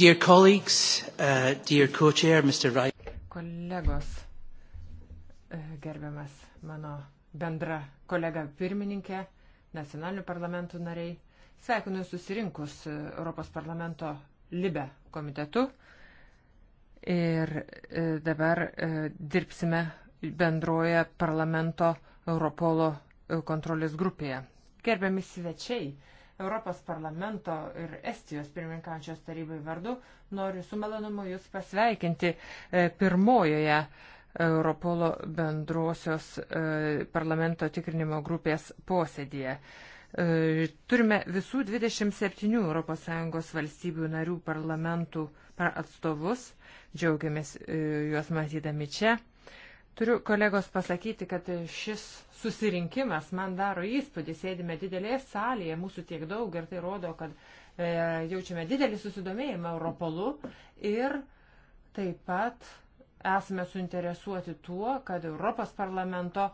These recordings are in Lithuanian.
Dear colleagues, uh, dear co-chair, Mr. Wright. Kolegos, e, gerbiamas mano bendra kolega pirmininkė, nacionalinių parlamentų nariai, sveikinu susirinkus e, Europos parlamento Libe komitetu ir e, dabar dirbsime bendroje parlamento Europolo kontrolės grupėje. Gerbiami svečiai, Europos parlamento ir Estijos pirmininkančios tarybai vardu noriu su malonumu Jūs pasveikinti e, pirmojoje Europolo bendrosios e, parlamento tikrinimo grupės posėdėje. E, turime visų 27 ES valstybių narių parlamentų atstovus, džiaugiamės juos matydami čia. Turiu kolegos pasakyti, kad šis susirinkimas man daro įspūdį. Sėdime didelėje salėje, mūsų tiek daug ir tai rodo, kad e, jaučiame didelį susidomėjimą Europolu ir taip pat esame suinteresuoti tuo, kad Europos parlamento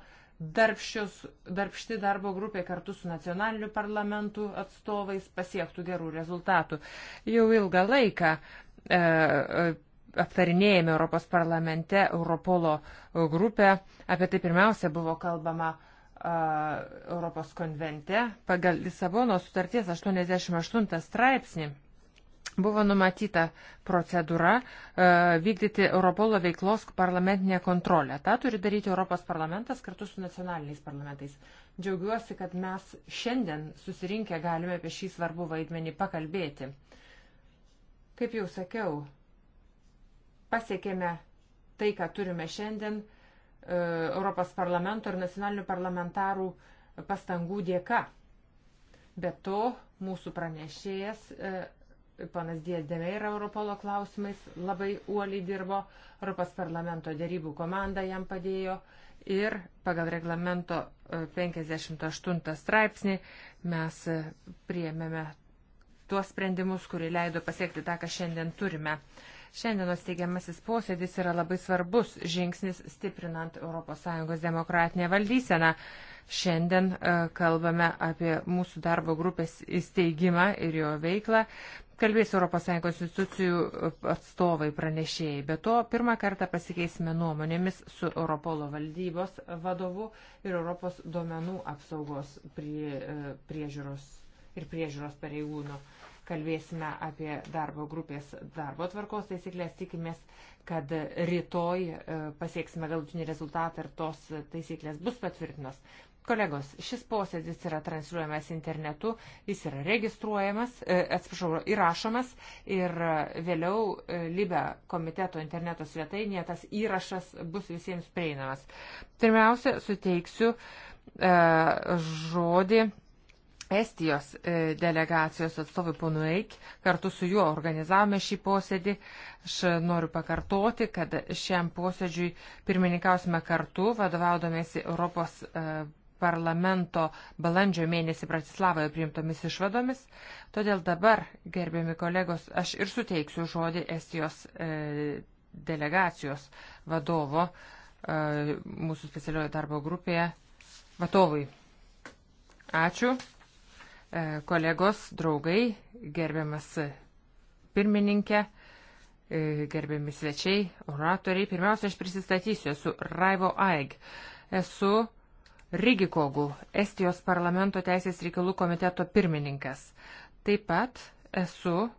darbščius, darbšti darbo grupė kartu su nacionaliniu parlamentu atstovais pasiektų gerų rezultatų. Jau ilgą laiką e, aptarinėjame Europos parlamente Europolo grupę. Apie tai pirmiausia buvo kalbama Europos konvente. Pagal Lisabono sutarties 88 straipsnį buvo numatyta procedūra vykdyti Europolo veiklos parlamentinę kontrolę. Ta turi daryti Europos parlamentas kartu su nacionaliniais parlamentais. Džiaugiuosi, kad mes šiandien susirinkę galime apie šį svarbų vaidmenį pakalbėti. Kaip jau sakiau, pasiekėme tai, ką turime šiandien e, Europos parlamento ir nacionalinių parlamentarų pastangų dėka. Be to, mūsų pranešėjas, e, panas Dėdėmė yra Europolo klausimais, labai uoliai dirbo, Europos parlamento dėrybų komanda jam padėjo ir pagal reglamento 58 e, straipsnį mes priėmėme tuos sprendimus, kurie leido pasiekti tą, ką šiandien turime. Uh, Šiandienos teigiamasis posėdis yra labai svarbus žingsnis stiprinant ES demokratinę valdyseną. Šiandien e, kalbame apie mūsų darbo grupės įsteigimą ir jo veiklą. Kalbės ES institucijų atstovai pranešėjai. Be to, pirmą kartą pasikeisime nuomonėmis su Europolo valdybos vadovu ir Europos duomenų apsaugos prie, e, priežiūros ir priežiūros pareigūnu kalbėsime apie darbo grupės darbo tvarkos taisyklės, tikimės, kad rytoj e, pasieksime galutinį rezultatą ir tos taisyklės bus patvirtinos. Kolegos, šis posėdis yra transliuojamas internetu, jis yra registruojamas, e, atsiprašau, įrašomas ir e, vėliau Libe komiteto interneto svetainėje tas įrašas bus visiems prieinamas. Pirmiausia, suteiksiu uh, žodį Estijos e, delegacijos atstovui ponu Eik, kartu su juo organizavome šį posėdį. Aš e, noriu pakartoti, kad šiam posėdžiui pirmininkausime kartu, vadovaudomėsi Europos e, parlamento balandžio mėnesį Bratislavoje priimtomis išvadomis. Todėl dabar, gerbiami kolegos, aš ir suteiksiu žodį Estijos delegacijos vadovo mūsų specialiojo darbo grupėje vadovui. Ačiū. E, kolegos, draugai, gerbiamas pirmininkė, e, gerbiami svečiai, oratoriai. Pirmiausia, aš prisistatysiu, esu Raivo Aig. Esu Rigikogų, Estijos parlamento teisės reikalų komiteto pirmininkas. Taip pat esu e,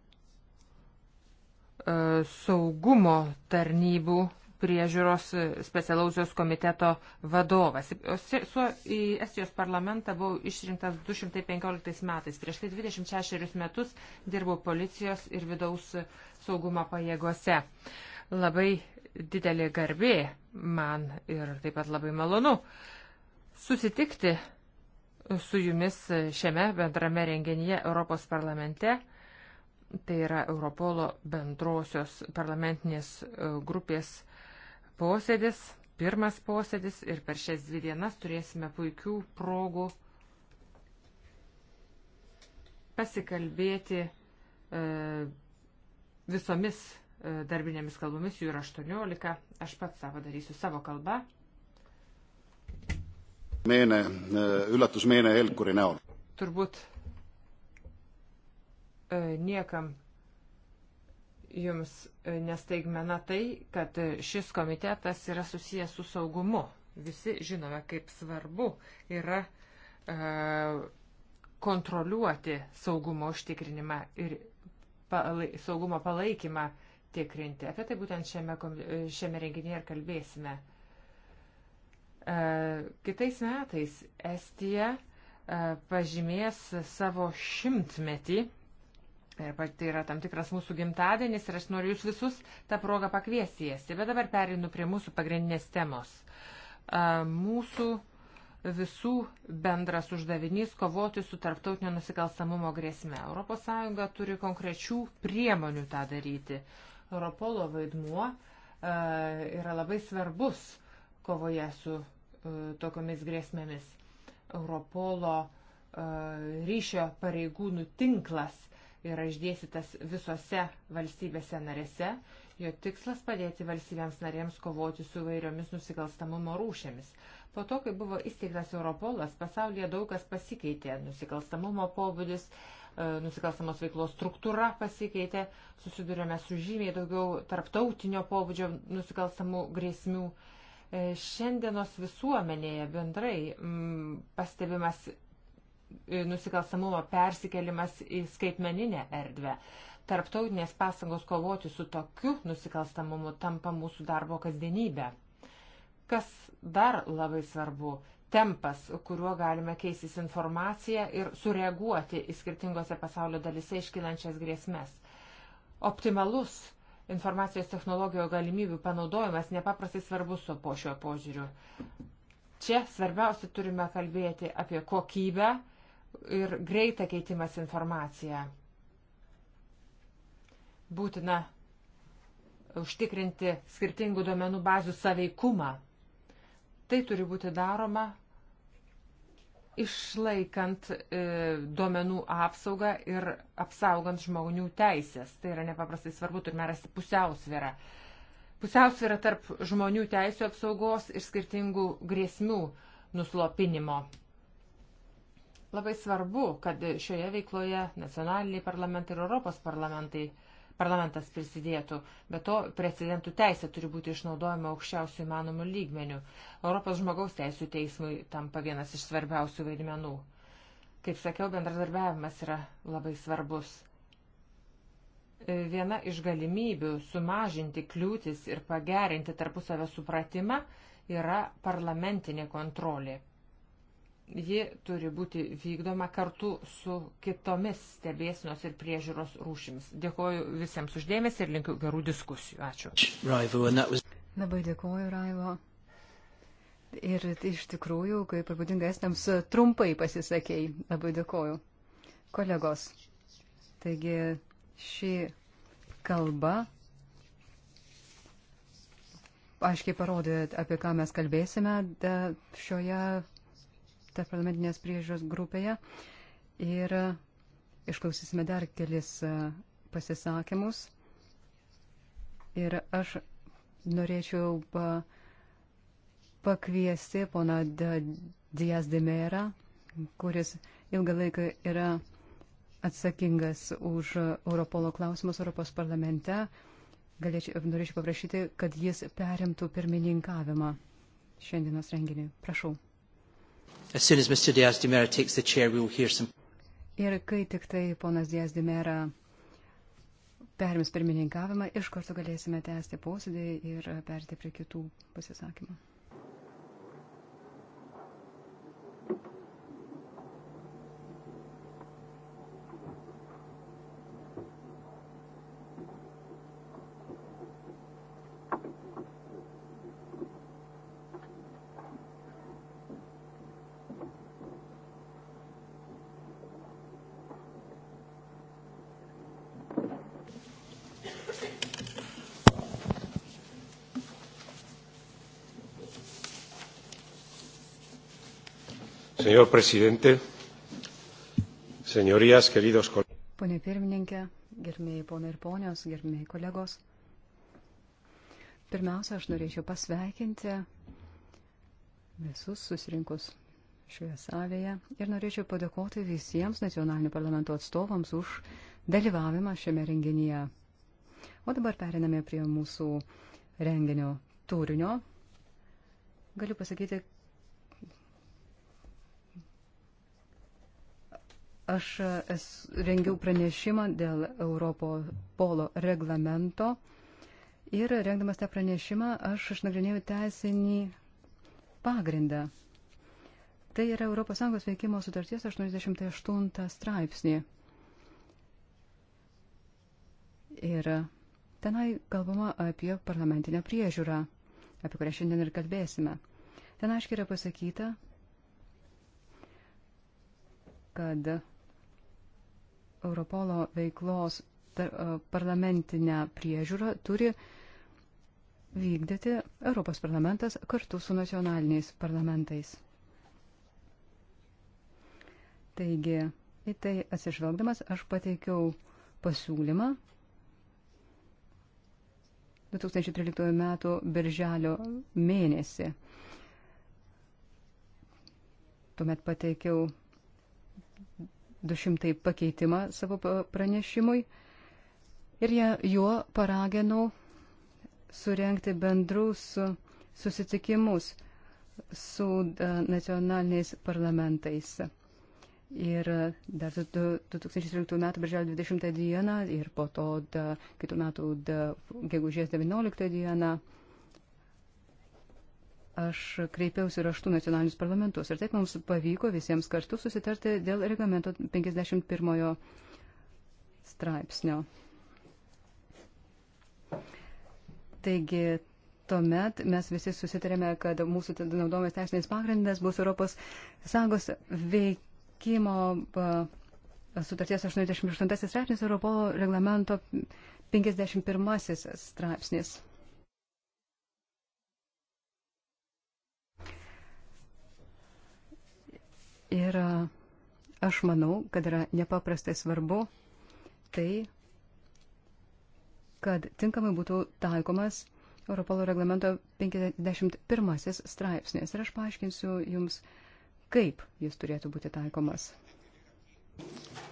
saugumo tarnybų priežiūros specialausios komiteto vadovas. Su, į Estijos parlamentą buvau išrinktas 215 metais. Prieš tai 26 metus dirbau policijos ir vidaus saugumo pajėgose. Labai didelė garbė man ir taip pat labai malonu susitikti su jumis šiame bendrame renginyje Europos parlamente tai yra Europolo bendrosios parlamentinės grupės posėdis, pirmas posėdis ir per šias dvi dienas turėsime puikių progų pasikalbėti e, visomis e, darbinėmis kalbomis, jų yra 18, aš pats savo darysiu savo kalbą. Meene, e, üllatus Meene Helkuri näol. Turbūt e, niekam jums e, nestaigmena tai, kad e, šis komitetas yra susijęs su saugumu. Visi žinome, kaip svarbu yra e, kontroliuoti saugumo užtikrinimą ir palai, saugumo palaikymą tikrinti. Apie tai būtent šiame, e, šiame renginyje ir kalbėsime. E, kitais metais Estija e, pažymės savo šimtmetį Ir tai, tai yra tam tikras mūsų gimtadienis ir aš noriu jūs visus tą progą pakviesiesi. Bet dabar perinu prie mūsų pagrindinės temos. Mūsų visų bendras uždavinys kovoti su tarptautinio nusikalstamumo grėsme. ES turi konkrečių priemonių tą daryti. Europolo vaidmuo yra labai svarbus kovoje su e, tokiamis grėsmėmis. Europolo e, ryšio pareigūnų tinklas – yra išdėstytas visose valstybėse narėse. Jo tikslas padėti valstybėms narėms kovoti su vairiomis nusikalstamumo rūšėmis. Po to, kai buvo įsteigtas Europolas, pasaulyje daug kas pasikeitė. Nusikalstamumo pobūdis, e, nusikalstamos veiklos struktūra pasikeitė, susidurėme su žymiai daugiau tarptautinio pobūdžio nusikalstamų grėsmių. E, šiandienos visuomenėje bendrai m, pastebimas E, nusikalstamumo persikelimas į skaitmeninę erdvę. Tarptautinės pasangos kovoti su tokiu nusikalstamumu tampa mūsų darbo kasdienybė. Kas dar labai svarbu - tempas, kuriuo galime keistis informaciją ir sureaguoti į skirtingose pasaulio dalise iškilančias grėsmės. Optimalus informacijos technologijų galimybių panaudojimas nepaprastai svarbus su po šio požiūriu. Čia svarbiausia turime kalbėti apie kokybę, ir greitą keitimas informaciją. Būtina užtikrinti skirtingų duomenų bazių saveikumą. Tai turi būti daroma išlaikant e, duomenų apsaugą ir apsaugant žmonių teisės. Tai yra nepaprastai svarbu, turime rasti pusiausvyrą. Pusiausvyrą tarp žmonių teisų apsaugos ir skirtingų grėsmių nuslopinimo. Labai svarbu, kad šioje veikloje nacionaliniai parlamentai ir Europos parlamentai, parlamentas prisidėtų, bet to precedentų teisė turi būti išnaudojama aukščiausių įmanomų lygmenių. Europos žmogaus teisų teismui tampa vienas iš svarbiausių vaidmenų. Kaip sakiau, bendradarbiavimas yra labai svarbus viena iš galimybių sumažinti kliūtis ir pagerinti tarpusavę supratimą yra parlamentinė kontrolė. Ji turi būti vykdoma kartu su kitomis stebėsinos ir priežiūros rūšims. Dėkoju visiems uždėmesi ir linkiu gerų diskusijų. Ačiū. Raivo, was... Labai dėkoju, Raivo. Ir iš tikrųjų, kaip ir būdinga estams, trumpai pasisakėjai. Labai dėkoju. Kolegos, taigi ši kalba aiškiai parodė, apie ką mes kalbėsime šioje tarp parlamentinės priežiūros grupėje ir išklausysime dar kelis e, pasisakymus. Ir aš norėčiau e, pakviesti poną Dijas Demerą, kuris ilgą laiką yra atsakingas už Europolo klausimus Europos parlamente. Galėčiau, norėčiau paprašyti, kad jis perimtų pirmininkavimą šiandienos renginį. Prašau. Chair, some... Ir kai tik tai ponas Dijas Dimera perims pirmininkavimą, iš karto galėsime tęsti posėdį ir perti prie kitų pasisakymų. Señor presidente, señorías, queridos colegas. Pone pirmininkė, gerbėjai ponai ir ponios, gerbėjai kolegos. Pirmiausia, aš norėčiau pasveikinti visus susirinkus šioje salėje ir norėčiau padėkoti visiems nacionalinių parlamento atstovams už dalyvavimą šiame renginyje. O dabar periname prie mūsų renginio turinio. Galiu pasakyti, Aš e, rengiau pranešimą dėl Europo polo reglamento ir rengdamas tą pranešimą aš išnagrinėjau teisinį pagrindą. Tai yra ES veikimo sutarties 88 straipsnį. Ir tenai kalbama apie parlamentinę priežiūrą, apie kurią šiandien ir kalbėsime. Ten aiškiai yra pasakyta, kad Europolo veiklos e, parlamentinę priežiūrą turi vykdyti Europos parlamentas kartu su nacionaliniais parlamentais. Taigi, į tai atsižvelgdamas aš pateikiau pasiūlymą 2013 m. birželio mėnesį. Tuomet pateikiau 200 pakeitimą savo pranešimui ir jie, juo paraginau surenkti bendrus susitikimus su e, nacionaliniais parlamentais. Ir e, dar 2013 m. birželio 20 d. ir po to da, kitų metų da, gegužės 19 d aš kreipiausi raštų nacionalinius parlamentus ir taip mums pavyko visiems kartu susitarti dėl reglamento 51 straipsnio. Taigi, tuomet mes visi susitarėme, kad mūsų naudojamas teisinės pagrindas bus Europos Sąjungos veikimo sutarties 88 straipsnis, Europolo reglamento 51 straipsnis. Ir aš manau, kad yra nepaprastai svarbu tai, kad tinkamai būtų taikomas Europolo reglamento 51 straipsnis. Ir aš paaiškinsiu jums, kaip jis turėtų būti taikomas.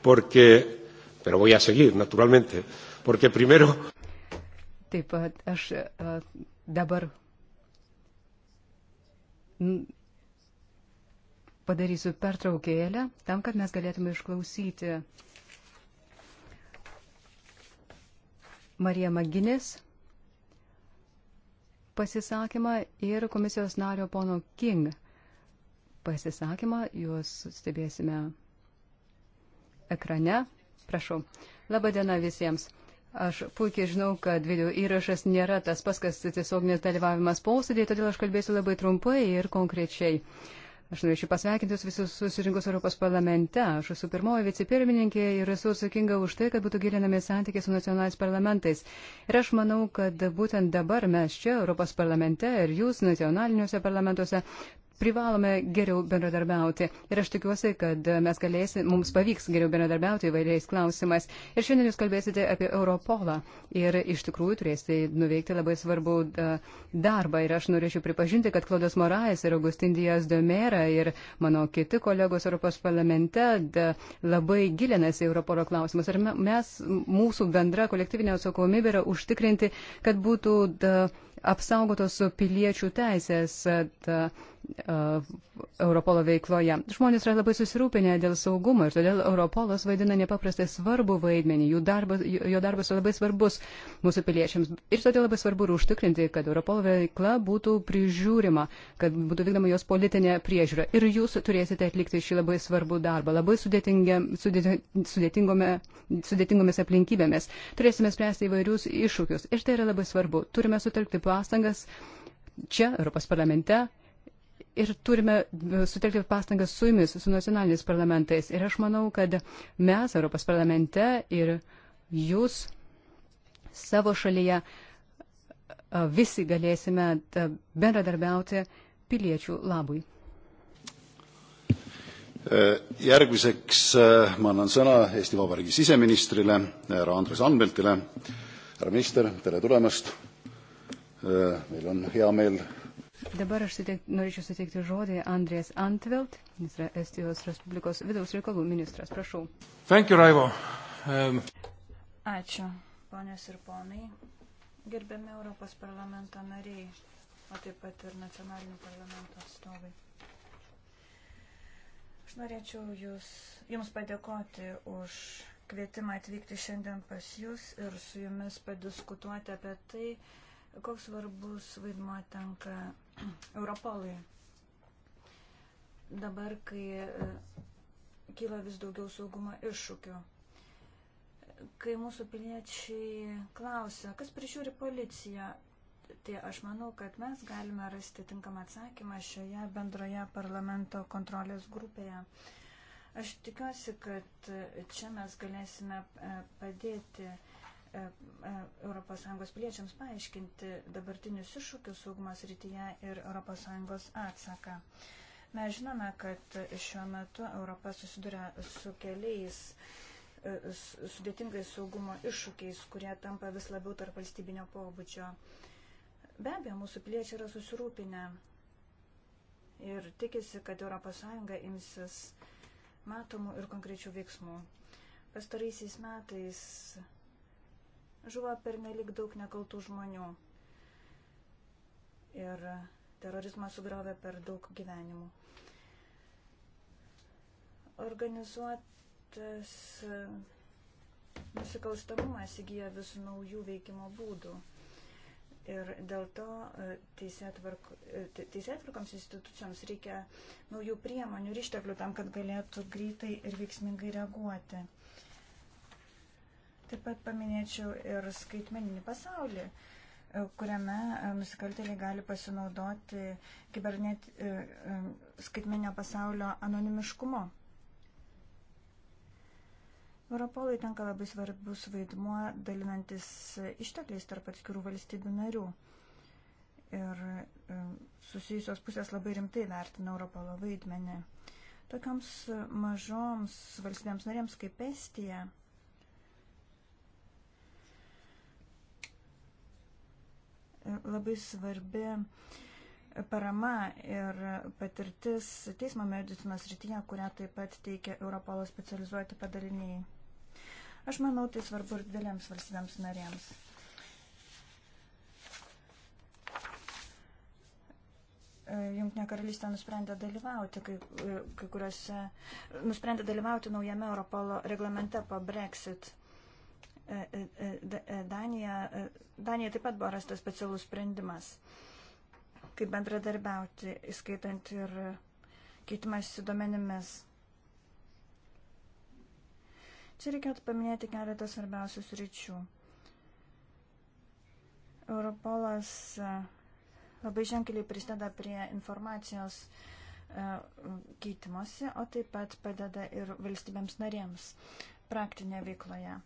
Porque, pero voy a seguir, naturalmente, porque primero. Taip pat aš dabar padarysiu pertraukėlę tam, kad mes galėtume išklausyti Mariją Maginis pasisakymą ir komisijos nario pono King pasisakymą. Juos stebėsime ekrane. Prašau. Labadiena visiems. Aš puikiai žinau, kad video įrašas nėra tas paskas tiesioginis dalyvavimas posėdėje, todėl aš kalbėsiu labai trumpai ir konkrečiai. Uh, Aš norėčiau pasveikinti jūs visus susirinkus Europos parlamente. Aš esu pirmoji vicepirmininkė ir esu atsakinga už tai, kad būtų gilinami santykiai su nacionaliniais parlamentais. Ir aš manau, kad būtent dabar mes čia, Europos parlamente ir jūs nacionaliniuose parlamentuose privalome geriau bendradarbiauti. Ir aš tikiuosi, kad mes galėsime, mums pavyks geriau bendradarbiauti įvairiais klausimais. Ir šiandien jūs kalbėsite apie Europolą. Ir iš tikrųjų turėsite nuveikti labai svarbų darbą. Ir aš norėčiau pripažinti, kad Klodas Morais ir Augustindijas Domera ir mano kiti kolegos Europos parlamente labai gilinasi Europolo klausimus. Ir mes, mūsų bendra kolektyvinė atsakomybė yra užtikrinti, kad būtų da, apsaugotos piliečių teisės ta, uh, Europolo veikloje. Žmonės yra labai susirūpinę dėl saugumo ir todėl Europolas vaidina nepaprastai svarbu vaidmenį. Jų darbas, jo darbas yra labai svarbus mūsų piliečiams. Ir todėl labai svarbu ir užtikrinti, kad Europolo veikla būtų prižiūrima, kad būtų vykdoma jos politinė priežiūra. Ir jūs turėsite atlikti šį labai svarbų darbą, labai sudėtingomis aplinkybėmis. Turėsime spręsti įvairius iššūkius. Ir tai yra labai svarbu. Turime sutelkti pastangas čia, Europos parlamente, ir turime e, sutelkti pastangas su jumis, su nacionaliniais parlamentais. Ir aš manau, kad mes Europos parlamente ir jūs savo šalyje e, visi galėsime e, bendradarbiauti piliečių labui. Järgmiseks ma annan sõna Eesti Vabariigi siseministrile, härra Andres Anveltile. härra minister, tere tulemast meil on hea meel. Dabar aš suteik, norėčiau suteikti žodį Andrės Antvelt, jis yra Estijos Respublikos vidaus reikalų ministras. Prašau. Thank you, Raivo. Um... Ačiū, ponios ir ponai, gerbiami Europos parlamento nariai, o taip pat ir nacionalinių parlamento atstovai. Aš norėčiau jūs, Jums padėkoti už kvietimą atvykti šiandien pas Jūs ir su Jumis padiskutuoti apie tai, koks svarbus vaidmuo tenka Europolui. Dabar, kai e, kyla vis daugiau saugumo iššūkių, kai mūsų piliečiai klausia, kas prižiūri policiją, tai aš manau, kad mes galime rasti tinkamą atsakymą šioje bendroje parlamento kontrolės grupėje. Aš tikiuosi, kad e, čia mes galėsime e, padėti E, e, ES piliečiams paaiškinti dabartinius iššūkius saugumos rytyje ir ES atsaką. Mes žinome, kad šiuo metu Europa susiduria su keliais e, sudėtingais saugumo iššūkiais, kurie tampa vis labiau tarp valstybinio pobūdžio. Be abejo, mūsų piliečiai yra susirūpinę ir tikisi, kad ES imsis matomų ir konkrečių veiksmų. Pastaraisiais metais žuvo per nelik daug nekaltų žmonių. Ir terorizmas sugriovė per daug gyvenimų. Organizuotas nusikalstamumas įgyja vis naujų veikimo būdų. Ir dėl to e, e, teisėtvarkoms institucijoms reikia naujų priemonių ir išteklių tam, kad galėtų greitai ir veiksmingai reaguoti. Taip pat paminėčiau ir skaitmeninį pasaulį, e, kuriame e, nusikaltėliai gali pasinaudoti kibernet e, skaitmeninio pasaulio anonimiškumu. Europolai tenka labai svarbus vaidmuo dalinantis ištekliais tarp atskirų valstybių narių. Ir susijusios pusės labai rimtai vertina Europolo vaidmenį. Tokioms mažoms valstybėms narėms kaip Estija labai svarbi parama ir patirtis teismo medicinos rytyje, kurią taip pat teikia Europolo specializuoti padaliniai. Aš manau, tai svarbu ir didelėms valstybėms narėms. Junktinė karalystė nusprendė dalyvauti, kai, kai kuriuose, nusprendė dalyvauti naujame Europolo reglamente po Brexit. E, e, e, Danija, Danija taip pat buvo rastas specialus sprendimas, kaip bendradarbiauti, įskaitant ir keitimas su duomenimis. Čia reikėtų paminėti keletą svarbiausių sričių. Europolas labai ženkliai prisideda prie informacijos keitimosi, o taip pat padeda ir valstybėms narėms praktinėje veikloje.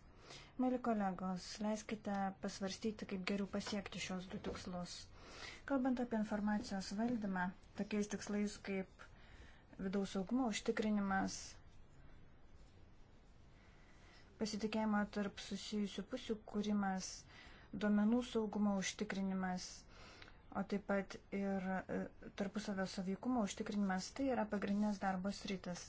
Mėly kolegos, leiskite pasvarstyti, kaip geriau pasiekti šios du tikslus. Kalbant apie informacijos valdymą, tokiais tikslais kaip vidaus saugumo užtikrinimas, pasitikėjimo tarp susijusių pusių kūrimas, duomenų saugumo užtikrinimas, o taip pat ir e, tarpusavio savykumo užtikrinimas, tai yra pagrindinės darbos rytis.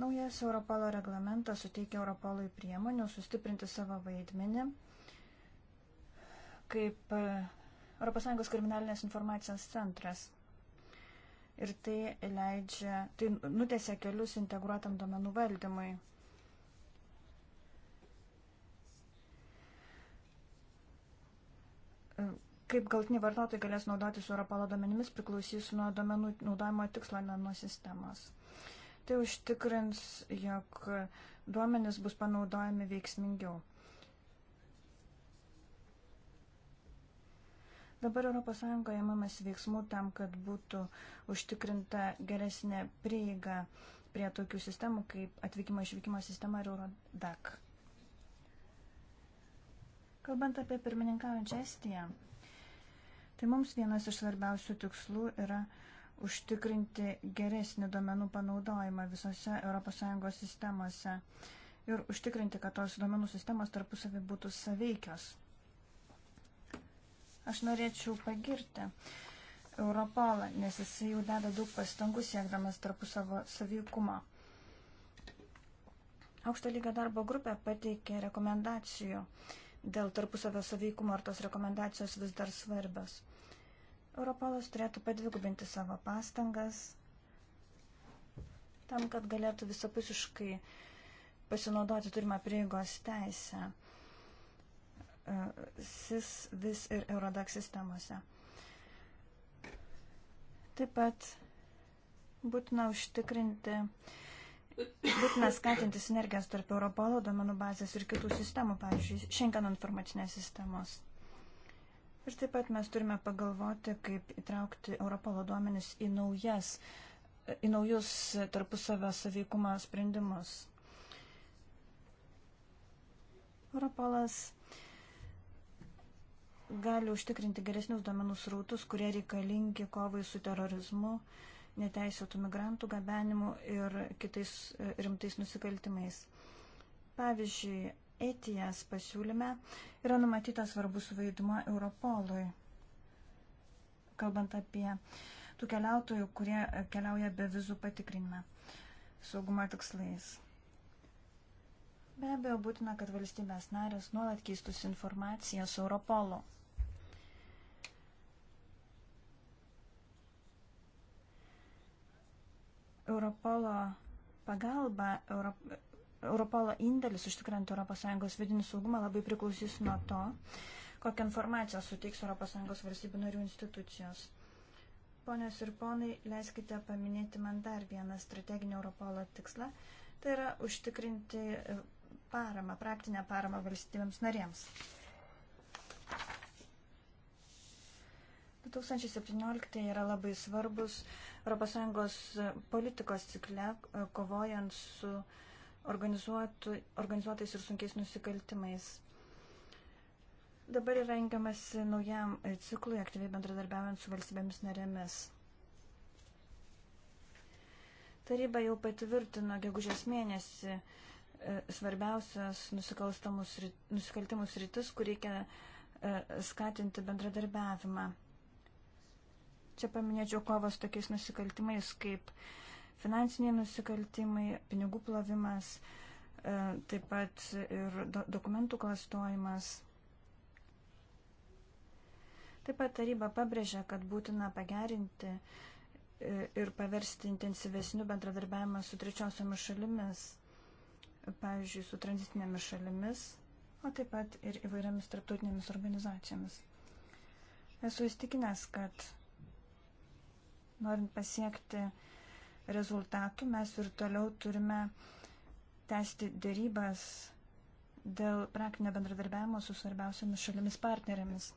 Naujas Europolo reglamentas suteikia Europolui priemonių sustiprinti savo vaidmenį kaip ES kriminalinės informacijos centras. Ir tai leidžia, tai nutėsia kelius integruotam domenų valdymui. E, kaip galtiniai vartotojai galės naudotis Europolo domenimis priklausys nuo domenų naudojimo tikslo, ne nuo sistemos. Tai užtikrins, jog duomenis bus panaudojami veiksmingiau. Dabar ES įmamas veiksmų tam, kad būtų užtikrinta geresnė prieiga prie tokių sistemų kaip atvykimo išvykimo sistema ir Eurodac. Kalbant apie pirmininkaujančią Estiją, tai mums vienas iš svarbiausių tikslų yra uh, užtikrinti geresnį duomenų panaudojimą visose ES sistemose ir užtikrinti, kad tos duomenų sistemos tarpusavį būtų saveikios. Aš norėčiau pagirti Europolą, nes jis jau deda daug pastangų siekdamas tarpusavo saveikumo. Aukšto lygio darbo grupė pateikė rekomendacijų dėl tarpusavio saveikumo, ar tos rekomendacijos vis dar svarbios. Europolas turėtų padvigubinti savo pastangas tam, kad galėtų visapusiškai pasinaudoti turimą prieigos teisę e, SIS, VIS ir Eurodax sistemose. Taip pat būtina užtikrinti, būtina skatinti sinergijas tarp Europolo, domenų bazės ir kitų sistemų, pavyzdžiui, šiandien informacinės sistemos. Ir taip pat mes turime pagalvoti, kaip įtraukti Europolo duomenis į, naujas, į naujus tarpusavio saveikumo sprendimus. Europolas gali užtikrinti geresnius duomenų srautus, kurie reikalingi kovai su terorizmu, neteisėtų migrantų gabenimu ir kitais e, rimtais nusikaltimais. Pavyzdžiui, ETIAS pasiūlyme yra numatytas svarbus vaidmuo Europolui, kalbant apie tų keliautojų, kurie keliauja be vizų patikrinime saugumo tikslais. Be abejo, būtina, kad valstybės narės nuolat keistųsi informaciją su Europolu. Europolo pagalba Europ... Europolo indėlis užtikrinti ES vidinį saugumą labai priklausys nuo to, kokią informaciją suteiks ES valstybių narių institucijos. Ponios ir ponai, leiskite paminėti man dar vieną strateginį Europolo tikslą. Tai yra užtikrinti e, paramą, praktinę paramą valstybėms narėms. 2017 yra labai svarbus ES politikos cikle, e, kovojant su uh, organizuotais ir sunkiais nusikaltimais. Dabar yra rengiamasi naujam ciklui, aktyviai bendradarbiaujant su valstybėmis narėmis. Taryba jau patvirtino gegužės mėnesį e, svarbiausias nusikaltimus rytis, kur reikia e, skatinti bendradarbiavimą. Čia paminėčiau kovos tokiais nusikaltimais kaip finansiniai nusikaltimai, pinigų plovimas, e, taip pat ir dokumentų klastojimas. Taip pat taryba pabrėžia, kad būtina pagerinti e, ir paversti intensyvesnių bendradarbiavimą su trečiosiomis šalimis, pavyzdžiui, su tranzitinėmis šalimis, o taip pat ir įvairiamis tarptautinėmis organizacijomis. Esu įstikinęs, kad norint pasiekti rezultatų mes ir toliau turime tęsti dėrybas dėl praktinio bendradarbiavimo su svarbiausiamis šalimis partnerėmis.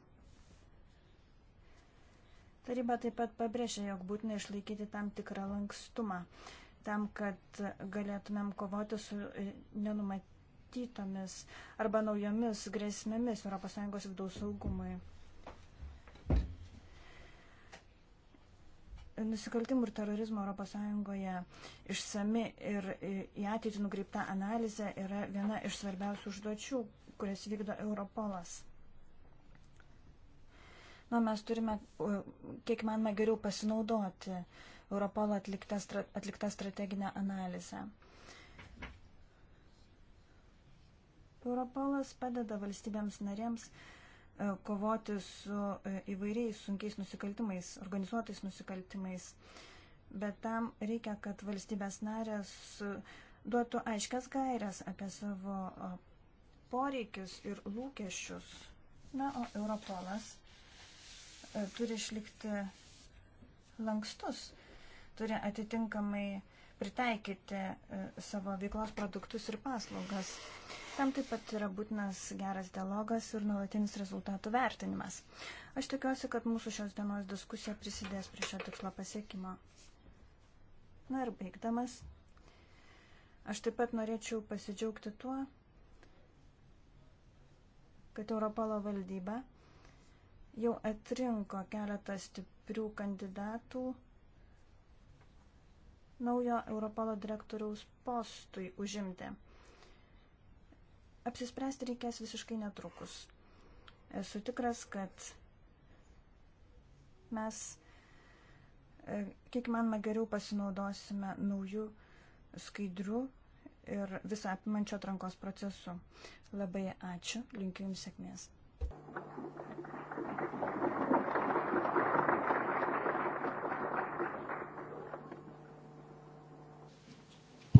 Taryba taip pat pabrėžė, jog būtina išlaikyti tam tikrą lankstumą, tam, kad galėtumėm kovoti su e, nenumatytomis arba naujomis grėsmėmis ES vidaus saugumui. nusikaltimų ir terorizmo ES išsami ir į ateitį nukreipta analizė yra viena iš svarbiausių užduočių, kurias vykdo Europolas. Na, mes turime, kiek manoma, geriau pasinaudoti Europolo atliktą, atliktą strateginę analizę. Europolas padeda valstybėms narėms uh, E, kovoti su e, įvairiais sunkiais nusikaltimais, organizuotais nusikaltimais. Bet tam reikia, kad valstybės narės duotų aiškias gairias apie savo e, poreikius ir lūkesčius. Na, o Europolas turi išlikti lankstus, turi atitinkamai pritaikyti e, savo veiklos produktus ir paslaugas. Tam taip pat yra būtinas geras dialogas ir nuolatinis rezultatų vertinimas. Aš tikiuosi, kad mūsų šios dienos diskusija prisidės prie šio tikslo pasiekimo. Na ir baigdamas, aš taip pat norėčiau pasidžiaugti tuo, kad Europolo valdyba jau atrinko keletą stiprių kandidatų naujo Europolo direktoriaus postui užimti. Apsispręsti reikės visiškai netrukus. Esu tikras, kad mes, e, kiek manoma, geriau pasinaudosime naujų skaidrių ir visą apimančio atrankos procesu. Labai ačiū, linkiu Jums sėkmės.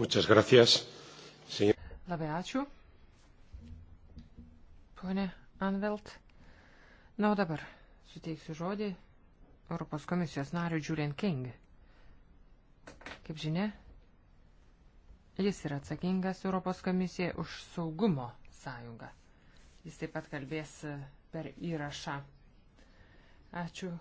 Muchas gracias. Senyor... Labai ačiū. Pone Anvelt. Na, o dabar suteiksiu žodį Europos komisijos nariu Julian King. Kaip žinia, jis yra atsakingas Europos komisijai už saugumo sąjungą. Jis taip pat kalbės per įrašą. Ačiū.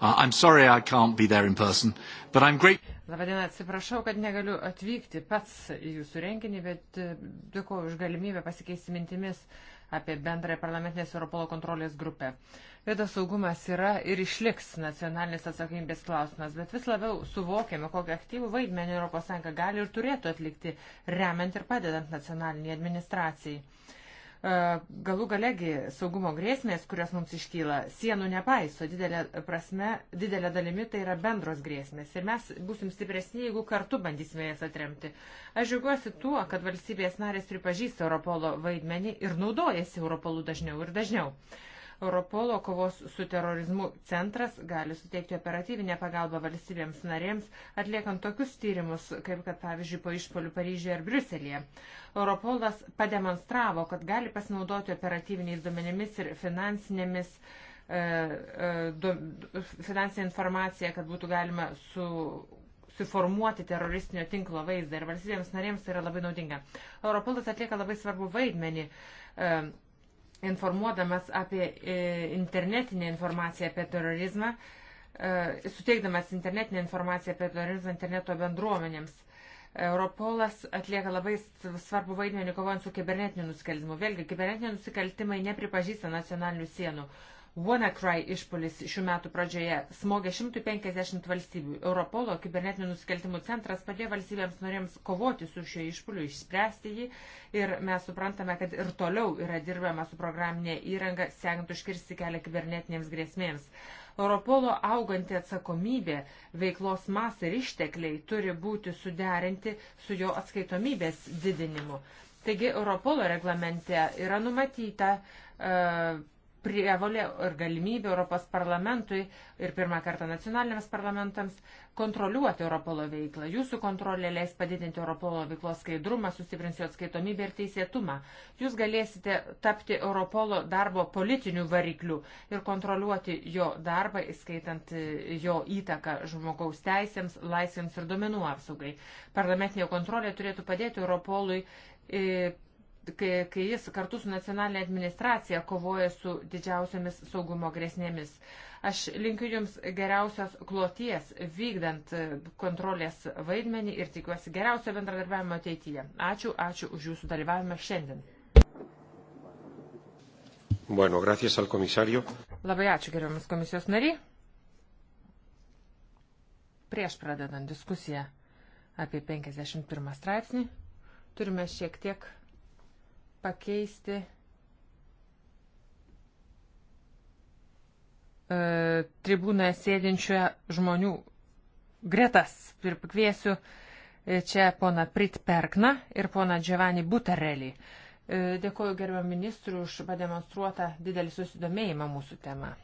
Uh, I'm sorry I can't be there in person, but I'm great. Labadiena, atsiprašau, kad negaliu atvykti pats į jūsų renginį, bet uh, dėkuoju už galimybę pasikeisti mintimis apie bendrąją parlamentinės Europolo kontrolės grupę. Vietos saugumas yra ir išliks nacionalinės atsakomybės klausimas, bet vis labiau suvokiame, kokį aktyvų vaidmenį ES gali ir turėtų atlikti, remiant ir padedant nacionaliniai administracijai. E, galų galegi saugumo grėsmės, kurios mums iškyla, sienų nepaiso, didelė, prasme, didelė dalimi tai yra bendros grėsmės ir mes busim stipresni, jeigu kartu bandysime jas atremti. Aš žiūriuosi tuo, kad valstybės narės pripažįsta Europolo vaidmenį ir naudojasi Europolu dažniau ir dažniau. Uh, Europolo kovos su terorizmu centras gali suteikti operatyvinę pagalbą valstybėms narėms, atliekant tokius tyrimus, kaip kad pavyzdžiui po išpolių Paryžiuje ar Briuselėje. Europolas pademonstravo, kad gali pasinaudoti operatyviniais duomenimis ir finansinėmis e, e, finansinė informacija, kad būtų galima su suformuoti teroristinio tinklo vaizdą ir valstybėms narėms tai yra labai naudinga. Europolas atlieka labai svarbu vaidmenį e, informuodamas apie e, internetinę informaciją apie terorizmą, e, suteikdamas internetinę informaciją apie terorizmą interneto bendruomenėms. Europolas atlieka labai svarbu vaidmenį kovojant su kibernetiniu nusikaltimu. Vėlgi, kibernetiniai nusikaltimai nepripažįsta nacionalinių sienų. WannaCry išpolis šių metų pradžioje smogė 150 valstybių. Europolo kibernetinių nusikaltimų centras padėjo valstybėms norėms kovoti su šiuo išpoliu, išspręsti jį ir mes suprantame, kad ir toliau yra dirbama su programinė įranga, siekiant užkirsti kelią kibernetinėms grėsmėms. Europolo auganti atsakomybė, veiklos mas ir ištekliai turi būti suderinti su jo atskaitomybės didinimu. Taigi Europolo reglamente yra numatyta e, prievalė ir galimybė Europos parlamentui ir pirmą kartą nacionaliniams parlamentams kontroliuoti Europolo veiklą. Jūsų kontrolė leis padidinti Europolo veiklos skaidrumą, sustiprins jo atskaitomybę ir teisėtumą. Jūs galėsite tapti Europolo darbo politiniu varikliu ir kontroliuoti jo darbą, įskaitant e, jo įtaką žmogaus teisėms, laisvėms ir duomenų apsaugai. Parlamentinė kontrolė turėtų padėti Europolui e, kai, kai jis kartu su nacionalinė administracija kovoja su didžiausiamis saugumo grėsmėmis. Aš linkiu Jums geriausios kloties vykdant kontrolės vaidmenį ir tikiuosi geriausio bendradarbiavimo ateityje. Ačiū, ačiū už Jūsų dalyvavimą šiandien. Bueno, gracias al komisario. Labai ačiū gerbiamas komisijos nariai. Prieš pradedant diskusiją apie 51 straipsnį, turime šiek tiek pakeisti e, tribūnoje sėdinčioje žmonių gretas. Ir pakviesiu e, čia pona Prit Perkna ir pona Giovanni Butarelį. E, Dėkuoju gerbiam ministrui už pademonstruotą didelį susidomėjimą mūsų tema.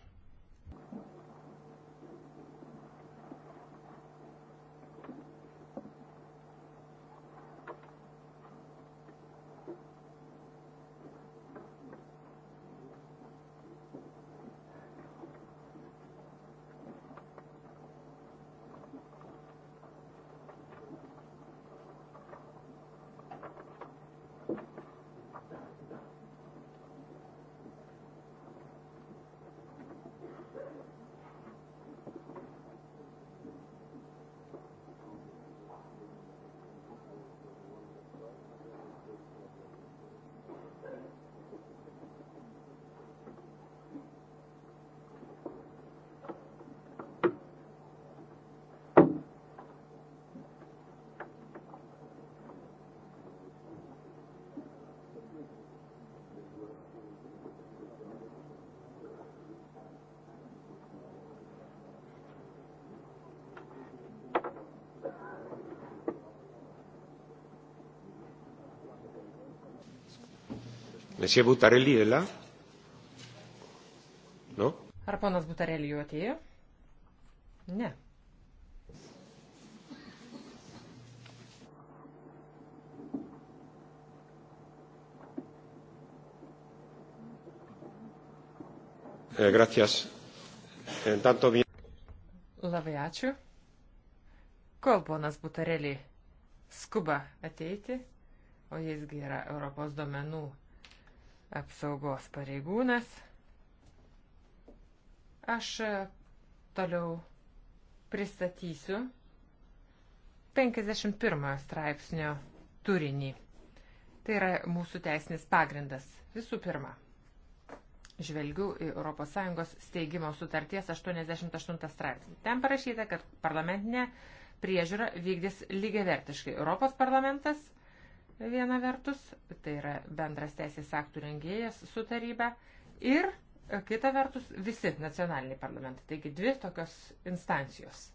Mesė Butarelį yra? Nu? Ar ponas Butarelį jau atėjo? Ne. Eh, gracias. En tanto bien. Labai ačiū. Kol ponas Butarelį skuba ateiti, o jisgi yra Europos domenų apsaugos pareigūnas. Aš e, toliau pristatysiu 51 straipsnio turinį. Tai yra mūsų teisinis pagrindas. Visų pirma, žvelgiu į ES steigimo sutarties 88 straipsnį. Ten parašyta, kad parlamentinė priežiūra vykdys lygiavertiškai Europos parlamentas viena vertus, tai yra bendras teisės aktų rengėjas su taryba ir e, kita vertus visi nacionaliniai parlamentai. Taigi dvi tokios instancijos.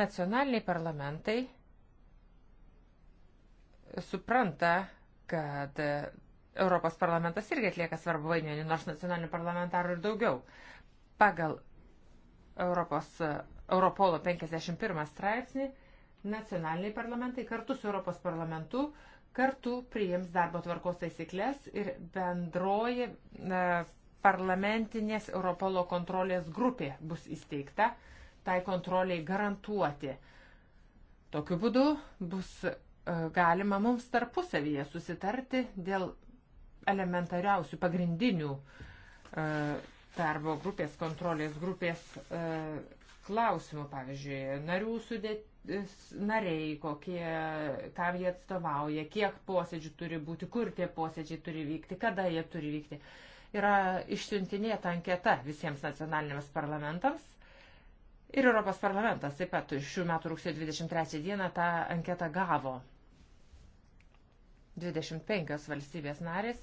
Nacionaliniai parlamentai supranta, kad e, Europos parlamentas irgi atlieka svarbu vaidmenį, nors nacionalinių parlamentarų ir daugiau. Pagal Europos, Europolo 51 straipsnį nacionaliniai parlamentai kartu su Europos parlamentu kartu priims darbo tvarkos taisyklės ir bendroji e, parlamentinės Europolo kontrolės grupė bus įsteigta tai kontroliai garantuoti. Tokiu būdu bus e, galima mums tarpusavyje susitarti dėl elementariausių pagrindinių e, darbo grupės, kontrolės grupės e, klausimų, pavyzdžiui, narių sudėti nariai, kokie, kam jie atstovauja, kiek posėdžių turi būti, kur tie posėdžiai turi vykti, kada jie turi vykti. Yra išsiuntinėta anketa visiems nacionaliniams parlamentams ir Europos parlamentas taip pat šių metų rugsėjo 23 dieną tą anketą gavo. 25 valstybės narės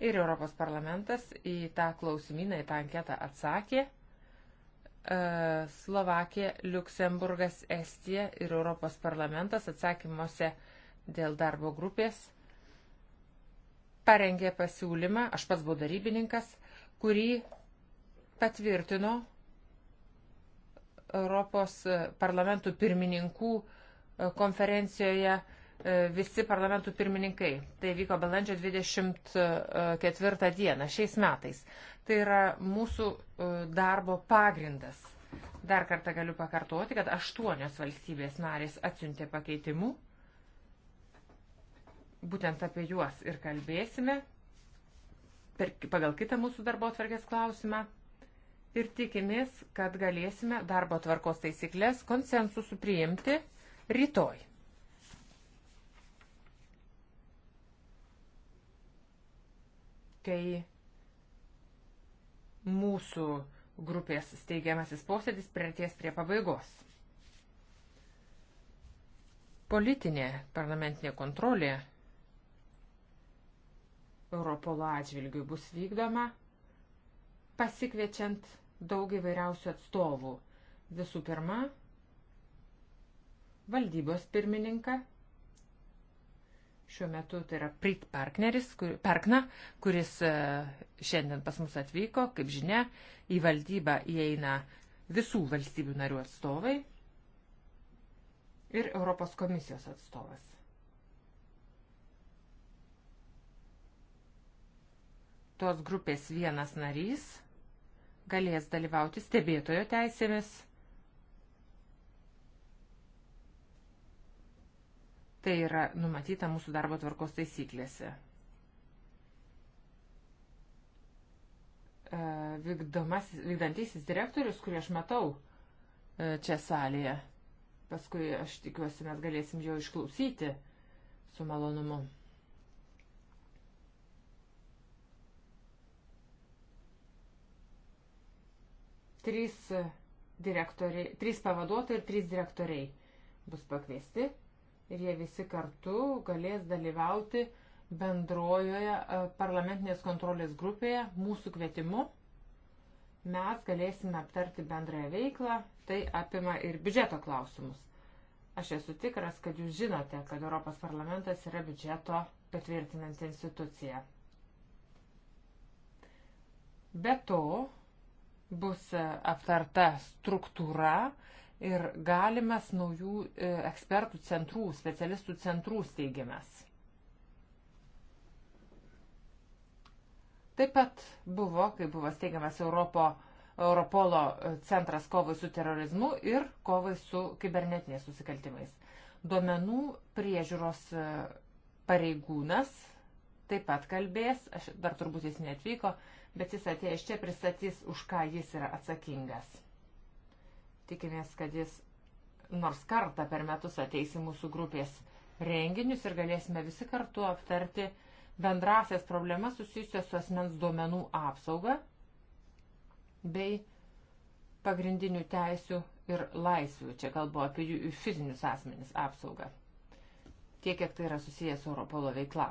ir Europos parlamentas į tą klausimyną, į tą anketą atsakė E, Slovakija, Luksemburgas, Estija ir Europos parlamentas atsakymuose dėl darbo grupės parengė pasiūlymą, aš pats buvau darybininkas, kurį patvirtino Europos parlamentų pirmininkų e, konferencijoje E, visi parlamentų pirmininkai. Tai vyko balandžio 24 e, dieną šiais metais. Tai yra mūsų e, darbo pagrindas. Dar kartą galiu pakartoti, kad aštuonios valstybės narės atsiuntė pakeitimų. Būtent apie juos ir kalbėsime per, pagal kitą mūsų darbo atvarkės klausimą. Ir tikimės, kad galėsime darbo tvarkos taisyklės konsensusų priimti rytoj. kai mūsų grupės steigiamasis posėdis prieartės prie pabaigos. Politinė parlamentinė kontrolė Europolo atžvilgių bus vykdoma pasikviečiant daug įvairiausių atstovų. Visų pirma, valdybos pirmininką Šiuo metu tai yra Prit partneris, kur, Perkna, kuris e, šiandien pas mus atvyko, kaip žinia, į valdybą įeina visų valstybių narių atstovai ir Europos komisijos atstovas. Tos grupės vienas narys galės dalyvauti stebėtojo teisėmis Tai yra numatyta mūsų darbo tvarkos taisyklėse. E, vykdomas, vykdantysis direktorius, kurį aš matau e, čia salėje, paskui aš tikiuosi mes galėsim jo išklausyti su malonumu. Trys e, direktoriai, trys pavaduotojai ir trys direktoriai bus pakviesti ir jie visi kartu galės dalyvauti bendrojoje e, parlamentinės kontrolės grupėje mūsų kvietimu. Mes galėsime aptarti bendrąją veiklą, tai apima ir biudžeto klausimus. Aš esu tikras, kad jūs žinote, kad Europos parlamentas yra biudžeto patvirtinanti institucija. Be to bus e, aptarta struktūra, ir galimas naujų e, ekspertų centrų, specialistų centrų steigimas. Taip pat buvo, kai buvo steigiamas Europo, Europolo e, centras kovai su terorizmu ir kovai su kibernetiniais susikaltimais. Duomenų priežiūros e, pareigūnas taip pat kalbės, aš dar turbūt jis netvyko, bet jis atėjęs čia pristatys, už ką jis yra atsakingas. Tikimės, kad jis nors kartą per metus ateis į mūsų grupės renginius ir galėsime visi kartu aptarti bendrasias problemas susijusias su asmens duomenų apsauga bei pagrindinių teisių ir laisvių. Čia kalbu apie jų fizinius asmenis apsaugą. Tiek, kiek tai yra susijęs su Europolo veikla.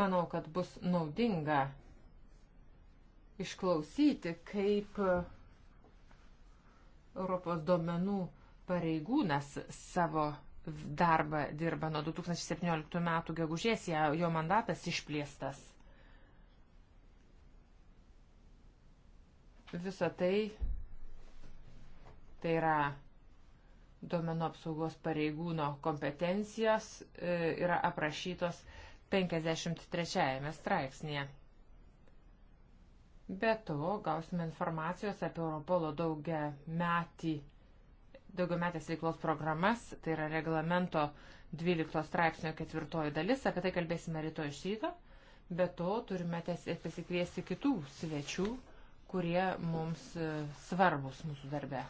Manau, kad bus naudinga išklausyti, kaip e, Europos duomenų pareigūnas savo darbą dirba nuo 2017 metų gegužės, jo mandatas išplėstas. Visą tai, tai yra duomenų apsaugos pareigūno kompetencijos, e, yra aprašytos 53 straipsnėje. Be to, gausime informacijos apie Europolo daugia metį, daugiametės veiklos programas, tai yra reglamento 12 straipsnio ketvirtoji dalis, apie tai kalbėsime rytoj iš ryto. Be to, turime pasikviesti kitų svečių, kurie mums e, svarbus mūsų darbe.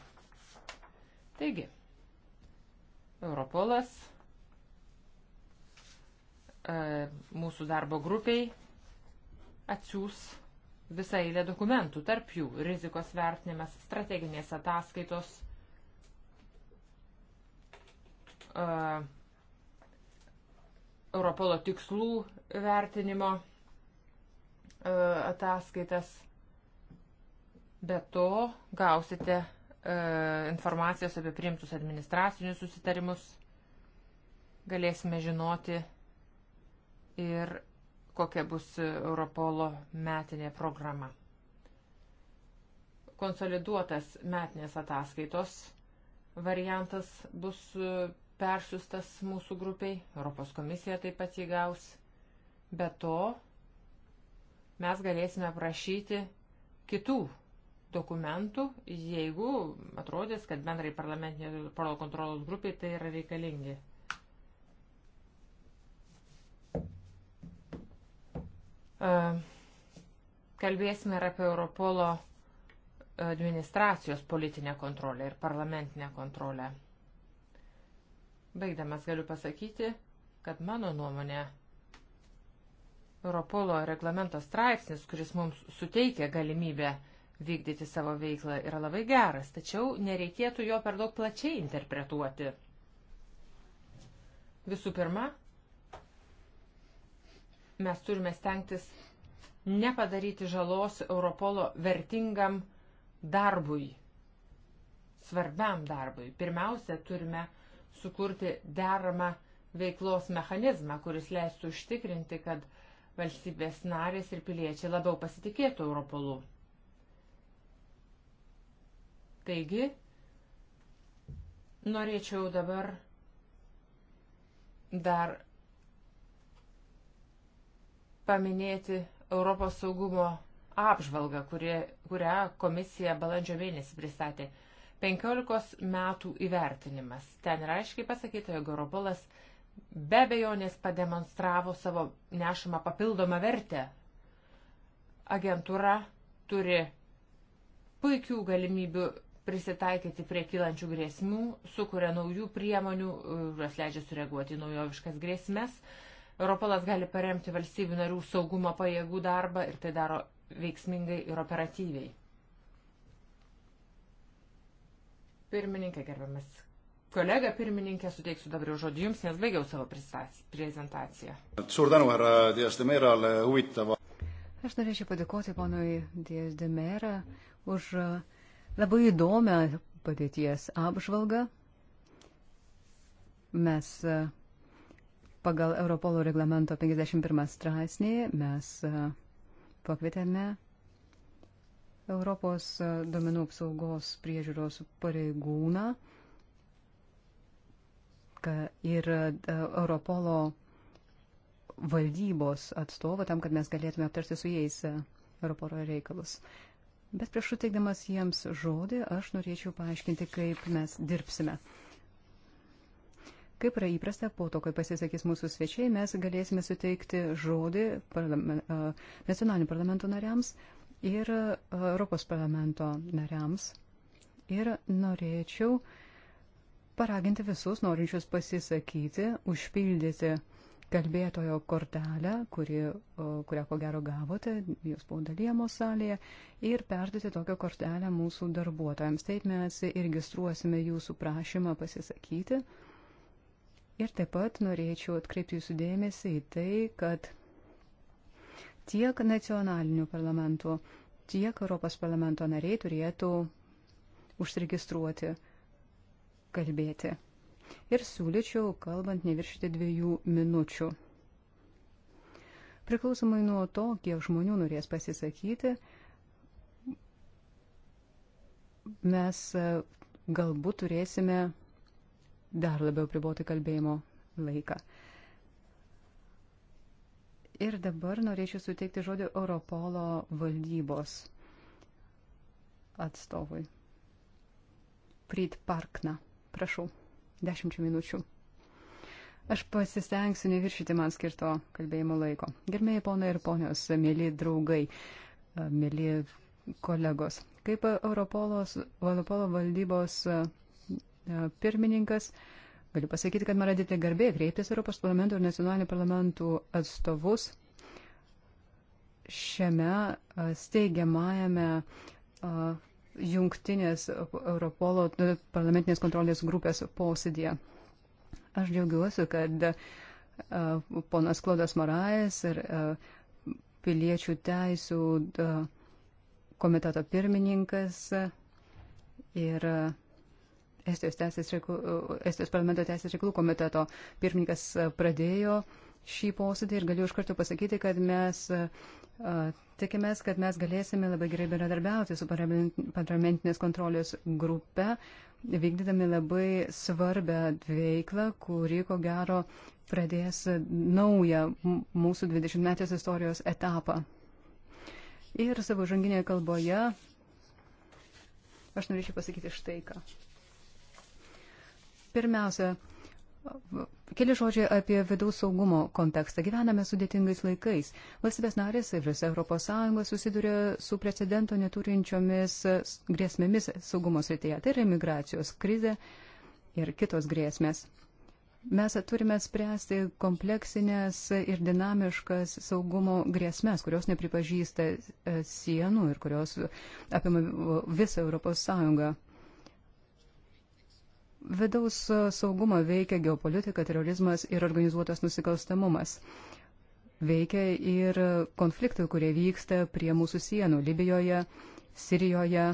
Taigi, Europolas e, mūsų darbo grupiai atsiūs visą eilę dokumentų, tarp jų rizikos vertinimas, strateginės ataskaitos, uh, Europolo tikslų vertinimo uh, ataskaitas. Be to gausite uh, informacijos apie priimtus administracinius susitarimus. Galėsime žinoti ir kokia bus Europolo metinė programa. Konsoliduotas metinės ataskaitos variantas bus persiustas mūsų grupiai, Europos komisija taip pat įgaus. Be to, mes galėsime prašyti kitų dokumentų, jeigu atrodys, kad bendrai parlamentinio kontrolos grupiai tai yra reikalingi. Kalbėsime ir apie Europolo administracijos politinę kontrolę ir parlamentinę kontrolę. Baigdamas galiu pasakyti, kad mano nuomonė Europolo reglamento straipsnis, kuris mums suteikia galimybę vykdyti savo veiklą, yra labai geras, tačiau nereikėtų jo per daug plačiai interpretuoti. Visų pirma, Mes turime stengtis nepadaryti žalos Europolo vertingam darbui, svarbiam darbui. Pirmiausia, turime sukurti deramą veiklos mechanizmą, kuris leistų užtikrinti, kad valstybės narės ir piliečiai labiau pasitikėtų Europolu. Taigi, norėčiau dabar dar paminėti Europos saugumo apžvalgą, kurie, kurią komisija balandžio mėnesį pristatė. 15 metų įvertinimas. Ten yra aiškiai pasakyta, jog Europolas be bejonės pademonstravo savo nešamą papildomą vertę. Agentūra turi puikių galimybių prisitaikyti prie kylančių grėsmių, sukuria naujų priemonių, kurios e, leidžia sureaguoti į naujoviškas grėsmes, Europolas gali paremti valstybių narių saugumo pajėgų darbą ir tai daro veiksmingai ir operatyviai. Pirmininkė, gerbiamas kolega pirmininkė, suteiksiu dabar jau žodį jums, nes baigiau savo prezentaciją. Suur tänu, härra Diasdemerale, huvitava. Aš norėčiau padėkoti ponui Diasdemera už uh, labai įdomią padėties apžvalgą. Mes uh, Pagal Europolo reglamento 51 straipsnį mes e, pakvietėme Europos e, domenų apsaugos priežiūros pareigūną ir e, Europolo valdybos atstovą tam, kad mes galėtume aptarti su jais Europoro reikalus. Bet prieš suteikdamas jiems žodį, aš norėčiau paaiškinti, kaip mes dirbsime. Kaip yra įprasta, po to, kai pasisakys mūsų svečiai, mes galėsime suteikti žodį parlament, nacionalinių parlamento nariams ir Europos parlamento nariams. Ir norėčiau paraginti visus norinčius pasisakyti, užpildyti kalbėtojo kortelę, kuri, kurią ko gero gavote, jūs buvo dalyjamo salėje, ir perduoti tokią kortelę mūsų darbuotojams. Taip mes įregistruosime jūsų prašymą pasisakyti. Ir taip pat norėčiau atkreipti jūsų dėmesį į tai, kad tiek nacionalinių parlamentų, tiek Europos parlamento nariai turėtų užsiregistruoti kalbėti. Ir siūlyčiau, kalbant, neviršyti dviejų minučių. Priklausomai nuo to, kiek žmonių norės pasisakyti, mes e, galbūt turėsime dar labiau priboti kalbėjimo laiką. Ir dabar norėčiau suteikti žodį Europolo valdybos atstovui. Prit Parkna, prašau, dešimčių minučių. Aš pasistengsiu neviršyti man skirto kalbėjimo laiko. Gerbėjai ponai ir ponios, mėly draugai, mėly kolegos. Kaip Europolos, Europolo valdybos E, pirmininkas. Galiu pasakyti, kad man yra didelė garbė kreiptis Europos parlamento ir nacionalinių parlamentų atstovus šiame e, steigiamajame e, jungtinės Europolo parlamentinės kontrolės grupės posėdėje. Aš džiaugiuosi, kad ponas Klodas Morais ir piliečių teisų komiteto pirmininkas ir Estijos, reiklų, Estijos parlamento teisės reikalų komiteto pirmininkas pradėjo šį posėdį ir galiu iš karto pasakyti, kad mes tikimės, kad mes galėsime labai gerai bendradarbiauti su parlamentinės kontrolės grupe, vykdydami labai svarbę veiklą, kuri ko gero pradės naują mūsų 20-metės istorijos etapą. Ir savo žanginėje kalboje aš norėčiau pasakyti štai ką. Pirmiausia, keli žodžiai apie vidaus saugumo kontekstą. Gyvename sudėtingais laikais. Valstybės narės ir visa ES susiduria su precedento neturinčiomis grėsmėmis saugumo srityje. Tai yra migracijos krize ir kitos grėsmės. Mes turime spręsti kompleksinės ir dinamiškas saugumo grėsmės, kurios nepripažįsta e, sienų ir kurios apima visą Europos Sąjungą. Vidaus saugumą veikia geopolitika, terorizmas ir organizuotas nusikalstamumas. Veikia ir konfliktai, kurie vyksta prie mūsų sienų Libijoje, Sirijoje.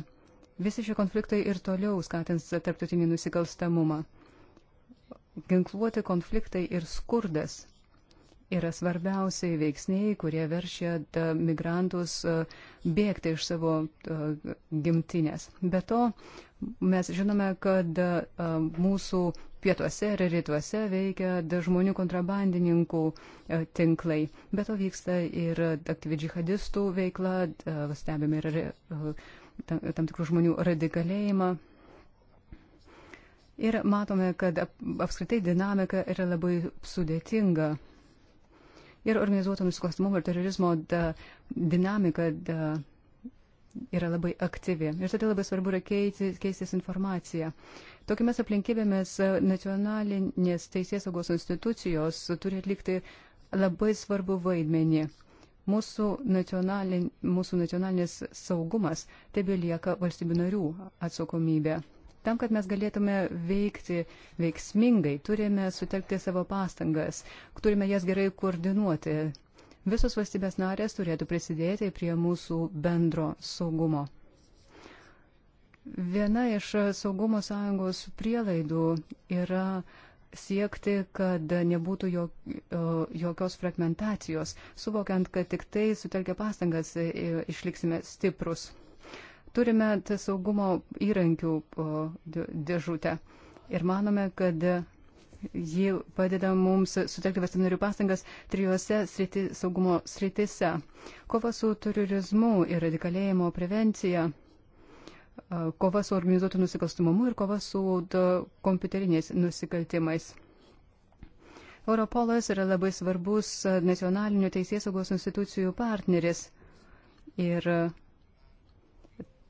Visi šie konfliktai ir toliau skatins tarptautinį nusikalstamumą. Ginkluoti konfliktai ir skurdas yra svarbiausiai veiksniai, kurie veršia migrantus bėgti iš savo gimtinės. Be to, mes žinome, kad mūsų pietuose ir rytuose veikia žmonių kontrabandininkų tinklai. Be to vyksta ir aktyvi džihadistų veikla, stebime ir tam tikrų žmonių radikalėjimą. Ir matome, kad apskritai dinamika yra labai sudėtinga ir organizuoto nusikalstamumo ir terorizmo da, dinamika da, yra labai aktyvi. Ir todėl labai svarbu yra keistis, keistis informacija. Tokiamis aplinkybėmis e, nacionalinės teisės saugos institucijos turi atlikti labai svarbu vaidmenį. Mūsų, nacionalin, mūsų nacionalinis saugumas tebelieka valstybių narių atsakomybė. Tam, kad mes galėtume veikti veiksmingai, turime sutelkti savo pastangas, turime jas gerai koordinuoti. Visos valstybės narės turėtų prisidėti prie mūsų bendro saugumo. Viena iš saugumo sąjungos prielaidų yra siekti, kad nebūtų jokios fragmentacijos, suvokiant, kad tik tai sutelkę pastangas e, išliksime stiprus. Turime saugumo įrankių dėžutę ir manome, kad ji padeda mums sutelkti valstybinarių pastangas trijose sriti, saugumo sritise. Kova su terorizmu ir radikalėjimo prevencija, kova su organizuotu nusikalstumumu ir kova su kompiuteriniais nusikaltimais. Europolas yra labai svarbus nacionalinių teisėsaugos institucijų partneris. Ir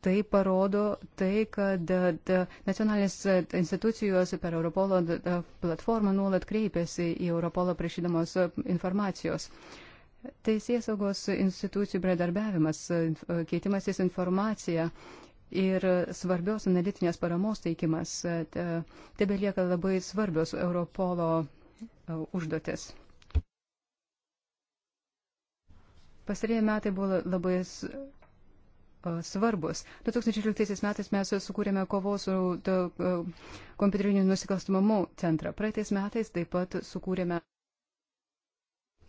Tai parodo tai, kad e, nacionalinės e, institucijos per Europolo platformą nuolat kreipiasi į Europolą prašydamos e, informacijos. Teisėsaugos institucijų bradarbiavimas, keitimasis informacija ir svarbios analitinės paramos teikimas tebelieka labai svarbios Europolo užduotis. Pastarėjai metai buvo labai E, svarbus. 2013 metais mes sukūrėme kovos su e, kompiuteriniu nusikalstumumu centrą. Praeitais metais taip pat sukūrėme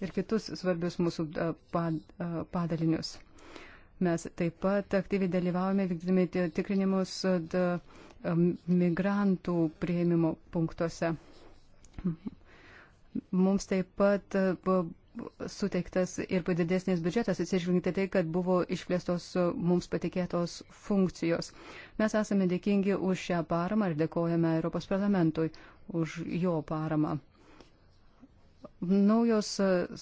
ir kitus svarbius mūsų e, padalinius. Mes taip pat aktyviai dalyvaujame vykdami tikrinimus migrantų prieimimo punktuose. Mums taip pat suteiktas ir padidesnis biudžetas, atsižvelgiant į tai, kad buvo išplėstos mums patikėtos funkcijos. Mes esame dėkingi už šią paramą ir dėkojame Europos parlamentui už jo paramą. Naujos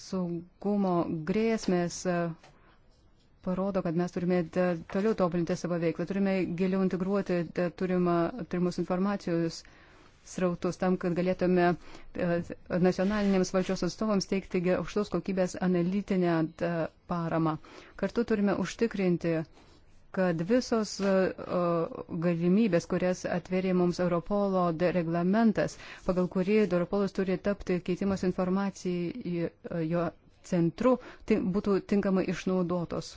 saugumo grėsmės parodo, kad mes turime toliau tobulinti savo veiklą, turime giliau integruoti turimus informacijos srautus, tam, kad galėtume e, nacionaliniams valdžios atstovams teikti aukštos kokybės analitinę e, paramą. Kartu turime užtikrinti kad visos e, galimybės, kurias atverė mums Europolo reglamentas, pagal kurį Europolas turi tapti keitimas informacijai jo centru, būtų tinkamai išnaudotos.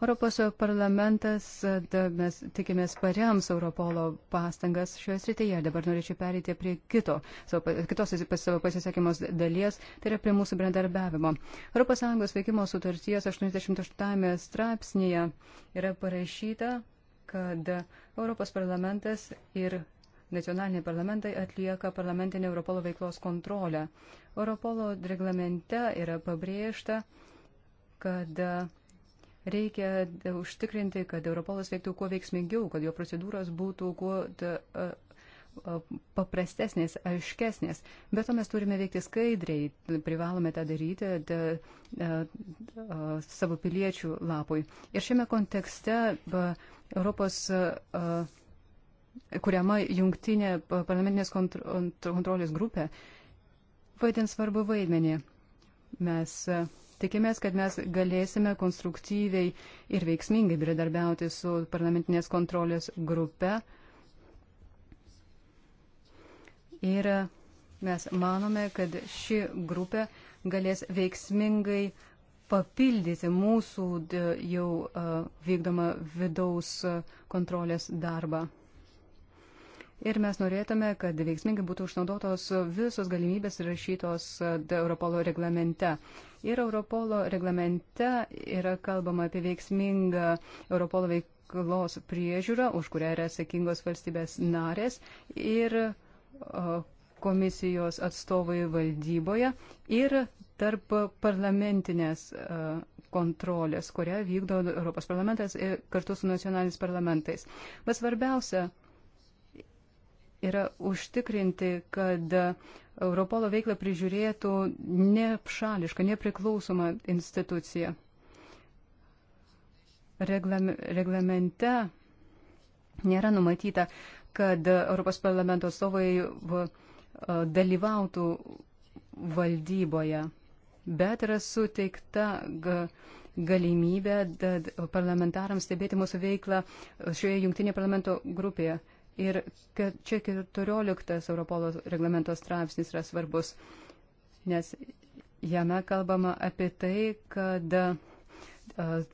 Europos parlamentas, da, mes tikimės, parems Europolo pastangas šioje srityje. Dabar norėčiau perėti prie kito, savo, kitos savo pasisekimos dalies, tai yra prie mūsų bendarbiavimo. ES veikimo sutarties 88 straipsnėje yra parašyta, kad Europos parlamentas ir nacionaliniai parlamentai atlieka parlamentinę Europolo veiklos kontrolę. Europolo reglamente yra pabrėžta, kad Reikia užtikrinti, kad Europolas veiktų kuo veiksmingiau, kad jo procedūros būtų kuo paprastesnės, aiškesnės. Bet to mes turime veikti skaidriai, privalome tą daryti da, da, da, savo piliečių lapui. Ir šiame kontekste ba, Europos a, kuriama jungtinė parlamentinės kontrolės grupė vaidins svarbu vaidmenį. Mes a, Tikimės, kad mes galėsime konstruktyviai ir veiksmingai bendradarbiauti su parlamentinės kontrolės grupe. Ir mes manome, kad ši grupė galės veiksmingai papildyti mūsų jau vykdomą vidaus kontrolės darbą. Ir mes norėtume, kad veiksmingai būtų išnaudotos visos galimybės rašytos Europolo reglamente. Ir Europolo reglamente yra kalbama apie veiksmingą Europolo veiklos priežiūrą, už kurią yra sakingos valstybės narės. Ir komisijos atstovai valdyboje ir tarp parlamentinės kontrolės, kurią vykdo Europos parlamentas kartu su nacionaliniais parlamentais. Bet svarbiausia, yra užtikrinti, kad Europolo veiklą prižiūrėtų nepšališka, nepriklausoma institucija. Reglam, reglamente nėra numatyta, kad Europos parlamento atstovai dalyvautų valdyboje, bet yra suteikta galimybė parlamentarams stebėti mūsų veiklą šioje jungtinėje parlamento grupėje. Ir čia 14 Europolo reglamento straipsnis yra svarbus, nes jame kalbama apie tai, kad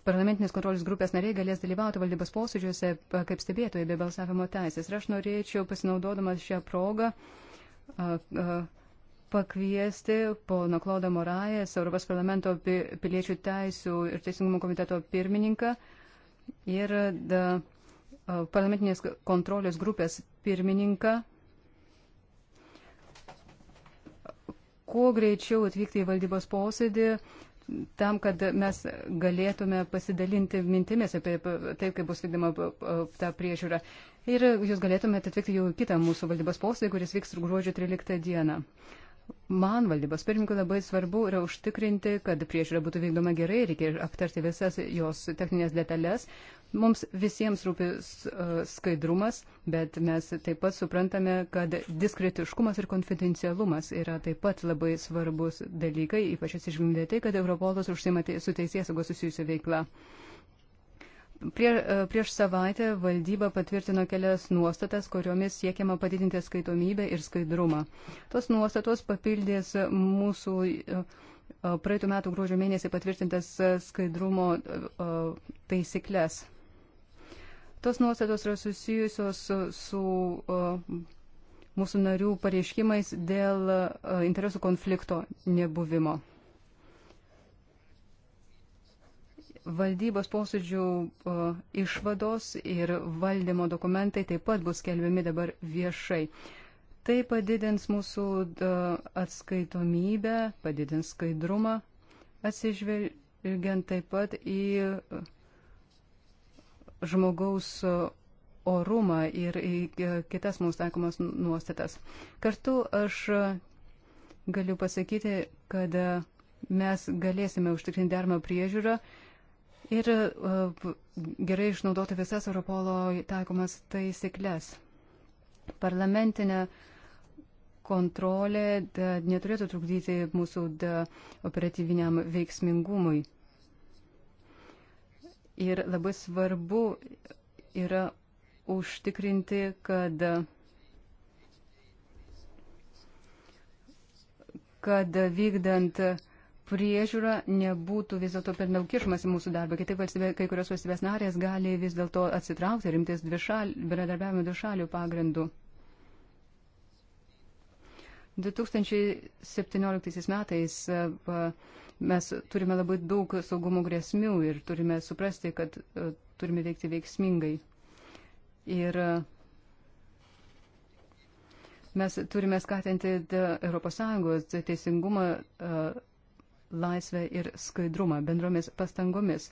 parlamentinės kontrolės grupės nariai galės dalyvauti valdybos posėdžiuose kaip stebėtojai be balsavimo teisės. Ir aš norėčiau, pasinaudodamas šią progą, pakviesti pono Klodo Morajas, Europos parlamento piliečių teisų ir teisingumo komiteto pirmininką ir da, parlamentinės kontrolės grupės pirmininką kuo greičiau atvykti į valdybos posėdį, tam, kad mes galėtume pasidalinti mintimis apie tai, kaip bus vykdama ta priežiūra. Ir jūs galėtumėte atvykti jau į kitą mūsų valdybos posėdį, kuris vyks gruodžio 13 dieną. Man valdybos pirmininkui labai svarbu yra užtikrinti, kad priežiūra būtų vykdoma gerai, reikia aptarti visas jos techninės detalės, Mums visiems rūpi e, skaidrumas, bet mes taip pat suprantame, kad diskretiškumas ir konfidencialumas yra taip pat labai svarbus dalykai, ypač atsižvelgiant tai, kad Europolas užsima su teisėsaugos susijusią veiklą. Prie, e, prieš savaitę valdyba patvirtino kelias nuostatas, kuriomis siekiama padidinti skaitomybę ir skaidrumą. Tos nuostatos papildys mūsų e, praeitų metų gruodžio mėnesį patvirtintas skaidrumo taisyklės. Tos nuostatos yra susijusios su, su mūsų narių pareiškimais dėl interesų konflikto nebuvimo. Valdybos posėdžių išvados ir valdymo dokumentai taip pat bus skelbiami dabar viešai. Tai padidins mūsų atskaitomybę, padidins skaidrumą, atsižvelgiant taip pat į žmogaus orumą ir į kitas mums taikomas nuostatas. Kartu aš galiu pasakyti, kad mes galėsime užtikrinti dermą priežiūrą ir e, gerai išnaudoti visas Europolo taikomas taisyklės. Parlamentinė kontrolė neturėtų trukdyti mūsų operatyviniam veiksmingumui. Ir labai svarbu yra užtikrinti, kad kad vykdant priežiūra nebūtų vis dėlto per daug kišmas į mūsų darbą. Kitaip valstybė, kai kurios valstybės narės gali vis dėlto atsitraukti ir rimtis bendradarbiavimo dvišalių pagrindų. 2017 metais Mes turime labai daug saugumo grėsmių ir turime suprasti, kad e, turime veikti veiksmingai. Ir e, mes turime skatinti ES teisingumą, e, laisvę ir skaidrumą bendromis pastangomis.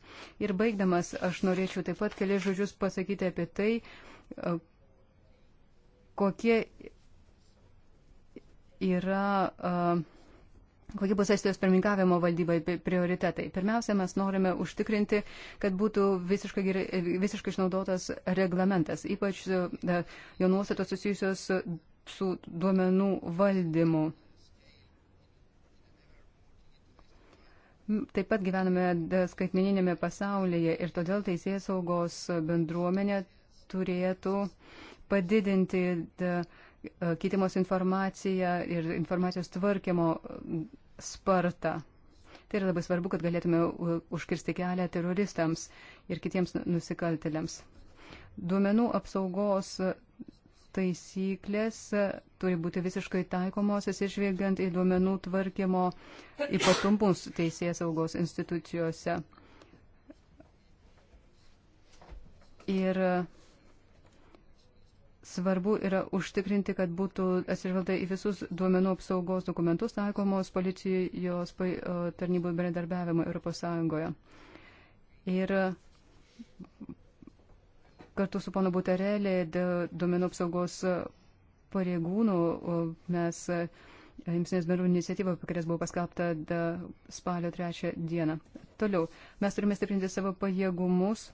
Ir baigdamas, aš norėčiau taip pat keli žodžius pasakyti apie tai, kokie yra uh, Kokie bus Estijos pirmininkavimo valdybai prioritetai? Pirmiausia, mes norime užtikrinti, kad būtų visiškai, visiškai išnaudotas reglamentas, ypač e, jo nuostatos susijusios su duomenų valdymu. Taip pat gyvename skaitmeninėme pasaulyje ir todėl teisės saugos bendruomenė turėtų padidinti. De, de, E, keitimos informacija ir informacijos tvarkymo spartą. Tai yra labai svarbu, kad galėtume užkirsti kelią teroristams ir kitiems nu, nusikaltėliams. Duomenų apsaugos taisyklės e, turi būti visiškai taikomos, atsižvelgiant į duomenų tvarkymo ypatumus teisės saugos institucijose. Ir e, svarbu yra užtikrinti, kad būtų atsižvelgta į visus duomenų apsaugos dokumentus taikomos policijos tarnybų bendradarbiavimo Europos Sąjungoje. Ir kartu su pono Buterelė duomenų apsaugos pareigūnų mes e, imsimės bendrų iniciatyvą, apie kurias buvo paskelbta spalio trečią dieną. Toliau, mes turime stiprinti savo pajėgumus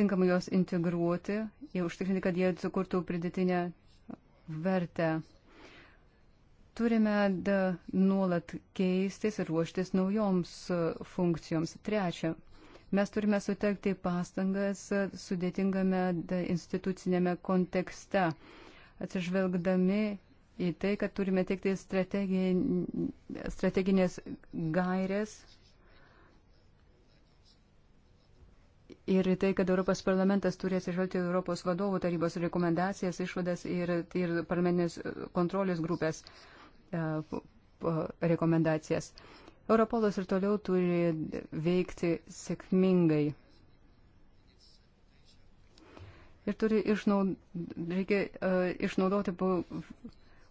tinkamai juos integruoti ir užtikrinti, kad jie sukurtų pridėtinę vertę. Turime nuolat keistis ir ruoštis naujoms e, funkcijoms. Trečia, mes turime sutelkti pastangas e, sudėtingame institucinėme kontekste, atsižvelgdami į tai, kad turime teikti strateginės gairės ir tai, kad Europos parlamentas turi atsižvelgti Europos vadovų tarybos rekomendacijas, išvadas ir, ir parlamentinės kontrolės grupės e, rekomendacijas. Europolas ir toliau turi veikti sėkmingai. Ir turi išnaud, reikia, uh, išnaudoti, pu,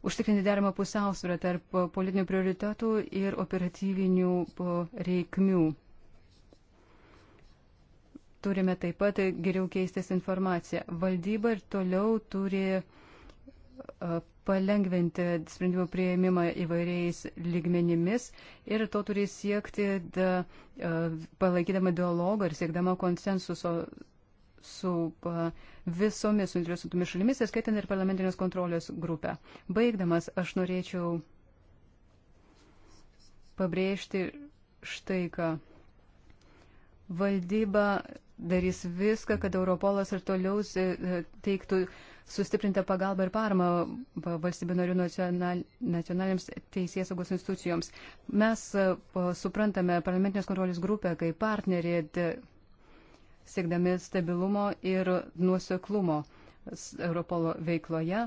užtikrinti deramą pusiausvyrą tarp politinių prioritetų ir operatyvinių reikmių turime taip pat geriau keistis informaciją. Valdyba ir toliau turi palengventi sprendimų prieimimą įvairiais lygmenimis ir to turi siekti da, palaikydama dialogą ir siekdama konsensuso su visomis suinteresuotomis šalimis, skaitant ir parlamentinės kontrolės grupę. Baigdamas, aš norėčiau pabrėžti štai ką. Valdyba darys viską, kad Europolas ir toliau e, teiktų sustiprintą pagalbą ir paramą valstybių narių nacional, nacionaliniams teisės saugos institucijoms. Mes e, suprantame parlamentinės kontrolės grupę kaip partnerį siekdami stabilumo ir nuoseklumo Europolo veikloje,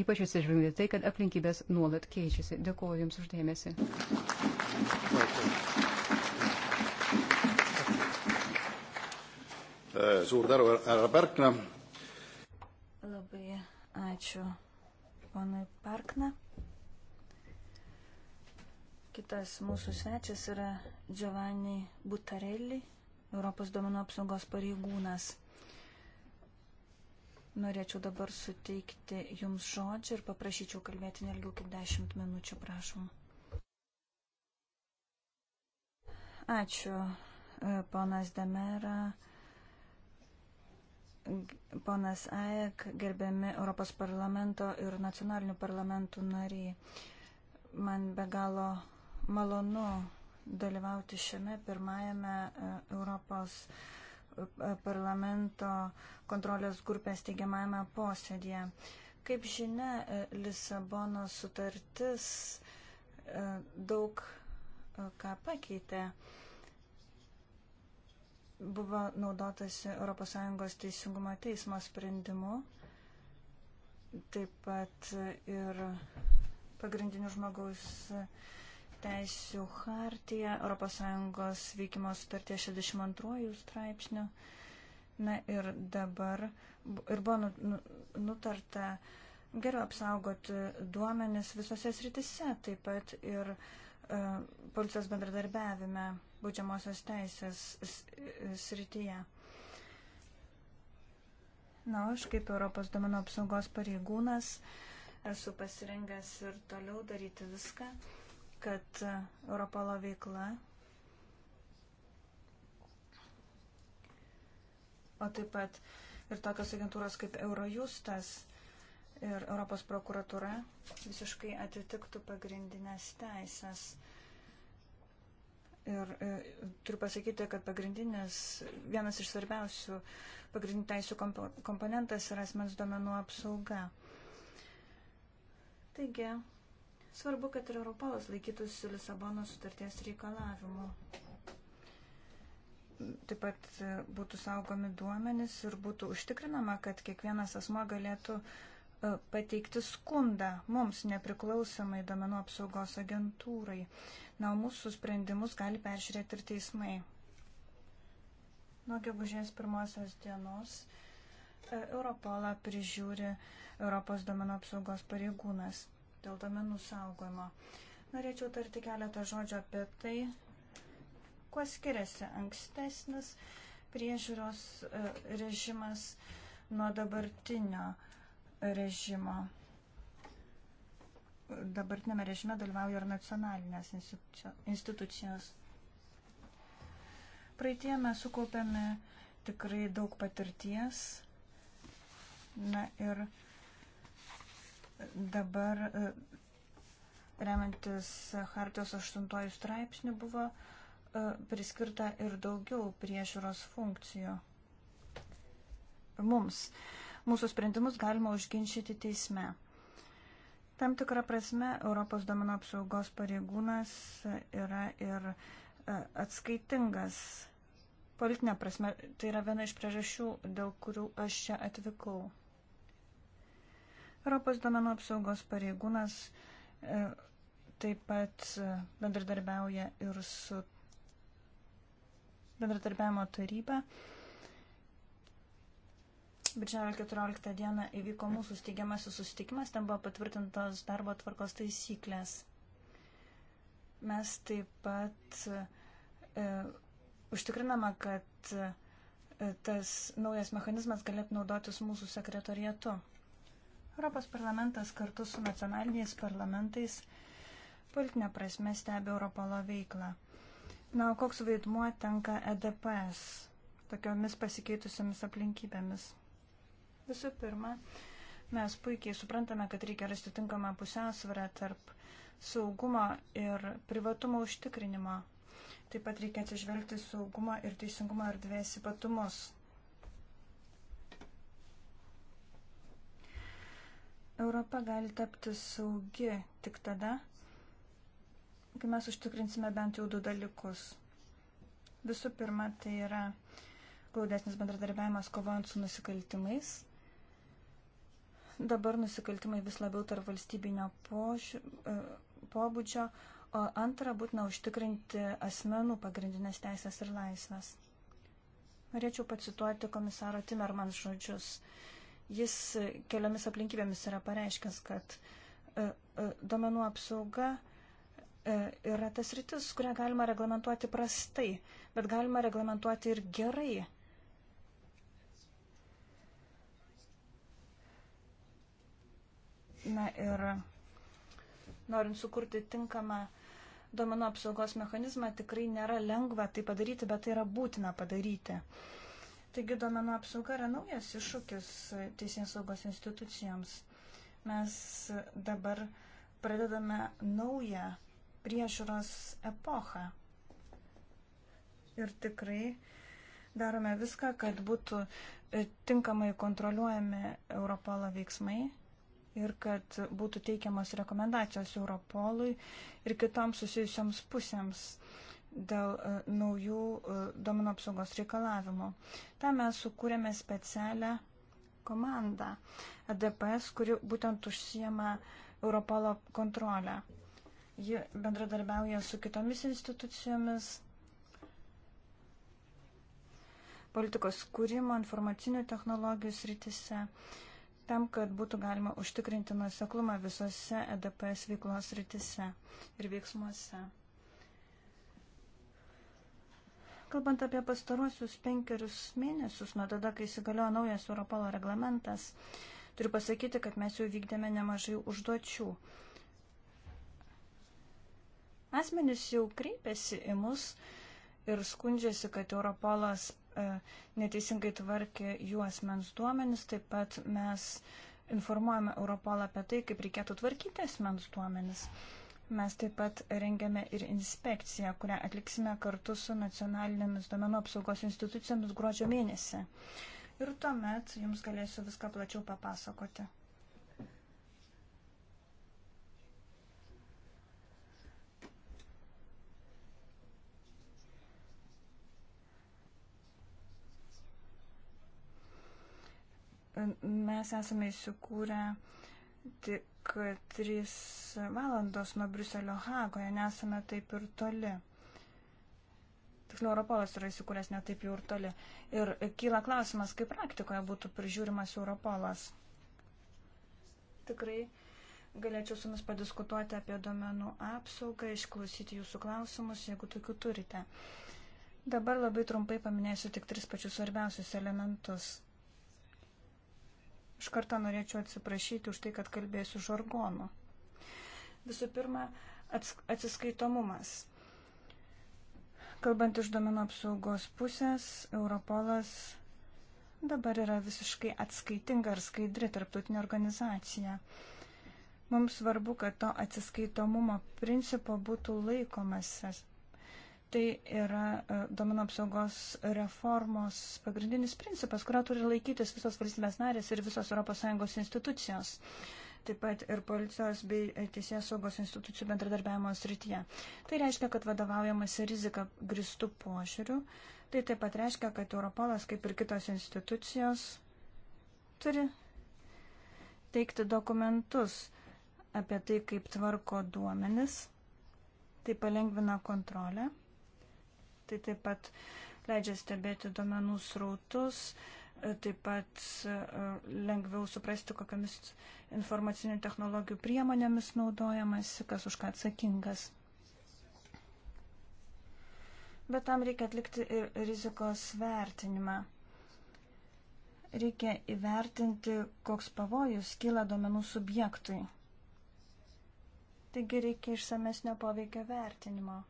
ypač atsižvelgiant tai, kad aplinkybės nuolat keičiasi. Dėkuoju Jums uždėmesi. Dėkui. Eh, suur tänu, härra Pärkna. Labai ačiū ponui Parkna. Kitas mūsų svečias yra Giovanni Butarelli, Europos duomenų apsaugos pareigūnas. Norėčiau dabar suteikti Jums žodžią ir paprašyčiau kalbėti nelgiau kaip 10 minučių, prašom. Ačiū, eh, ponas Demera ponas Ajek, gerbiami Europos parlamento ir nacionalinių parlamentų nariai. Man be galo malonu dalyvauti šiame pirmajame e, Europos e, parlamento kontrolės grupės teigiamame posėdėje. Kaip žinia, e, Lisabono sutartis daug ką pakeitė buvo naudotasi ES teisingumo teismo sprendimu, taip pat ir pagrindinių žmogaus teisų hartija, ES veikimo sutartie 62 straipsnių. Na ir dabar ir buvo nu, nu, nutarta geriau apsaugoti duomenis visose sritise, taip pat ir e, policijos bendradarbiavime būdžiamosios teisės srityje. Na, aš kaip Europos domenų apsaugos pareigūnas esu pasirengęs ir toliau daryti viską, kad e, Europolo veikla, o taip pat ir tokios agentūros kaip Eurojustas ir Europos prokuratūra visiškai atitiktų pagrindinės teisės. Ir e, turiu pasakyti, kad pagrindinis, vienas iš svarbiausių pagrindinių teisų kompo, komponentas yra asmens duomenų apsauga. Taigi, svarbu, kad ir Europolas laikytųsi Lisabono sutarties reikalavimų. Taip pat e, būtų saugomi duomenys ir būtų užtikrinama, kad kiekvienas asmo galėtų uh, E, pateikti skundą mums nepriklausomai domenų apsaugos agentūrai. Na, mūsų sprendimus gali peržiūrėti ir teismai. Nuo gegužės pirmosios dienos e, Europolą prižiūri Europos domenų apsaugos pareigūnas dėl domenų saugojimo. Norėčiau tarti keletą žodžių apie tai, kuo skiriasi ankstesnis priežiūros e, režimas nuo dabartinio režimo. Dabartinėme režime dalyvauja ir nacionalinės institucijos. Praeitie mes sukaupėme tikrai daug patirties. Na ir dabar e, remiantis Hartijos 8 straipsnių buvo e, priskirta ir daugiau priežiūros funkcijų mums mūsų sprendimus galima užginčyti teisme. Tam tikrą prasme Europos domino apsaugos pareigūnas yra ir e, atskaitingas. Politinė prasme, tai yra viena iš priežasčių, dėl kurių aš čia atvykau. Europos domenų apsaugos pareigūnas e, taip pat e, bendradarbiauja ir su bendradarbiavimo taryba. Birželio 14 dieną įvyko mūsų steigiamasis susitikimas, ten buvo patvirtintos darbo tvarkos taisyklės. Mes taip pat e, užtikrinama, kad e, tas naujas mechanizmas galėtų naudotis mūsų sekretorietu. Europos parlamentas kartu su nacionaliniais parlamentais politinė prasme stebi Europolo veiklą. Na, o koks vaidmuo tenka EDPS tokiomis pasikeitusiamis aplinkybėmis? Visų pirma, mes puikiai suprantame, kad reikia rasti tinkamą pusiausvyrą tarp saugumo ir privatumo užtikrinimo. Taip pat reikia atsižvelgti saugumo ir teisingumo erdvės ypatumus. Europa gali tapti saugi tik tada, kai mes užtikrinsime bent jau du dalykus. Visų pirma, tai yra glaudesnis bendradarbiavimas kovojant su nusikaltimais. Dabar nusikaltimai vis labiau tarp valstybinio poš... E, pobūdžio, o antra būtina užtikrinti asmenų pagrindinės teisės ir laisvės. Norėčiau pacituoti komisaro Timermans žodžius. Jis keliomis aplinkybėmis yra pareiškęs, kad e, e, domenų apsauga yra tas rytis, kurią galima reglamentuoti prastai, bet galima reglamentuoti ir gerai. Na ir norint sukurti tinkamą duomenų apsaugos mechanizmą, tikrai nėra lengva tai padaryti, bet tai yra būtina padaryti. Taigi duomenų apsauga yra naujas iššūkis teisės saugos institucijoms. Mes dabar pradedame naują priežiūros epochą. Ir tikrai darome viską, kad būtų tinkamai kontroliuojami Europolo veiksmai ir kad būtų teikiamas rekomendacijos Europolui ir kitoms susijusioms pusėms dėl e, naujų e, domino apsaugos reikalavimų. Tam mes sukūrėme specialią komandą ADPS, kuri būtent užsijama Europolo kontrolę. Ji bendradarbiauja su kitomis institucijomis, politikos kūrimo, informacinių technologijų sritise. Uh, tam, kad būtų galima užtikrinti nuoseklumą visose EDPS veiklos rytise ir veiksmuose. Kalbant apie pastaruosius penkerius mėnesius, nuo tada, kai įsigaliojo naujas Europolo reglamentas, turiu pasakyti, kad mes jau vykdėme nemažai užduočių. Asmenys jau kreipėsi į mus ir skundžiasi, kad Europolas E, neteisingai tvarkė jų asmens duomenis, taip pat mes informuojame Europolą apie tai, kaip reikėtų tvarkyti asmens duomenis. Mes taip pat rengiame ir inspekciją, kurią atliksime kartu su nacionalinėmis domenų apsaugos institucijomis gruodžio mėnesį. Ir tuomet jums galėsiu viską plačiau papasakoti. Mes esame įsikūrę tik 3 valandos nuo Bruselio Hagoje, nesame taip ir toli. Tiksliau, Europolas yra įsikūręs netaip jau ir toli. Ir kyla klausimas, kaip praktikoje būtų prižiūrimas Europolas. Tikrai galėčiau su jumis padiskutuoti apie domenų apsaugą, išklausyti jūsų klausimus, jeigu tokių turite. Dabar labai trumpai paminėsiu tik tris pačius svarbiausius elementus. Iš karto norėčiau atsiprašyti už tai, kad kalbėsiu žargonu. Visų pirma, atsiskaitomumas. Kalbant iš domino apsaugos pusės, Europolas dabar yra visiškai atskaitinga ir skaidri tarptautinė organizacija. Mums svarbu, kad to atsiskaitomumo principo būtų laikomasi Tai yra e, domino apsaugos reformos pagrindinis principas, kurio turi laikytis visos valstybės narės ir visos ES institucijos, taip pat ir policijos bei e, teisės saugos institucijų bendradarbiavimo srityje. Tai reiškia, kad vadovaujamasi rizika gristų požiūrių. Tai taip pat reiškia, kad Europolas, kaip ir kitos institucijos, turi teikti dokumentus apie tai, kaip tvarko duomenis. Tai palengvina kontrolę Tai taip pat leidžia stebėti duomenų srautus, taip pat e, lengviau suprasti, kokiamis informacinių technologijų priemonėmis naudojamasi, kas už ką atsakingas. Bet tam reikia atlikti ir rizikos vertinimą. Reikia įvertinti, koks pavojus kyla duomenų subjektui. Taigi reikia išsamesnio poveikio vertinimo.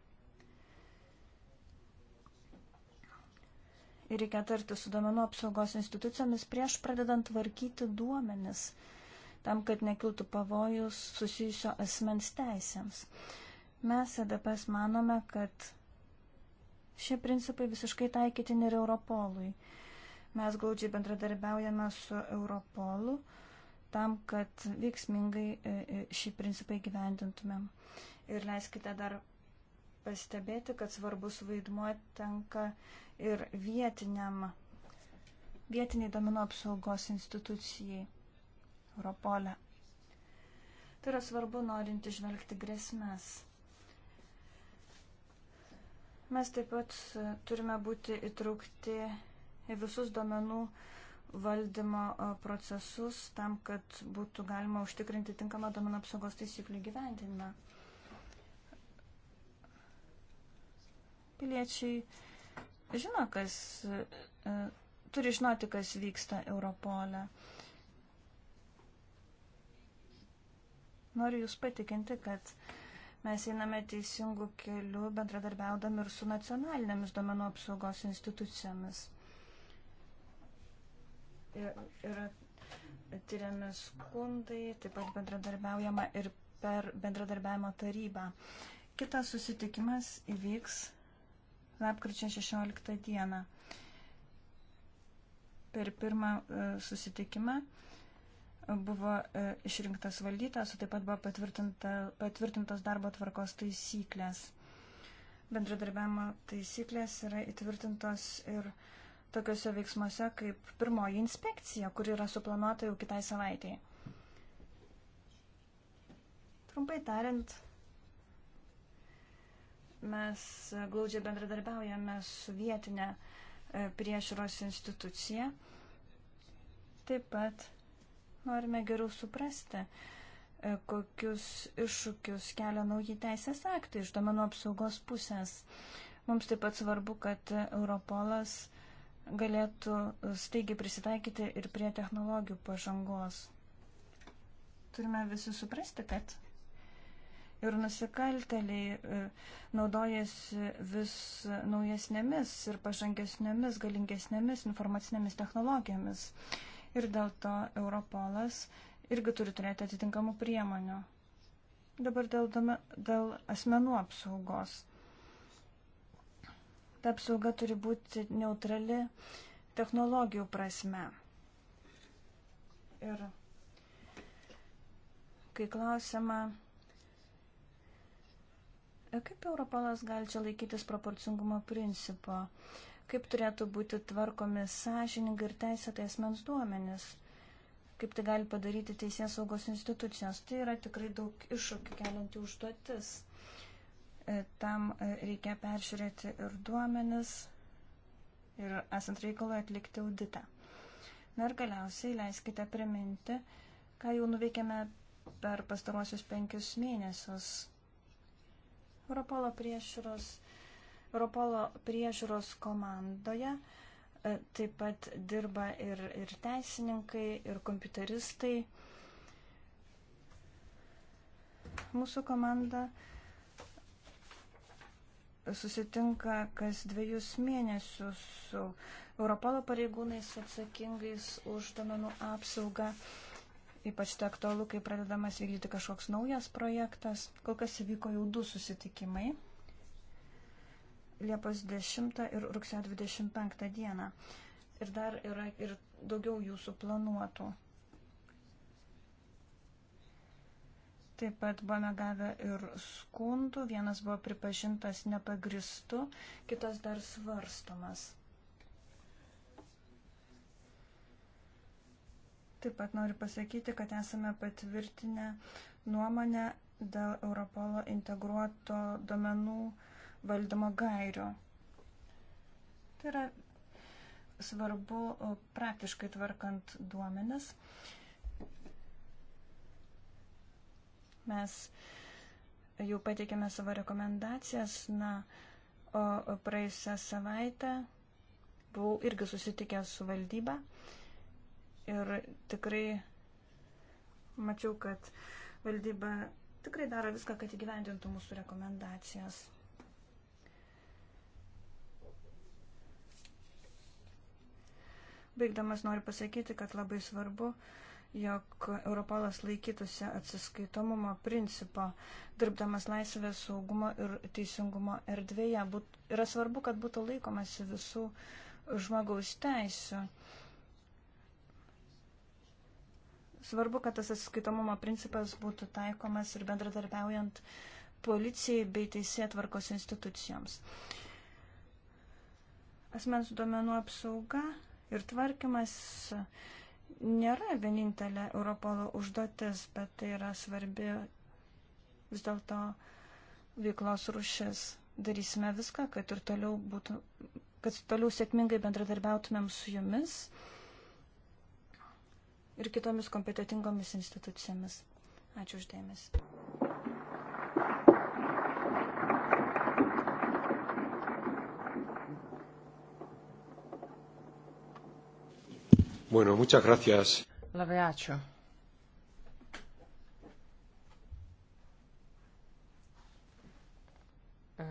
ir reikia tarti su duomenų apsaugos institucijomis prieš pradedant tvarkyti duomenis, tam, kad nekiltų pavojus susijusio asmens teisėms. Mes EDPS manome, kad šie principai visiškai taikytini ir Europolui. Mes glaudžiai bendradarbiaujame su Europolu tam, kad veiksmingai e, e, šį principą įgyvendintumėm. Ir leiskite dar pastebėti, kad svarbus vaidmuo tenka ir vietiniam, vietiniai domino apsaugos institucijai Europolė. Tai yra svarbu norint išvelgti grėsmės. Mes taip pat turime būti įtraukti į visus domenų valdymo procesus tam, kad būtų galima užtikrinti tinkamą domenų apsaugos taisyklių gyvendinimą. Piliečiai žino, kas, e, turi žinoti, kas vyksta Europolė. Noriu Jūs patikinti, kad mes einame teisingų kelių, bendradarbiaudami ir su nacionalinėmis domenų apsaugos institucijomis. Ir, ir tyriami skundai, taip pat bendradarbiaujama ir per bendradarbiavimo tarybą. Kitas susitikimas įvyks lapkričio 16 dieną. Per pirmą e, susitikimą e, buvo e, išrinktas valdytas, o taip pat buvo patvirtinta, patvirtintos darbo tvarkos taisyklės. Bendradarbiavimo taisyklės yra įtvirtintos ir tokiuose veiksmuose kaip pirmoji inspekcija, kuri yra suplanuota jau kitai savaitėjai. Trumpai tariant, Mes glaudžiai bendradarbiaujame su vietinė e, priežiūros institucija. Taip pat norime geriau suprasti, e, kokius iššūkius kelia nauji teisės aktai iš domenų apsaugos pusės. Mums taip pat svarbu, kad Europolas galėtų staigiai prisitaikyti ir prie technologijų pažangos. Turime visi suprasti, kad ir nusikalteliai e, naudojasi vis naujesnėmis ir pažangesnėmis, galingesnėmis informacinėmis technologijomis. Ir dėl to Europolas irgi turi turėti atitinkamų priemonių. Dabar dėl, dėl asmenų apsaugos. Ta apsauga turi būti neutrali technologijų prasme. Ir kai klausima, Kaip Europolas gali čia laikytis proporcingumo principo? Kaip turėtų būti tvarkomi sąžininkai ir teisėtai asmens duomenis? Kaip tai gali padaryti teisės saugos institucijos? Tai yra tikrai daug iššūkių kelianti užduotis. E, tam e, reikia peržiūrėti ir duomenis, ir esant reikalui atlikti auditą. Na ir galiausiai leiskite priminti, ką jau nuveikėme per pastarosius penkius mėnesius Europolo priežiūros, Europolo priežiūros komandoje. E, taip pat dirba ir, ir teisininkai, ir kompiuteristai. Mūsų komanda susitinka kas dviejus mėnesius su Europolo pareigūnais atsakingais už domenų apsaugą. Uh, Ypač tai aktualu, kai pradedamas vykdyti kažkoks naujas projektas. Kol kas įvyko jau du susitikimai. Liepos 10 ir rugsėjo 25 dieną. Ir dar yra ir daugiau jūsų planuotų. Taip pat buvome gavę ir skundų, vienas buvo pripažintas nepagristu, kitas dar svarstomas. Taip pat noriu pasakyti, kad esame patvirtinę nuomonę dėl Europolo integruoto domenų valdymo gairių. Tai yra svarbu praktiškai tvarkant duomenis. Mes jau pateikėme savo rekomendacijas, na, o praėjusią savaitę buvau irgi susitikęs su valdyba. Uh, ir tikrai mačiau, kad valdyba tikrai daro viską, kad įgyvendintų mūsų rekomendacijas. Baigdamas noriu pasakyti, kad labai svarbu, jog Europolas laikytųsi atsiskaitomumo principo, dirbdamas laisvės saugumo ir teisingumo erdvėje. Būt, yra svarbu, kad būtų laikomasi visų žmogaus teisų. Svarbu, kad tas atskaitomumo principas būtų taikomas ir bendradarbiaujant policijai bei teisėtvarkos institucijoms. Asmens duomenų apsauga ir tvarkymas nėra vienintelė Europolo užduotis, bet tai yra svarbi vis dėlto veiklos rušis. Darysime viską, kad ir toliau būtų, kad toliau sėkmingai bendradarbiautumėm su jumis ir kitomis kompetitingomis institucijomis. Ačiū uždėmesi. Bueno, muchas gracias. Labai ačiū.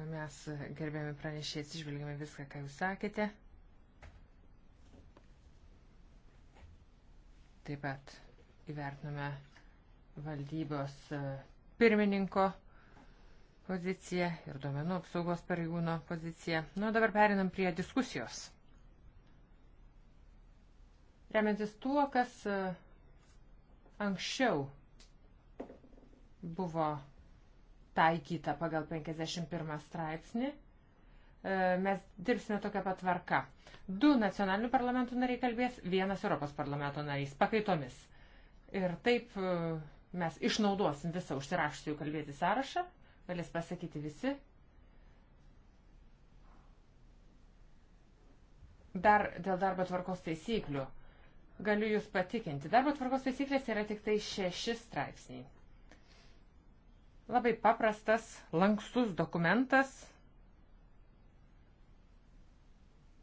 Mes gerbėme pranešėjai, atsižvelgėme viską, ką jūs sakėte. Taip pat įvertinome valdybos e, pirmininko poziciją ir duomenų apsaugos pareigūno poziciją. Nu, dabar perinam prie diskusijos. Remiantis tuo, kas e, anksčiau buvo taikyta pagal 51 straipsnį, E, mes dirbsime tokią pat tvarką. Du nacionalinių parlamentų nariai kalbės, vienas Europos parlamento narys pakaitomis. Ir taip e, mes išnaudosim visą užsirašusių kalbėti sąrašą, galės pasakyti visi. Dar dėl darbo tvarkos taisyklių. Galiu Jūs patikinti, darbo tvarkos taisyklės yra tik tai šeši straipsniai. Labai paprastas, lankstus dokumentas,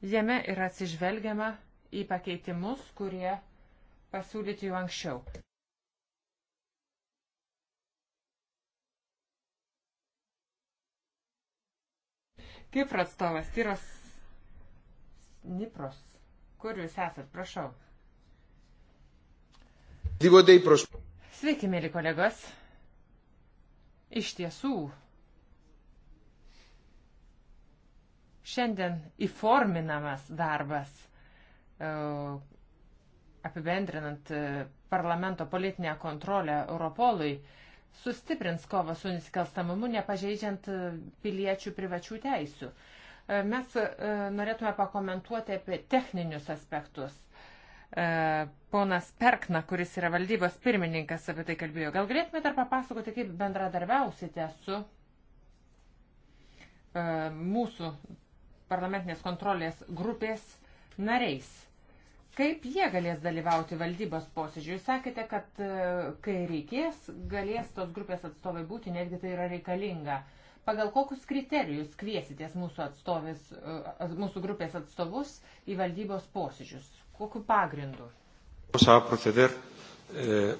Jame yra atsižvelgiama į pakeitimus, kurie pasiūlyti jau anksčiau. Kipro atstovas, Tyros Nipros. Kur jūs esat, prašau? Sveiki, mėly kolegos. Iš tiesų, Šiandien įforminamas darbas, e, apibendrinant e, parlamento politinę kontrolę Europolui, sustiprins kovą su nusikalstamumu, nepažeidžiant e, piliečių privačių teisių. Mes norėtume pakomentuoti apie techninius aspektus ponas Perkna, kuris yra valdybos pirmininkas, apie tai kalbėjo. Gal galėtumėte dar papasakoti, kaip bendradarbiausite su mūsų parlamentinės kontrolės grupės nariais. Kaip jie galės dalyvauti valdybos posėdžiui? Jūs sakėte, kad e, kai reikės, galės tos grupės atstovai būti, netgi tai yra reikalinga. Pagal kokius kriterijus kviesitės mūsų, atstovės, e, mūsų grupės atstovus į valdybos posėdžius? Kokiu pagrindu? Eh,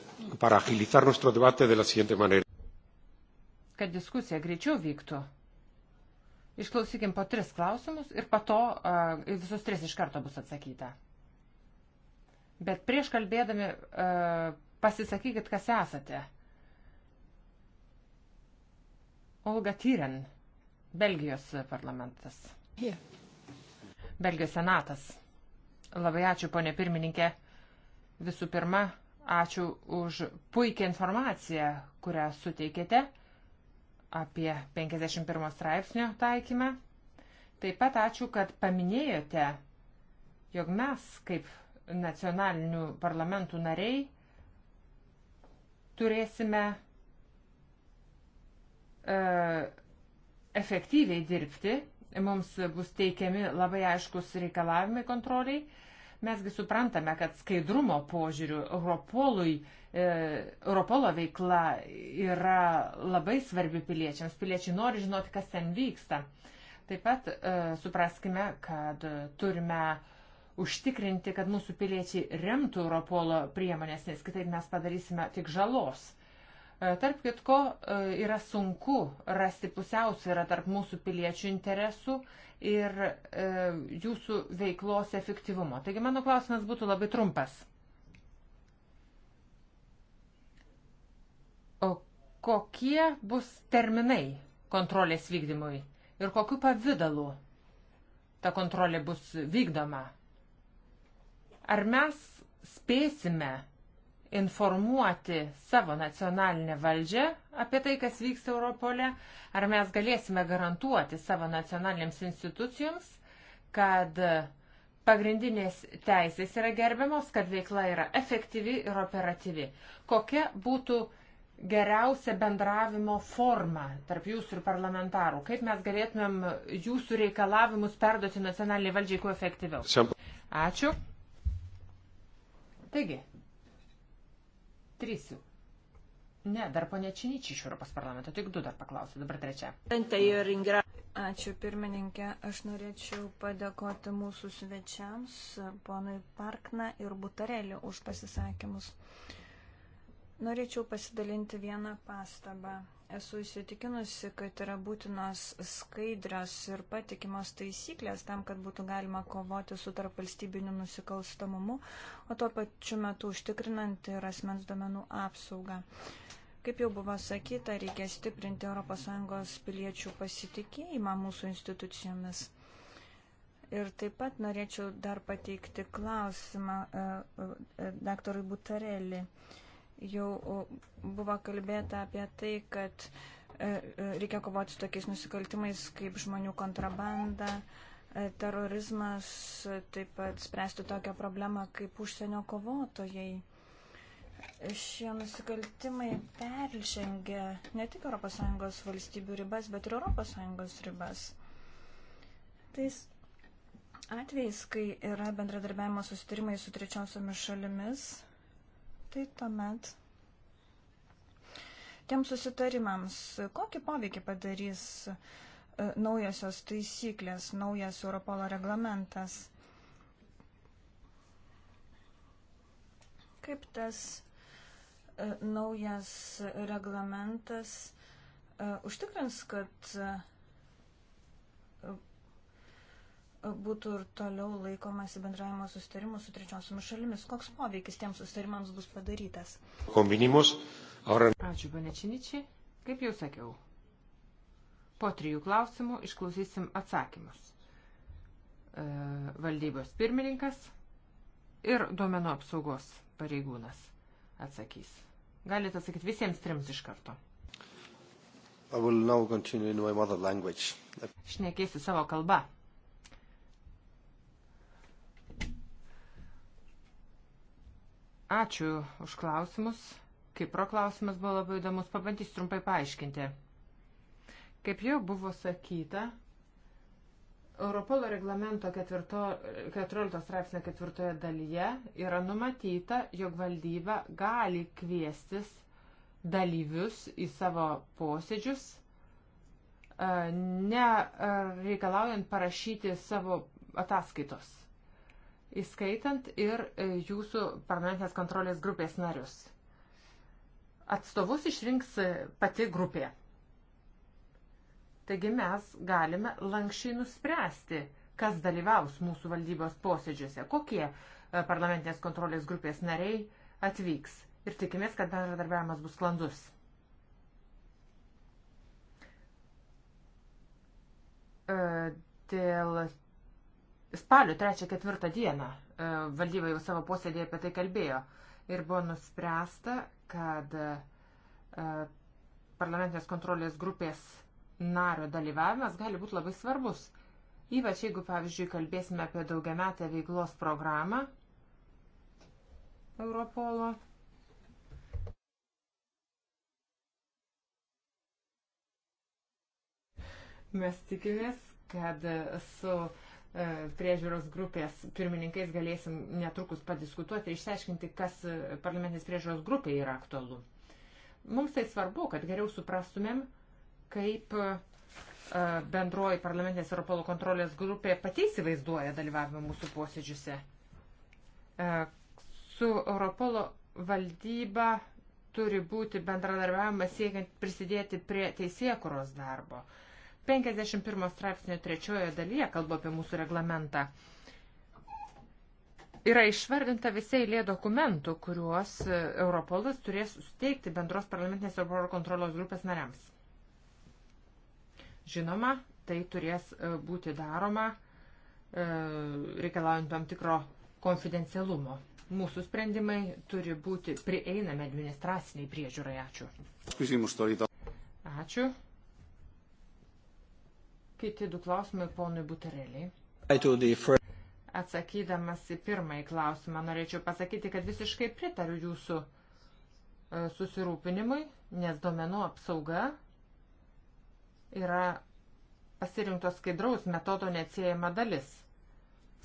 kad diskusija greičiau vyktų Išklausykim po tris klausimus ir po to uh, visus tris iš karto bus atsakyta. Bet prieš kalbėdami uh, pasisakykit, kas esate. Olga Tyren, Belgijos parlamentas. Yeah. Belgijos senatas. Labai ačiū, ponė pirmininkė. Visų pirma, ačiū už puikią informaciją, kurią suteikėte apie 51 straipsnio taikymą. Taip pat ačiū, kad paminėjote, jog mes kaip nacionalinių parlamentų nariai turėsime e, efektyviai dirbti, mums bus teikiami labai aiškus reikalavimai kontroliai Mesgi suprantame, kad skaidrumo požiūrių Europolui, e, Europolo veikla yra labai svarbi piliečiams. Piliečiai nori žinoti, kas ten vyksta. Taip pat e, supraskime, kad turime užtikrinti, kad mūsų piliečiai remtų Europolo priemonės, nes kitaip mes padarysime tik žalos. E, tarp kitko, e, yra sunku rasti pusiausvyrą tarp mūsų piliečių interesų ir e, jūsų veiklos efektyvumo. Taigi mano klausimas būtų labai trumpas. O kokie bus terminai kontrolės vykdymui ir kokiu pavydalu ta kontrolė bus vykdoma? Ar mes spėsime informuoti savo nacionalinę valdžią apie tai, kas vyksta Europole, ar mes galėsime garantuoti savo nacionalinėms institucijoms, kad pagrindinės teisės yra gerbiamos, kad veikla yra efektyvi ir operatyvi. Kokia būtų geriausia bendravimo forma tarp jūsų ir parlamentarų? Kaip mes galėtumėm jūsų reikalavimus perduoti nacionaliniai valdžiai kuo efektyviau? Ačiū. Taigi, Trys jau. Ne, dar ponė Činičiai iš Europos parlamento, tik du dar paklausė, dabar trečia. Ačiū pirmininkė, aš norėčiau padėkoti mūsų svečiams, ponui Parkna ir Butareliu už pasisakymus. Norėčiau pasidalinti vieną pastabą. Esu įsitikinusi, kad yra būtinos skaidrios ir patikimos taisyklės tam, kad būtų galima kovoti su tarpvalstybiniu nusikalstamumu, o tuo pačiu metu užtikrinant ir asmens domenų apsaugą. Kaip jau buvo sakyta, reikia stiprinti ES piliečių pasitikėjimą mūsų institucijomis. Ir taip pat norėčiau dar pateikti klausimą e, e, e daktarui Butarelį. E, Jau buvo kalbėta apie tai, kad e, e, reikia kovoti su tokiais nusikaltimais kaip žmonių kontrabanda, e, terorizmas, taip pat spręsti tokią problemą kaip užsienio kovotojai. Šie nusikaltimai peržengia ne tik ES valstybių ribas, bet ir ES ribas. Tais atvejais, kai yra bendradarbiavimo susitarimai su trečiosiomis šalimis, tai tuomet tiems susitarimams, kokį poveikį padarys e, naujosios taisyklės, naujas Europolo reglamentas. Kaip tas e, naujas reglamentas e, užtikrins, kad būtų ir toliau laikomasi bendravimo sustarimų su trečiosiomis šalimis. Koks poveikis tiems sustarimams bus padarytas? Kombinimus. Ar... Ačiū, Banečiničiai. Kaip jau sakiau, po trijų klausimų išklausysim atsakymus. E, valdybos pirmininkas ir duomenų apsaugos pareigūnas atsakys. Galite atsakyti visiems trims iš karto. Šnekėsiu savo kalbą. Ačiū už klausimus. Kipro klausimas buvo labai įdomus, pabandysiu trumpai paaiškinti. Kaip jau buvo sakyta, Europolo reglamento 14 straipsnio 4 dalyje yra numatyta, jog valdyba gali kviestis dalyvius į savo posėdžius, e, nereikalaujant parašyti savo ataskaitos įskaitant ir e, jūsų parlamentinės kontrolės grupės narius. Atstovus išrinks e, pati grupė. Taigi mes galime lankščiai nuspręsti, kas dalyvaus mūsų valdybos posėdžiuose, kokie e, parlamentinės kontrolės grupės nariai atvyks. Ir tikimės, kad bendradarbiavimas bus sklandus. Dėl Spalio 3-4 dieną e, valdyba jau savo posėdėje apie tai kalbėjo ir buvo nuspręsta, kad e, parlamentinės kontrolės grupės nario dalyvavimas gali būti labai svarbus. Ypač jeigu, pavyzdžiui, kalbėsime apie daugiametę veiklos programą Europolo. Mes tikimės, kad su uh, E, priežiūros grupės pirmininkais galėsim netrukus padiskutuoti ir išsiaiškinti, kas e, parlamentinės priežiūros grupiai yra aktualu. Mums tai svarbu, kad geriau suprastumėm, kaip e, bendroji parlamentinės Europolo kontrolės grupė pati įsivaizduoja dalyvavimą mūsų posėdžiuose. Su Europolo valdyba turi būti bendradarbiavimas siekiant prisidėti prie teisėkuros darbo. Uh, 51 straipsnio trečiojo dalyje, kalbu apie mūsų reglamentą, yra išvardinta visai lė dokumentų, kuriuos e, Europolas turės suteikti bendros parlamentinės Europolo kontrolos grupės nariams. Žinoma, tai turės e, būti daroma e, reikalaujant tam tikro konfidencialumo. Mūsų sprendimai turi būti prieinami administraciniai priežiūrai. Ačiū. Ačiū. Kiti du klausimai ponui Butereliai. Atsakydamas į pirmąjį klausimą, norėčiau pasakyti, kad visiškai pritariu jūsų e, susirūpinimui, nes domenų apsauga yra pasirinktos skaidraus metodo neatsiejama dalis.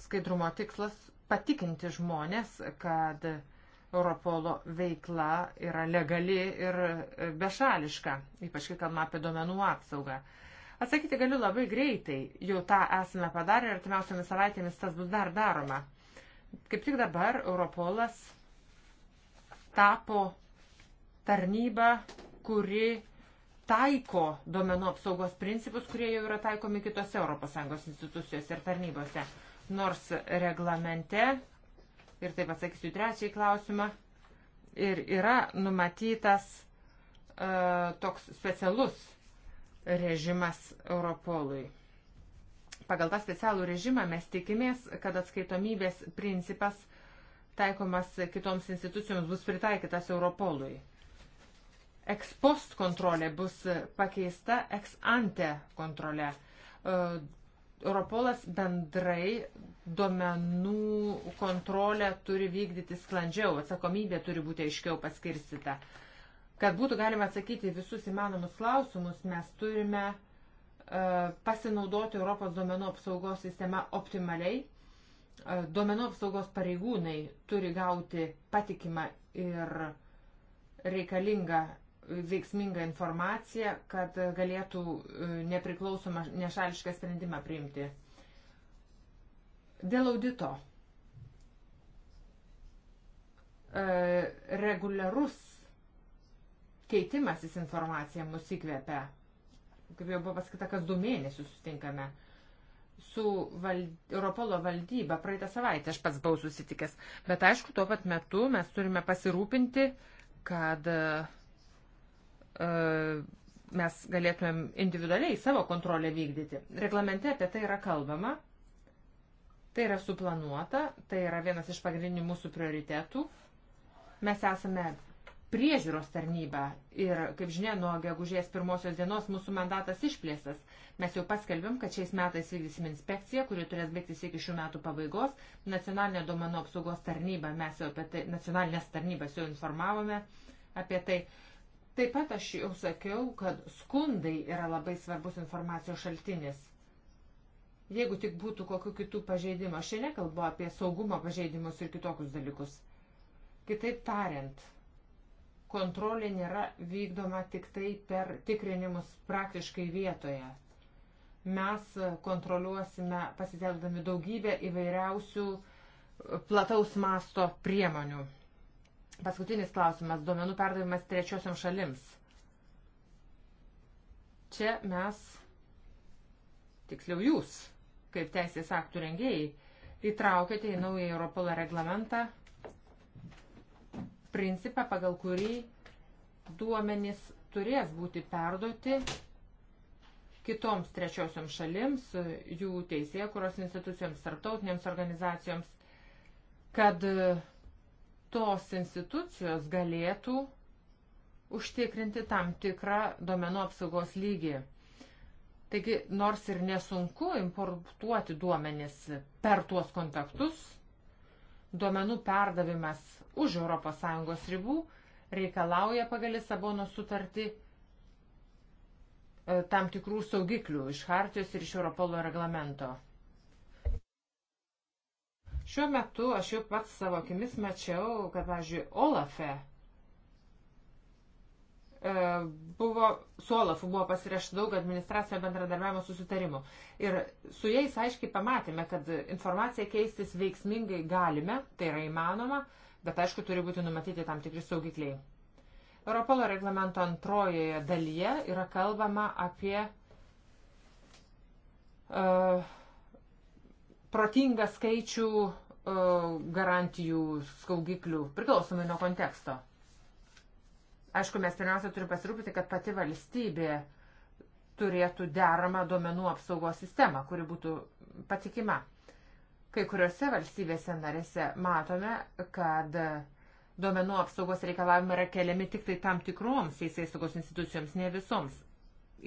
Skaidrumo tikslas - patikinti žmonės, kad Europolo veikla yra legali ir e, bešališka, ypač kai kalbame apie domenų apsaugą. Atsakyti galiu labai greitai, jau tą esame padarę ir artimiausiamis savaitėmis tas bus dar daroma. Kaip tik dabar Europolas tapo tarnyba, kuri taiko duomenų apsaugos principus, kurie jau yra taikomi kitose ES institucijose ir tarnybose. Nors reglamente, ir taip atsakysiu trečiai klausimą, ir yra numatytas uh, toks specialus režimas Europolui. Pagal tą specialų režimą mes tikimės, kad atskaitomybės principas taikomas kitoms institucijoms bus pritaikytas Europolui. Ekspost kontrolė bus pakeista eksante kontrolė. E, Europolas bendrai duomenų kontrolę turi vykdyti sklandžiau, atsakomybė turi būti aiškiau paskirstita. Uh, Kad būtų galima atsakyti visus įmanomus klausimus, mes turime e, pasinaudoti Europos duomenų apsaugos sistema optimaliai. E, duomenų apsaugos pareigūnai turi gauti patikimą ir reikalingą veiksmingą informaciją, kad galėtų e, nepriklausomą nešališką sprendimą priimti. Dėl audito. Reguliarus Keitimasis informacija mus įkvepia. Kaip jau buvo pasakyta, kas du mėnesius sustinkame su val... Europolo valdyba praeitą savaitę aš pats buvau susitikęs. Bet aišku, tuo pat metu mes turime pasirūpinti, kad uh, mes galėtumėm individualiai savo kontrolę vykdyti. Reglamente apie tai yra kalbama, tai yra suplanuota, tai yra vienas iš pagrindinių mūsų prioritetų. Mes esame priežiūros tarnybą. Ir, kaip žinia, nuo gegužės pirmosios dienos mūsų mandatas išplėstas. Mes jau paskelbėm, kad šiais metais vykdysim inspekciją, kuri turės baigtis iki šių metų pabaigos. Nacionalinė duomenų apsaugos tarnyba, mes jau apie tai, nacionalinės tarnybas jau informavome apie tai. Taip pat aš jau sakiau, kad skundai yra labai svarbus informacijos šaltinis. Jeigu tik būtų kokiu kitų pažeidimų, aš čia nekalbu apie saugumo pažeidimus ir kitokius dalykus. Kitaip tariant, kontrolė nėra vykdoma tik tai per tikrinimus praktiškai vietoje. Mes kontroliuosime pasitelkdami daugybę įvairiausių e, plataus masto priemonių. Paskutinis klausimas - duomenų perdavimas trečiosiam šalims. Čia mes, tiksliau jūs, kaip teisės aktų rengėjai, įtraukėte į naują Europolą reglamentą principą, pagal kurį duomenys turės būti perduoti kitoms trečiosioms šalims, jų teisėje, kurios institucijoms, tarptautinėms organizacijoms, kad tos institucijos galėtų užtikrinti tam tikrą domenų apsaugos lygį. Taigi, nors ir nesunku importuoti duomenis per tuos kontaktus, duomenų perdavimas už ES ribų reikalauja pagal Lisabono sutartį e, tam tikrų saugiklių iš Hartijos ir iš Europolo reglamento. Šiuo metu aš jau pats savo akimis mačiau, kad, pavyzdžiui, Olafe E, buvo, su Olafu buvo pasirašta daug administracinio bendradarbiavimo susitarimų. Ir su jais aiškiai pamatėme, kad informaciją keistis veiksmingai galime, tai yra įmanoma, bet aišku, turi būti numatyti tam tikri saugikliai. Europolo reglamento antrojoje dalyje yra kalbama apie uh, protingą skaičių uh, garantijų skaugiklių priklausomai nuo konteksto. Aišku, mes pirmiausia turime pasirūpinti, kad pati valstybė turėtų deramą duomenų apsaugos sistemą, kuri būtų patikima. Kai kuriuose valstybėse narėse matome, kad duomenų apsaugos reikalavimai yra keliami tik tai tam tikroms teisėsaugos institucijoms, ne visoms.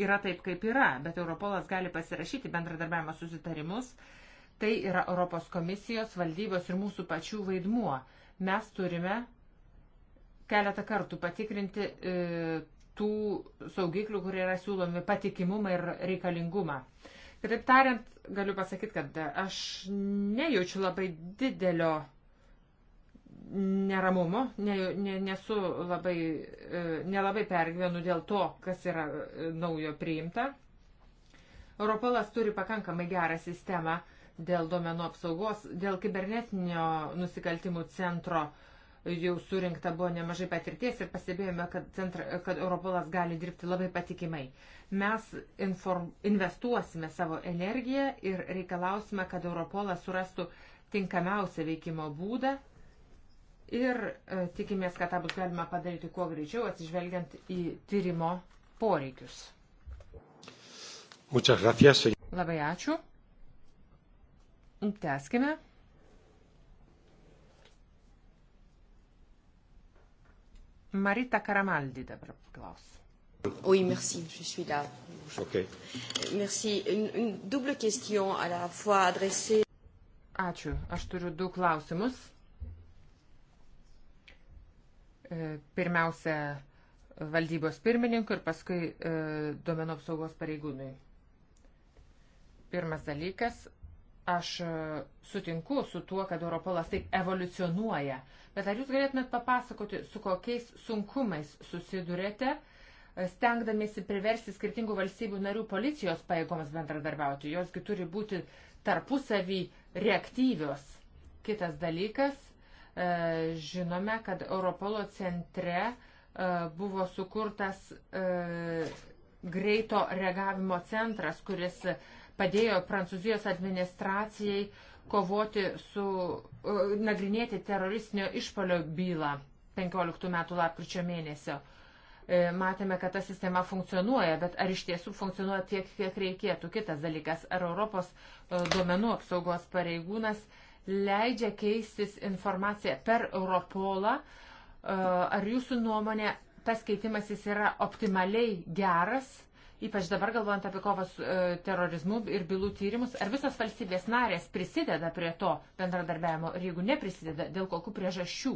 Yra taip, kaip yra, bet Europolas gali pasirašyti bendradarbiavimo susitarimus. Tai yra Europos komisijos, valdybos ir mūsų pačių vaidmuo. Mes turime keletą kartų patikrinti e, tų saugiklių, kurie yra siūlomi patikimumą ir reikalingumą. Kitaip tariant, galiu pasakyti, kad aš nejaučiu labai didelio neramumo, ne, ne, nesu labai, e, nelabai pergyvenu dėl to, kas yra e, naujo priimta. Europolas turi pakankamai gerą sistemą dėl domenų apsaugos, dėl kibernetinio nusikaltimų centro uh, jau surinkta buvo nemažai patirties ir pastebėjome, kad, centra, kad Europolas gali dirbti labai patikimai. Mes inform, investuosime savo energiją ir reikalausime, kad Europolas surastų tinkamiausią veikimo būdą ir e, tikimės, kad tą bus galima padaryti kuo greičiau, atsižvelgiant į tyrimo poreikius. Labai ačiū. Teskime. Marita Karamaldi dabar klaus. Oui, merci, je suis là. Okay. Merci. Une, une double question à la fois adressée. Ačiū. Aš turiu du klausimus. E, pirmiausia, valdybos pirmininkui ir paskui e, duomenų apsaugos pareigūnui. Pirmas dalykas Aš e, sutinku su tuo, kad Europolas taip evoliucionuoja, bet ar jūs galėtumėt papasakoti, su kokiais sunkumais susidurėte, e, stengdamėsi priversti skirtingų valstybių narių policijos pajėgoms bendradarbiauti? Josgi turi būti tarpusavį reaktyvios. Kitas dalykas, e, žinome, kad Europolo centre buvo sukurtas greito reagavimo centras, kuris padėjo Prancūzijos administracijai kovoti su, e, nagrinėti teroristinio išpolio bylą 15 metų lapkričio mėnesio. E, matėme, kad ta sistema funkcionuoja, bet ar iš tiesų funkcionuoja tiek, kiek reikėtų? Kitas dalykas, ar Europos e, duomenų apsaugos pareigūnas leidžia keistis informaciją per Europolą? Ar jūsų nuomonė tas keitimasis yra optimaliai geras? ypač dabar galvojant apie kovą su e, terorizmu ir bylų tyrimus, ar visos valstybės narės prisideda prie to bendradarbiavimo ir jeigu neprisideda, dėl kokių priežasčių?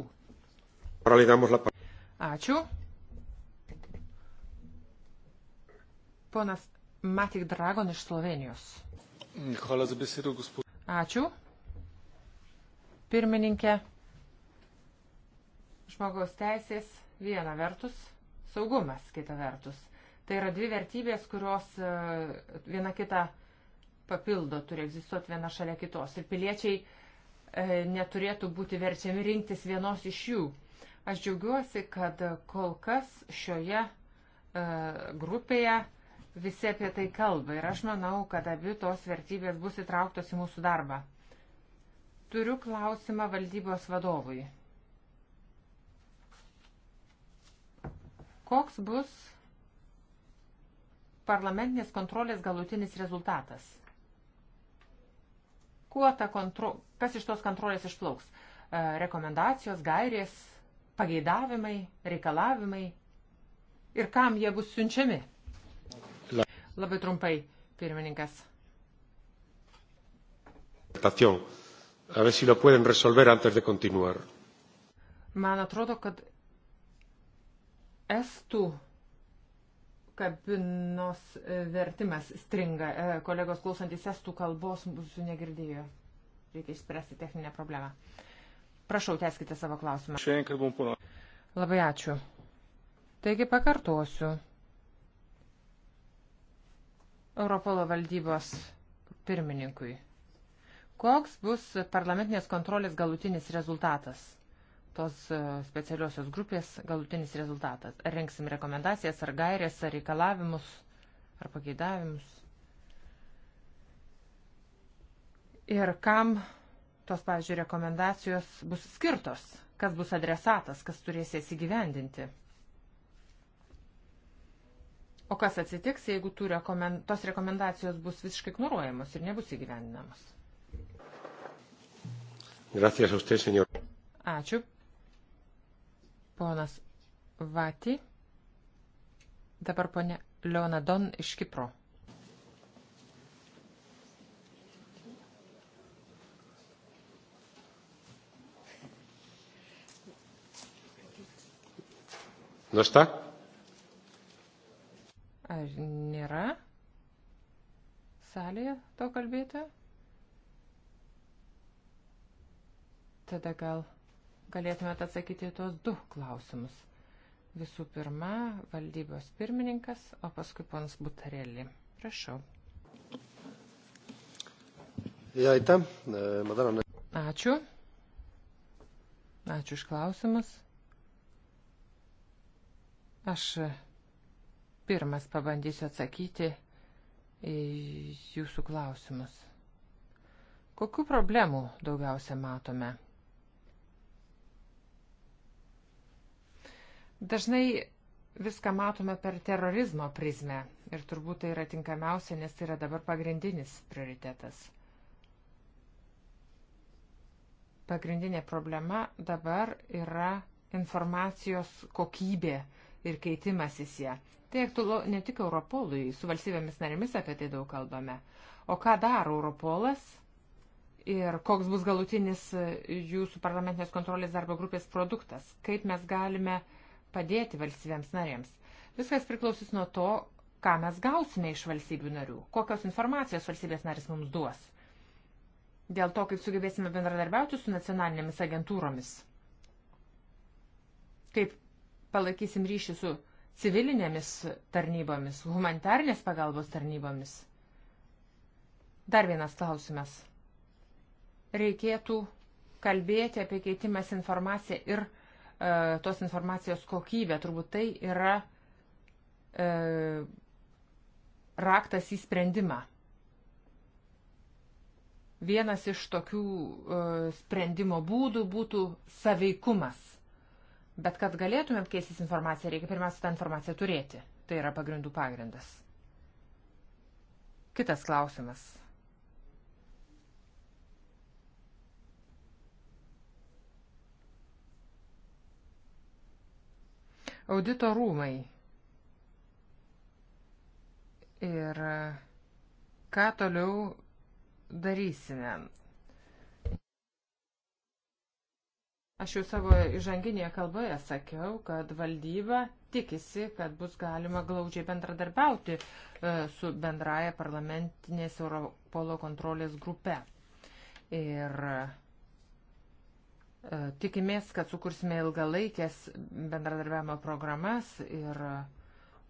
Ačiū. Ponas Matik Dragon iš Slovenijos. Ačiū. Pirmininkė. Žmogaus teisės viena vertus, saugumas kita vertus. Tai yra dvi vertybės, kurios e, viena kitą papildo, turi egzistuoti viena šalia kitos. Ir piliečiai e, neturėtų būti verčiami rinktis vienos iš jų. Aš džiaugiuosi, kad kol kas šioje e, grupėje visi apie tai kalba ir aš manau, kad abi tos vertybės bus įtrauktos į mūsų darbą. Turiu klausimą valdybos vadovui. Koks bus parlamentinės kontrolės galutinis rezultatas. Kuo ta kontro... Kas iš tos kontrolės išplauks? E, rekomendacijos, gairės, pageidavimai, reikalavimai ir kam jie bus siunčiami? Labai trumpai, pirmininkas. A ver si lo pueden resolver antes de continuar. Man atrodo, kad estų kabinos e, vertimas stringa. E, kolegos klausantis estų kalbos mūsų negirdėjo. Reikia išspręsti techninę problemą. Prašau, teskite savo klausimą. Šiandien kalbam pono. Labai ačiū. Taigi pakartosiu. Europolo valdybos pirmininkui. Koks bus parlamentinės kontrolės galutinis rezultatas? tos e, specialiosios grupės galutinis rezultatas. Ar renksim rekomendacijas, ar gairės, ar reikalavimus, ar pageidavimus. Ir kam tos, pavyzdžiui, rekomendacijos bus skirtos, kas bus adresatas, kas turės jas įgyvendinti. O kas atsitiks, jeigu rekomend... tos rekomendacijos bus visiškai ignoruojamos ir nebus įgyvendinamos? Gracias a usted, señor. Ačiū, Ponas Vati. Dabar ponė Leona Don iš Kipro. No nu está? Ar nėra salėje to kalbėtojo? Tada gal galėtumėte atsakyti į tuos du klausimus. Visų pirma, valdybos pirmininkas, o paskui pons Butarelį. Prašau. E, Ačiū. Ačiū iš klausimus. Aš pirmas pabandysiu atsakyti į jūsų klausimus. Kokių problemų daugiausia matome? Dažnai viską matome per terorizmo prizmę ir turbūt tai yra tinkamiausia, nes tai yra dabar pagrindinis prioritetas. Pagrindinė problema dabar yra informacijos kokybė ir keitimasis ją. Tai aktualu ne tik Europolui, su valstybėmis narėmis apie tai daug kalbame. O ką daro Europolas ir koks bus galutinis jūsų parlamentinės kontrolės darbo grupės produktas? Kaip mes galime uh, padėti valstybėms narėms. Viskas priklausys nuo to, ką mes gausime iš valstybių narių, kokios informacijos valstybės narės mums duos. Dėl to, kaip sugebėsime bendradarbiauti su nacionalinėmis agentūromis. Kaip palaikysim ryšį su civilinėmis tarnybomis, humanitarnės pagalbos tarnybomis. Dar vienas klausimas. Reikėtų kalbėti apie keitimas informaciją ir informaciją E, tos informacijos kokybę. Turbūt tai yra e, raktas į sprendimą. Vienas iš tokių e, sprendimo būdų būtų saveikumas. Bet kad galėtumėm keistis informaciją, reikia pirmiausia tą informaciją turėti. Tai yra pagrindų pagrindas. Kitas klausimas. Audito rūmai. Ir e, ką toliau darysime? Aš jau savo įžanginėje kalboje sakiau, kad valdyba tikisi, kad bus galima glaudžiai bendradarbiauti e, su bendraja parlamentinės Europolo kontrolės grupe. Ir E, tikimės, kad sukursime ilgalaikės bendradarbiavimo programas ir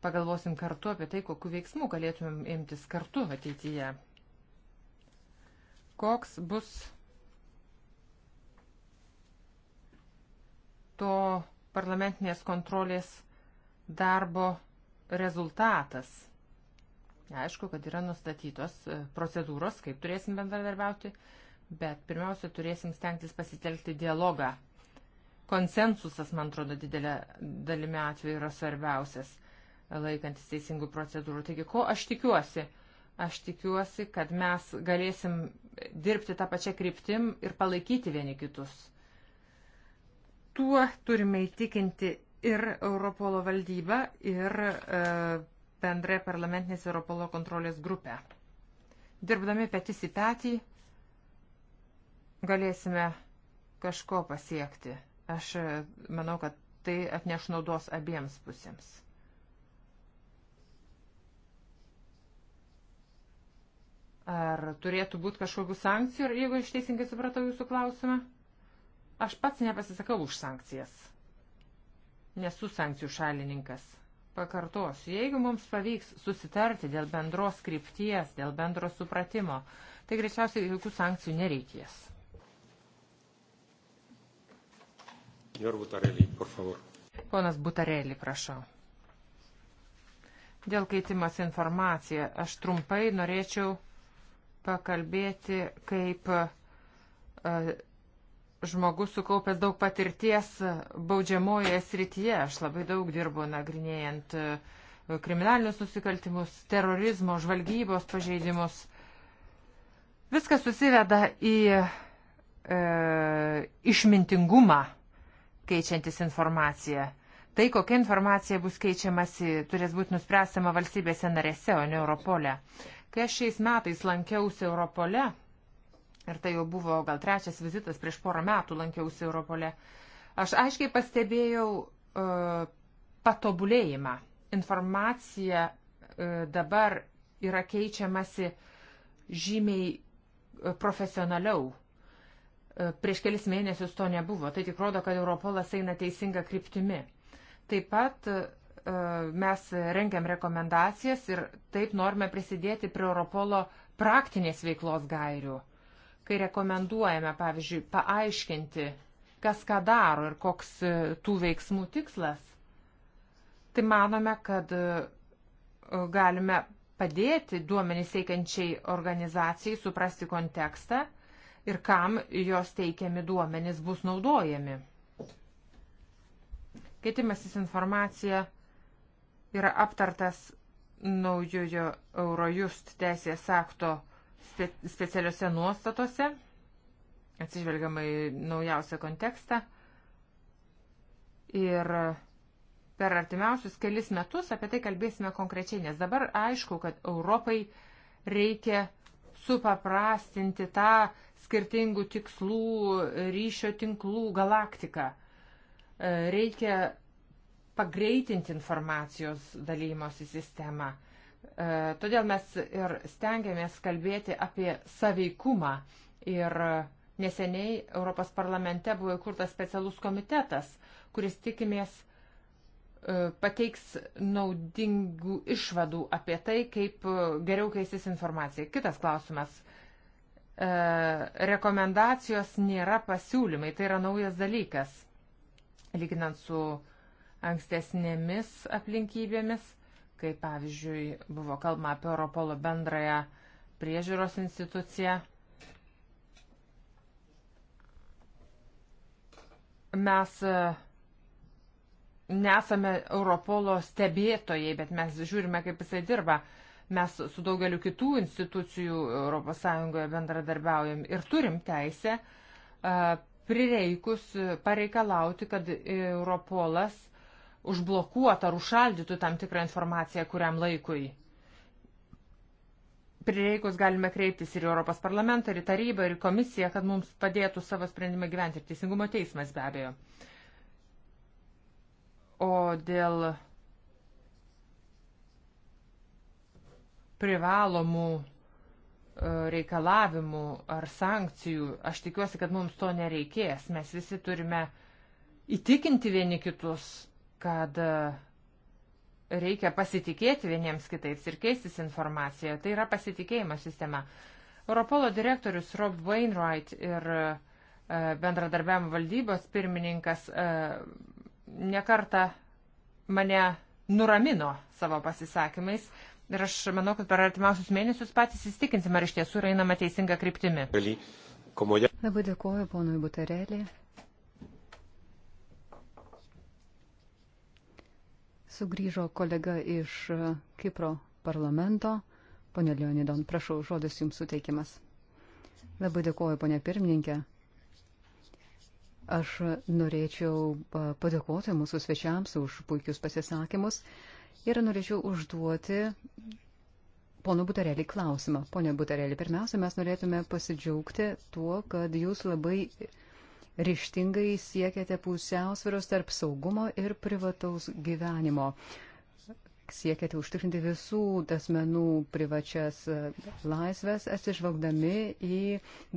pagalvosim kartu apie tai, kokiu veiksmu galėtumėm imtis kartu ateityje. Koks bus to parlamentinės kontrolės darbo rezultatas. Aišku, kad yra nustatytos procedūros, kaip turėsim bendradarbiauti bet pirmiausia turėsim stengtis pasitelkti dialogą. Konsensusas, man atrodo, didelė dalimi atveju yra svarbiausias laikantis teisingų procedūrų. Taigi, ko aš tikiuosi? Aš tikiuosi, kad mes galėsim dirbti tą pačią kryptim ir palaikyti vieni kitus. Tuo turime įtikinti ir Europolo valdybą, ir e, bendrąją parlamentinės Europolo kontrolės grupę. Dirbdami petys į petį, galėsime kažko pasiekti. Aš e, manau, kad tai atneš naudos abiems pusėms. Ar turėtų būti kažkokių sankcijų, jeigu aš teisingai supratau jūsų klausimą? Aš pats nepasisakau už sankcijas. Nesu sankcijų šalininkas. Pakartosiu, jeigu mums pavyks susitarti dėl bendros krypties, dėl bendro supratimo, tai greičiausiai jokių sankcijų nereikės. Jor Butarelį, por favor. Ponas Butarelį, prašau. Dėl keitimas informacija, aš trumpai norėčiau pakalbėti kaip e, žmogus sukaupęs daug patirties baudžiamoje srityje. Aš labai daug dirbu nagrinėjant e, kriminalinius nusikaltimus, terorizmo, žvalgybos pažeidimus. Viskas susiveda į e, išmintingumą keičiantis informaciją. Tai, kokia informacija bus keičiamasi, turės būti nuspręstama valstybėse narėse, o ne Europole. Kai aš šiais metais lankiausi Europole, ir tai jau buvo gal trečias vizitas, prieš porą metų lankiausi Europole, aš aiškiai pastebėjau uh, patobulėjimą. Informacija uh, dabar yra keičiamasi žymiai e, profesionaliau, Prieš kelis mėnesius to nebuvo. Tai tik rodo, kad Europolas eina teisinga kryptimi. Taip pat e, mes rengiam rekomendacijas ir taip norime prisidėti prie Europolo praktinės veiklos gairių, kai rekomenduojame, pavyzdžiui, paaiškinti, kas ką daro ir koks e, tų veiksmų tikslas, tai manome, kad e, galime padėti duomenys teikiančiai organizacijai suprasti kontekstą ir kam jos teikiami duomenys bus naudojami. Keitimasis informacija yra aptartas naujojo Eurojust teisės akto spe, specialiuose nuostatose, atsižvelgiamai naujausią kontekstą. Ir per artimiausius kelis metus apie tai kalbėsime konkrečiai, nes dabar aišku, kad Europai reikia supaprastinti tą skirtingų tikslų ryšio tinklų galaktiką. E, reikia pagreitinti informacijos dalymosi sistemą. E, todėl mes ir stengiamės kalbėti apie saveikumą. Ir neseniai Europos parlamente buvo įkurtas specialus komitetas, kuris tikimės E, pateiks naudingų išvadų apie tai, kaip e, geriau keisis informacija. Kitas klausimas. E, rekomendacijos nėra pasiūlymai, tai yra naujas dalykas, lyginant su ankstesnėmis aplinkybėmis, kai pavyzdžiui buvo kalbama apie Europolo bendrąją priežiūros instituciją. Mes uh, nesame Europolo stebėtojai, bet mes žiūrime, kaip jisai dirba. Mes su daugeliu kitų institucijų ES bendradarbiaujam ir turim teisę prireikus pareikalauti, kad Europolas užblokuotų ar užšaldytų tam tikrą informaciją kuriam laikui. Prireikus galime kreiptis ir į Europos parlamentą, ir į tarybą, ir į komisiją, kad mums padėtų savo sprendimą gyventi ir teisingumo teismas be abejo. Uh, O dėl privalomų e, reikalavimų ar sankcijų, aš tikiuosi, kad mums to nereikės. Mes visi turime įtikinti vieni kitus, kad e, reikia pasitikėti vieniems kitais ir keistis informaciją. Tai yra pasitikėjimo sistema. Europolo direktorius Rob Wainwright ir e, bendradarbiavimo valdybos pirmininkas nekarta mane nuramino savo pasisakymais ir aš manau, kad per artimiausius mėnesius patys įstikinsim, ar iš tiesų yra einama teisinga kryptimi. Labai dėkuoju ponui Butarelį. Sugryžo kolega iš Kipro parlamento. Pone Leonidon, prašau, žodis jums suteikimas. Labai dėkuoju, ponė pirmininkė. Aš norėčiau padėkoti mūsų svečiams už puikius pasisakymus ir norėčiau užduoti pono Butarelį klausimą. Pone Butarelį, pirmiausia, mes norėtume pasidžiaugti tuo, kad jūs labai ryštingai siekiate pusiausvėros tarp saugumo ir privataus gyvenimo. Uh, siekiate užtikrinti visų asmenų privačias e, laisvės, atsižvelgdami į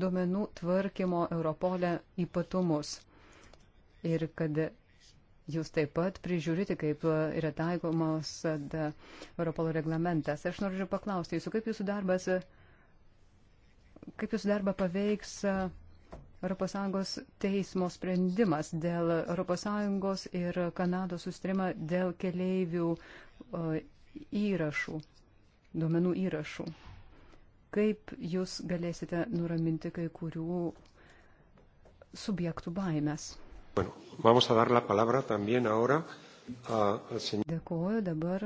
duomenų tvarkymo Europolę ypatumus. Ir kad jūs taip pat prižiūrite, kaip yra taikomos e, Europolo reglamentas. Aš noriu paklausti jūsų, kaip jūsų darbas, e, kaip jūsų darbą paveiks ES teismo sprendimas dėl ES ir Kanados sustrima dėl keleivių įrašų, duomenų įrašų. Kaip jūs galėsite nuraminti kai kurių subjektų baimės? Bueno, vamos a dar la palabra también ahora a, al señor. Dėkuoju dabar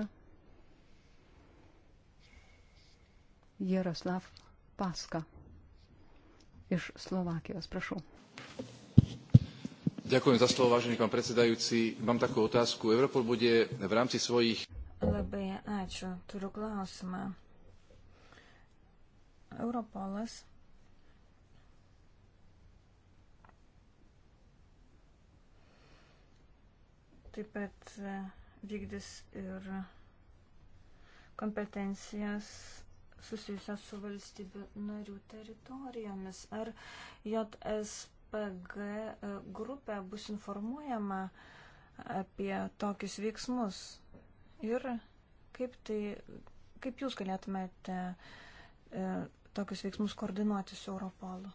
Jaroslav Paska iš Slovakijos, prašau. Ďakujem za slovo, vážený pán predsedajúci. Mám takú otázku. Europol bude v rámci svojich... Ačiū. Turiu klausimą. Europolas. Taip pat e, vykdys ir kompetencijas susijusias su valstybių narių teritorijomis. Ar JSPG e, grupė bus informuojama apie tokius veiksmus? Ir Kaip, tai, kaip jūs galėtumėte e, tokius veiksmus koordinuoti su Europolu?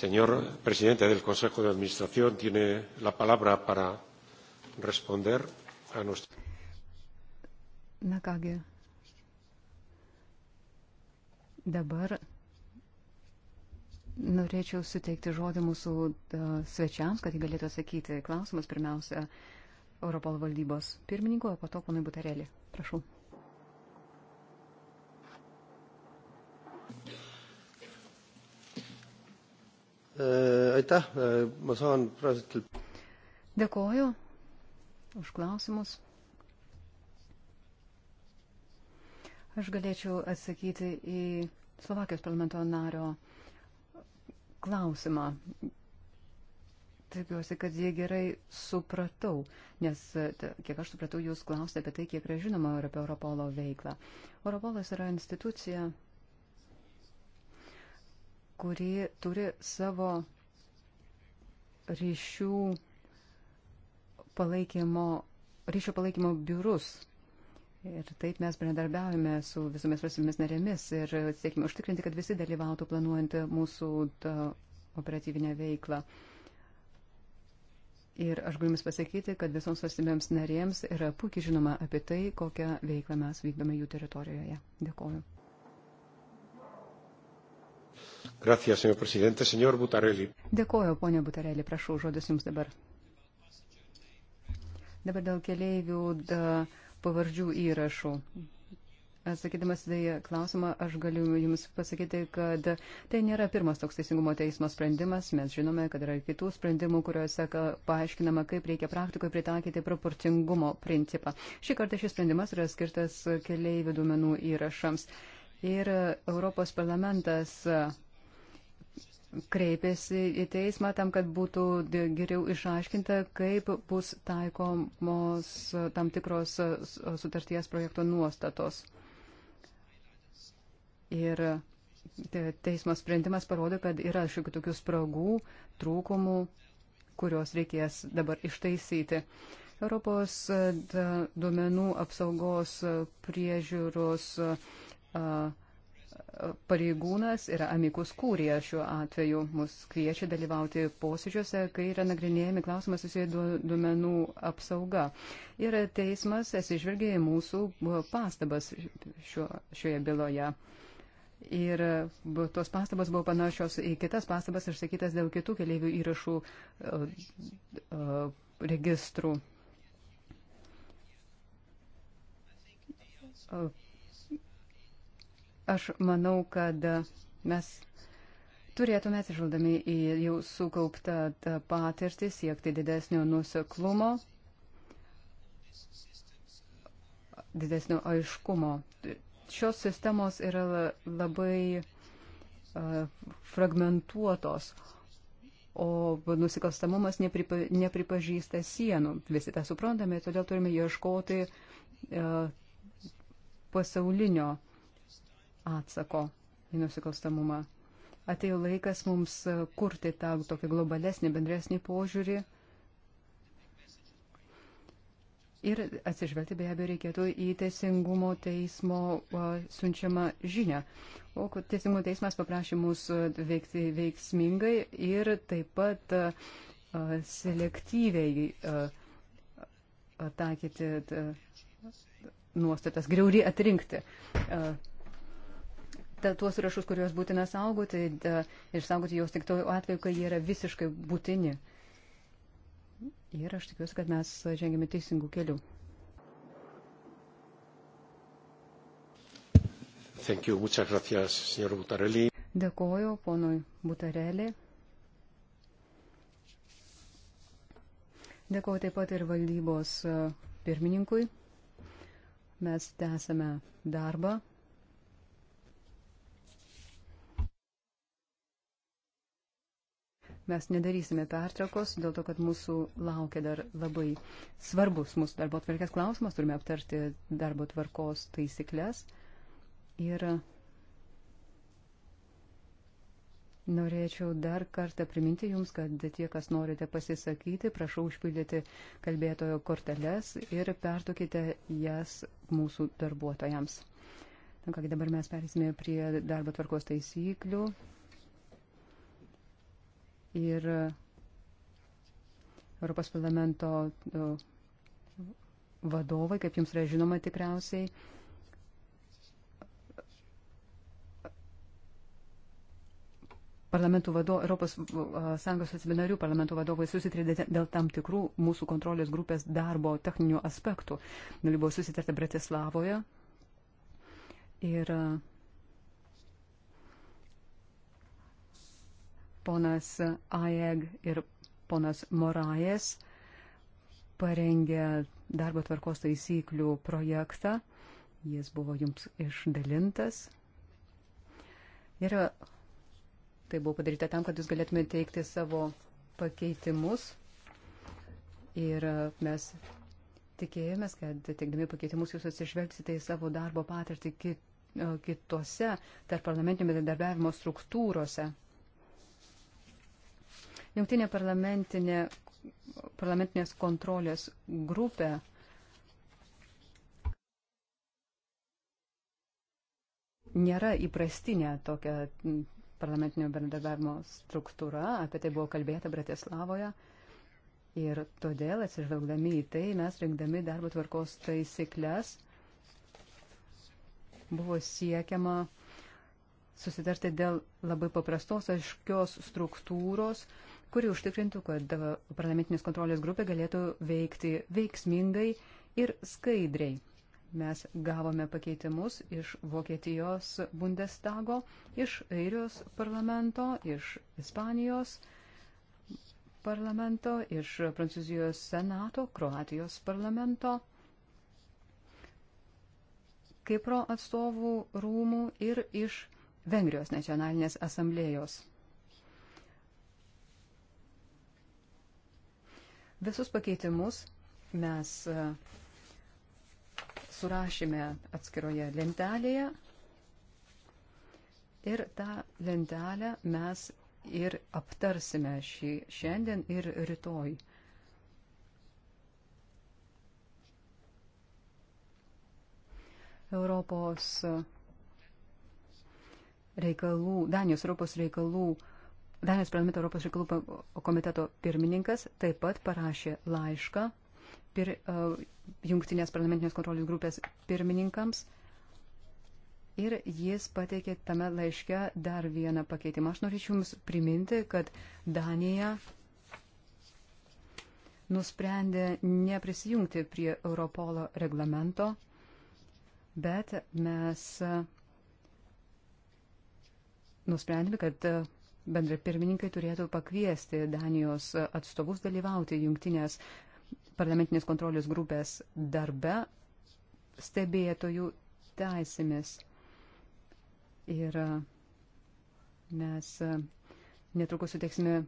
Señor presidente del Consejo de Administración, tiene la palabra para responder a nuestra. Na kągi. Dabar norėčiau suteikti žodį mūsų e, svečiams, kad jie galėtų atsakyti klausimus. Pirmiausia, uh, Europol valdybos pirmininko, o po to ponui Butarelį. Prašau. E, aitäh, e, ma saan praegult. Dėkoju už klausimus. Aš galėčiau atsakyti į Slovakijos parlamento nario klausimą. Tikiuosi, kad jie gerai supratau, nes, e, kiek aš supratau, jūs klausėte apie tai, kiek yra žinoma apie Europolo veiklą. Europolas yra institucija, kuri turi savo ryšių palaikymo, ryšių palaikymo biurus. Ir taip mes bendradarbiaujame su visomis valstybėmis narėmis ir siekime užtikrinti, kad visi dalyvautų planuojant mūsų operatyvinę veiklą. Uh, Ir aš galiu Jums pasakyti, kad visoms valstybėms narėms yra puikiai žinoma apie tai, kokią veiklą mes vykdome jų teritorijoje. Dėkoju. Gracias, señor presidente. Señor Butarelli. Dėkoju, ponia Butarelli. Prašau, žodis Jums dabar. Dabar dėl keleivių da, pavardžių įrašų. Atsakydamas tai klausimą, aš galiu Jums pasakyti, kad tai nėra pirmas toks teisingumo teismo sprendimas. Mes žinome, kad yra kitų sprendimų, kuriuose paaiškinama, kaip reikia praktikoje pritaikyti proporcingumo principą. Šį kartą šis sprendimas yra skirtas keliaivių duomenų įrašams. Ir Europos parlamentas kreipėsi į teismą tam, kad būtų geriau išaiškinta, kaip bus taikomos tam tikros sutarties projekto nuostatos. Ir teismo sprendimas parodo, kad yra šiokių tokių spragų, trūkumų, kuriuos reikės dabar ištaisyti. Europos e, duomenų apsaugos e, priežiūros e, pareigūnas yra amikus kūrė šiuo atveju. Mus kviečia dalyvauti posėdžiuose, kai yra nagrinėjami klausimas susiję duomenų apsauga. Ir teismas atsižvelgia į mūsų pastabas šio, šioje byloje. Ir tos pastabas buvo panašios į kitas pastabas išsakytas dėl kitų keliaivių įrašų e, e, registrų. E, aš manau, kad mes turėtume atsižvaldami į jau sukauptą patirtį siekti didesnio nuseklumo, didesnio aiškumo šios sistemos yra labai fragmentuotos, o nusikalstamumas nepripa, nepripažįsta sienų. Visi tą suprantame, todėl turime ieškoti pasaulinio atsako į nusikalstamumą. Atėjo laikas mums kurti tą tokį globalesnį, bendresnį požiūrį Ir atsižvelgti be abejo reikėtų į teisingumo teismo siunčiamą žinę. O teisingumo teismas paprašė mūsų veikti veiksmingai ir taip pat selektyviai taikyti nuostatas, greuri atrinkti. Ta, tuos rašus, kuriuos būtina saugoti da, ir saugoti juos tik to atveju, kai jie yra visiškai būtini. Ir aš tikiuosi, kad mes žengėme teisingų kelių. Gracias, Dėkoju ponui Butarelį. Dėkoju taip pat ir valdybos e, pirmininkui. Mes tęsame darbą. Mes nedarysime pertraukos, dėl to, kad mūsų laukia dar labai svarbus mūsų darbo tvarkės klausimas, turime aptarti darbo tvarkos taisyklės. Ir norėčiau dar kartą priminti Jums, kad tie, kas norite pasisakyti, prašau užpildyti kalbėtojo korteles ir perduokite jas mūsų darbuotojams. Na kągi, dabar mes perėsime prie darbo tvarkos taisyklių ir Europos parlamento vadovai, kaip jums yra žinoma tikriausiai, parlamentų vadovų, Europos Sąjungos atsiminarių parlamentų vadovai susitrė dėl tam tikrų mūsų kontrolės grupės darbo techninių aspektų. Nali buvo susitarta Bratislavoje ir uh, ponas Ajeg ir ponas Morajas parengė darbo tvarkos taisyklių projektą. Jis buvo jums išdalintas. Ir tai buvo padaryta tam, kad jūs galėtumėte teikti savo pakeitimus. Ir mes tikėjomės, kad teikdami pakeitimus jūs atsižvelgsite į savo darbo patirtį kitose tarp parlamentinio bendradarbiavimo struktūrose. Jungtinė parlamentinė, parlamentinės kontrolės grupė nėra įprastinė tokia parlamentinio bendradarbiavimo struktūra, apie tai buvo kalbėta Bratislavoje. Ir todėl, atsižvelgdami į tai, mes rinkdami darbo tvarkos taisyklės, buvo siekiama susitarti dėl labai paprastos, aiškios struktūros, kuri užtikrintų, kad parlamentinės kontrolės grupė galėtų veikti veiksmingai ir skaidriai. Mes gavome pakeitimus iš Vokietijos Bundestago, iš Airijos parlamento, iš Ispanijos parlamento, iš Prancūzijos senato, Kroatijos parlamento, Kipro atstovų rūmų ir iš Vengrijos nacionalinės asamblėjos. Visus pakeitimus mes e, surašėme atskiroje lentelėje ir tą lentelę mes ir aptarsime šį šiandien ir rytoj. Europos reikalų, Danijos Europos reikalų uh, Danijos parlamento Europos reikalų komiteto pirmininkas taip pat parašė laišką pir, uh, jungtinės parlamentinės kontrolės grupės pirmininkams ir jis pateikė tame laiške dar vieną pakeitimą. Aš norėčiau Jums priminti, kad Danija nusprendė neprisijungti prie Europolo reglamento, bet mes nusprendėme, kad uh, bendra pirmininkai turėtų pakviesti Danijos atstovus dalyvauti jungtinės parlamentinės kontrolės grupės darbe stebėtojų teisėmis. Ir e, mes e, netrukus suteiksime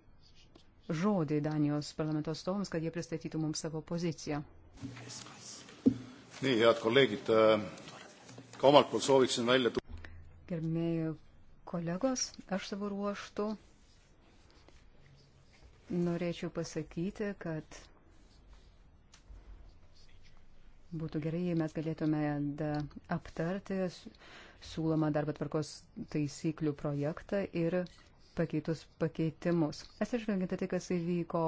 žodį Danijos parlamento atstovams, kad jie pristatytų mums savo poziciją. Nii, head kolleegid, äh, ka omalt poolt sooviksin välja tuua. Gerbėjai Kolegos, aš savo ruoštų norėčiau pasakyti, kad būtų gerai, jei mes galėtume aptarti siūlomą darbo tvarkos taisyklių projektą ir pakeitus pakeitimus. Atsižvelgiant tai, kas įvyko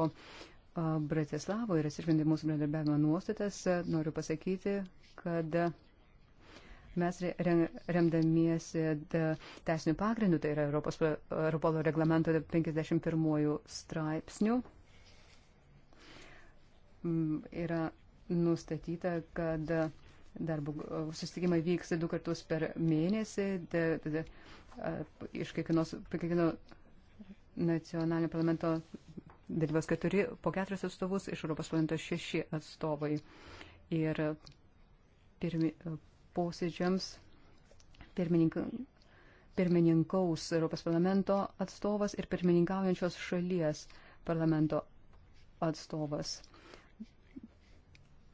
Bratislavoje ir atsižvelgiant mūsų bendradarbiavimo nuostatas, noriu pasakyti, kad Mes remdamiesi teisinių pagrindų, tai yra Europos Europolo reglamento 51 straipsnių, yra nustatyta, kad darbų susitikimai vyksta du kartus per mėnesį, de, de, de, iš kiekvienos, kiekvieno nacionalinio parlamento dalyvas keturi, po keturis atstovus, iš Europos parlamento šeši atstovai. Ir pirmi, posėdžiams pirmininkų pirmininkaus Europos parlamento atstovas ir pirmininkaujančios šalies parlamento atstovas.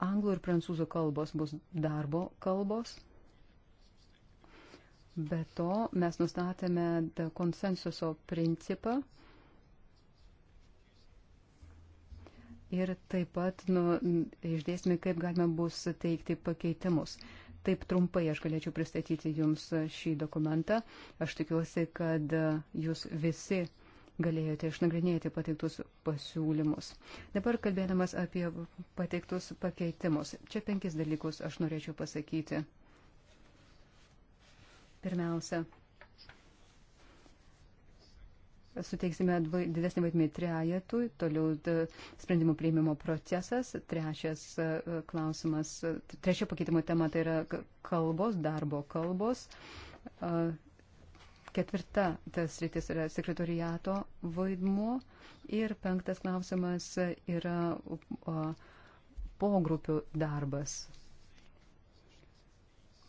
Anglų ir prancūzų kalbos bus darbo kalbos. Be to, mes nustatėme konsensuso principą ir taip pat nu, išdėsime, kaip galima bus teikti pakeitimus. Uh, Taip trumpai aš galėčiau pristatyti Jums šį dokumentą. Aš tikiuosi, kad Jūs visi galėjote išnagrinėti pateiktus pasiūlymus. Dabar kalbėdamas apie pateiktus pakeitimus. Čia penkis dalykus aš norėčiau pasakyti. Pirmiausia, suteiksime didesnį vaidmenį trejetui, toliau e, sprendimų prieimimo procesas, trečias e, klausimas, trečia pakeitimo tema tai yra kalbos, darbo kalbos, e, ketvirta tas rytis yra sekretoriato vaidmuo ir penktas klausimas yra pogrupių darbas.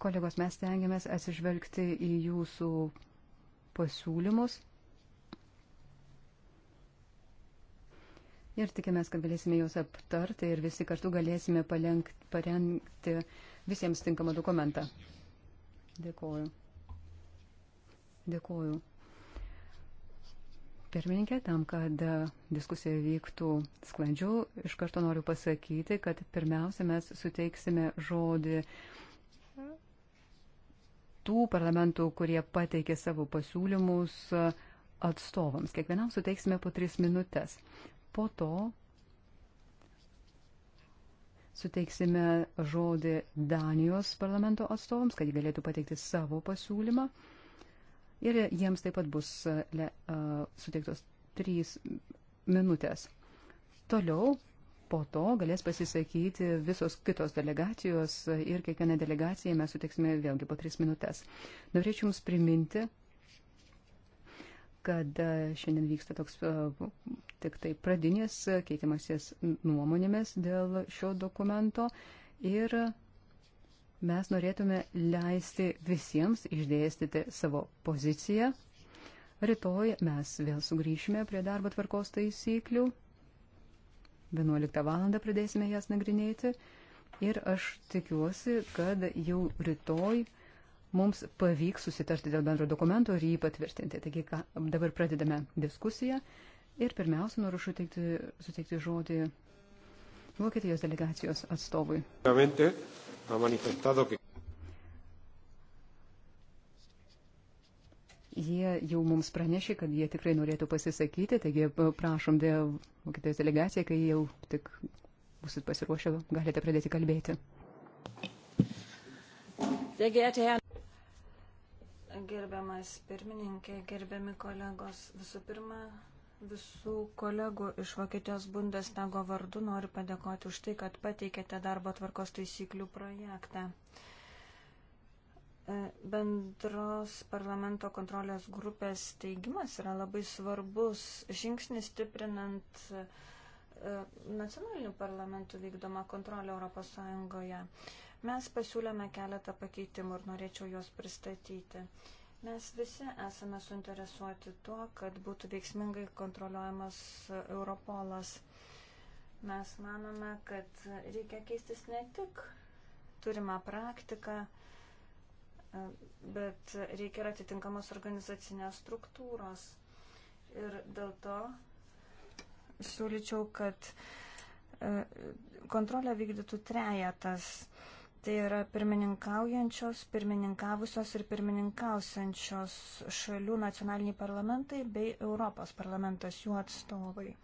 Kolegos, mes tengiamės atsižvelgti į jūsų pasiūlymus ir tikimės, kad galėsime juos aptarti ir visi kartu galėsime palengt, parengti visiems tinkamą dokumentą. Dėkuoju. Dėkuoju. Pirmininkė, tam, kad diskusija vyktų sklandžiau, iš karto noriu pasakyti, kad pirmiausia mes suteiksime žodį tų parlamentų, kurie pateikė savo pasiūlymus atstovams. Kiekvienam suteiksime po tris minutės. Po to suteiksime žodį Danijos parlamento atstovams, kad jie galėtų pateikti savo pasiūlymą. Ir jiems taip pat bus le, uh, suteiktos trys minutės. Toliau po to galės pasisakyti visos kitos delegacijos ir kiekvieną delegaciją mes suteiksime vėlgi po tris minutės. Norėčiau Jums priminti, kad šiandien vyksta toks tik tai pradinės keitimasis nuomonėmis dėl šio dokumento ir mes norėtume leisti visiems išdėstyti savo poziciją. Rytoj mes vėl sugrįšime prie darbo tvarkos taisyklių. 11 val. pradėsime jas nagrinėti ir aš tikiuosi, kad jau rytoj mums pavyks susitarti dėl bendro dokumento ir jį patvirtinti. Taigi ką, dabar pradedame diskusiją. Ir pirmiausia, noriu suteikti, suteikti žodį Vokietijos delegacijos atstovui. Jie jau mums pranešė, kad jie tikrai norėtų pasisakyti, taigi e, prašom dėl Vokietijos delegaciją, kai jau tik busit pasiruošę, galite pradėti kalbėti. Gerbiamas pirmininkė, gerbiami kolegos, visų pirma, Visų kolegų iš Vokietijos Bundestago vardu noriu padėkoti už tai, kad pateikėte darbo tvarkos taisyklių projektą. E, bendros parlamento kontrolės grupės teigimas yra labai svarbus žingsnis stiprinant e, nacionalinių parlamentų vykdomą kontrolę ES. Mes pasiūlėme keletą pakeitimų ir norėčiau juos pristatyti. Mes visi esame suinteresuoti tuo, kad būtų veiksmingai kontroliuojamas Europolas. Mes manome, kad reikia keistis ne tik turimą praktiką, bet reikia ir atitinkamos organizacinės struktūros. Ir dėl to siūlyčiau, kad e, kontrolę vykdytų trejatas. tas Tai yra pirmininkaujančios, pirmininkavusios ir pirmininkausiančios šalių nacionaliniai parlamentai bei Europos parlamentas jų atstovai. E,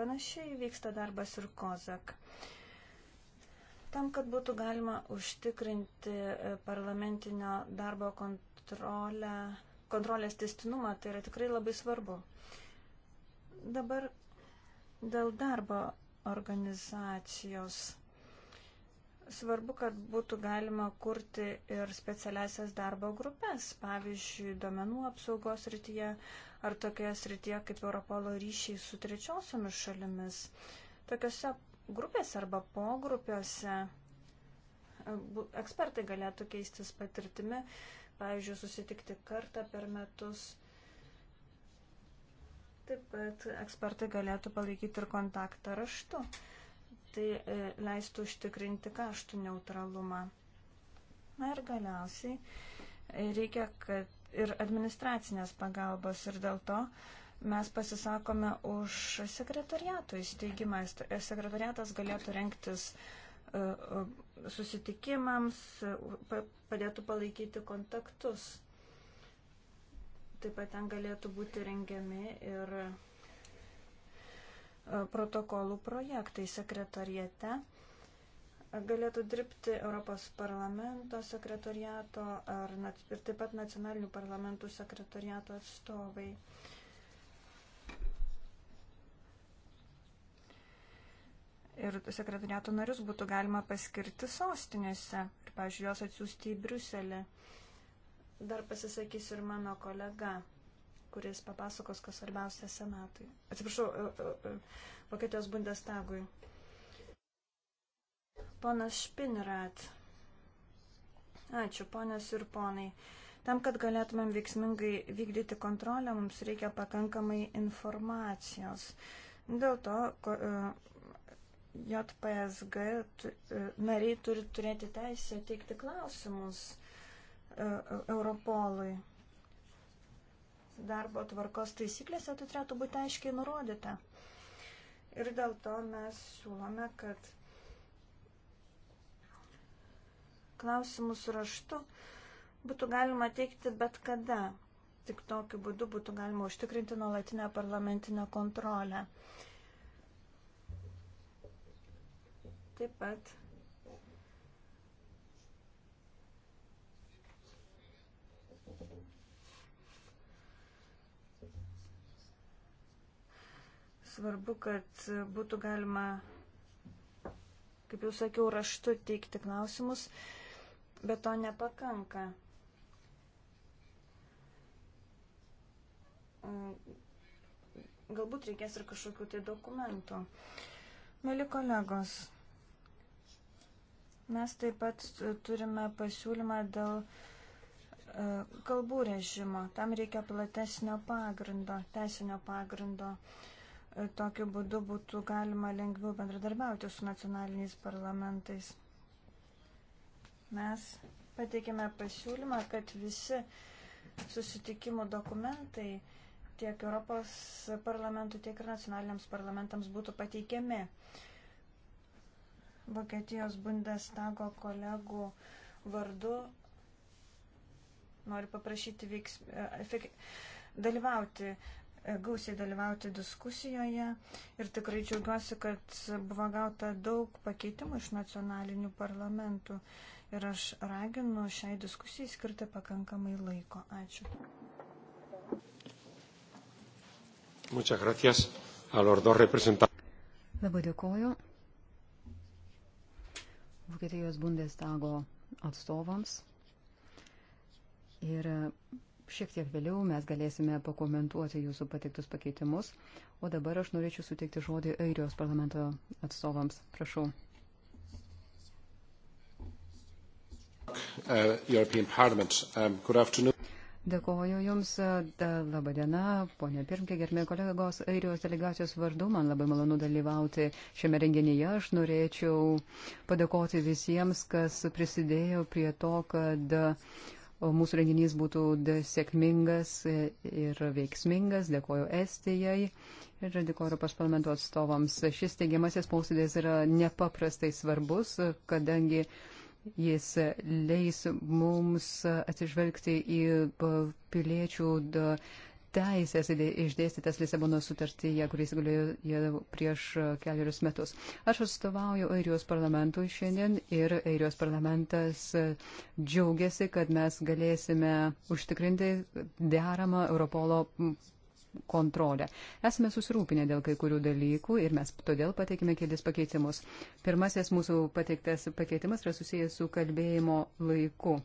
panašiai vyksta darbas ir Kozak. Tam, kad būtų galima užtikrinti e, parlamentinio darbo kontrolę, kontrolės testinumą, tai yra tikrai labai svarbu. Dabar dėl darbo organizacijos. Svarbu, kad būtų galima kurti ir specialiasias darbo grupės, pavyzdžiui, domenų apsaugos rytyje ar tokioje srityje kaip Europolo ryšiai su trečiosiomis šalimis. Tokiose grupėse arba pogrupiuose e, ekspertai galėtų keistis patirtimi, pavyzdžiui, susitikti kartą per metus Taip pat ekspertai galėtų palaikyti ir kontaktą raštu. Tai e, leistų užtikrinti kaštų neutralumą. Na ir galiausiai e, reikia, kad ir administracinės pagalbos ir dėl to mes pasisakome už sekretariato įsteigimą. E, sekretariatas galėtų renktis susitikimams, padėtų palaikyti kontaktus Taip pat ten galėtų būti rengiami ir e, protokolų projektai sekretariete. Galėtų dirbti Europos parlamento sekretariato ar, ir taip pat nacionalinių parlamentų sekretariato atstovai. ir sekretariato narius būtų galima paskirti sostinėse ir, pažiūrėjau, juos atsiųsti į Briuselį dar pasisakys ir mano kolega, kuris papasakos, kas svarbiausia Senatui. Atsiprašau, e, e, e, Vokietijos Bundestagui. Ponas Špinrat. Ačiū, ponios ir ponai. Tam, kad galėtumėm veiksmingai vykdyti kontrolę, mums reikia pakankamai informacijos. Dėl to ko, JPSG nariai turi turėti teisę teikti klausimus E, e, Europolui. Darbo tvarkos taisyklėse tai turėtų būti aiškiai nurodyta. Ir dėl to mes siūlome, kad klausimus raštu būtų galima teikti bet kada. Tik tokiu būdu būtų galima užtikrinti nuolatinę parlamentinę kontrolę. Taip pat Svarbu, kad būtų galima, kaip jau sakiau, raštu teikti klausimus, bet to nepakanka. Galbūt reikės ir kažkokių tai dokumentų. Mėly kolegos, mes taip pat turime pasiūlymą dėl e, kalbų režimo. Tam reikia platesnio pagrindo, teisinio pagrindo. Uh, Tokiu būdu būtų galima lengviau bendradarbiauti su nacionaliniais parlamentais. Mes pateikėme pasiūlymą, kad visi susitikimų dokumentai tiek Europos parlamentui, tiek ir nacionaliniams parlamentams būtų pateikiami. Vokietijos Bundestago kolegų vardu noriu paprašyti veiks, e, efek, dalyvauti E, gausiai dalyvauti diskusijoje ir tikrai džiaugiuosi, kad buvo gauta daug pakeitimų iš nacionalinių parlamentų ir aš raginu šiai diskusijai skirti pakankamai laiko. Ačiū. Labai dėkoju Vokietijos Bundestago atstovams ir Šiek tiek vėliau mes galėsime pakomentuoti jūsų pateiktus pakeitimus, o dabar aš norėčiau suteikti žodį Airijos parlamento atstovams. Prašau. Uh, um, Dėkoju Jums, da, laba diena, ponė Pirmke, gerbėjai kolegos, Airijos delegacijos vardu, man labai malonu dalyvauti šiame renginyje. Aš norėčiau padėkoti visiems, kas prisidėjo prie to, kad uh, mūsų renginys būtų sėkmingas e, ir veiksmingas. Dėkoju Estijai ir dėkoju Europos parlamento atstovams. Šis teigiamasis posėdis yra nepaprastai svarbus, kadangi jis leis mums atsižvelgti į piliečių. Da, teisės išdėstytas Lisabono sutartyje, kuris galėjo prieš e, keliarius metus. Aš atstovauju Airijos parlamentui šiandien ir Airijos parlamentas e, džiaugiasi, kad mes galėsime užtikrinti deramą Europolo kontrolę. Esame susirūpinę dėl kai kurių dalykų ir mes todėl pateikime kelis pakeitimus. Pirmasis mūsų pateiktas pakeitimas yra susijęs su kalbėjimo laiku.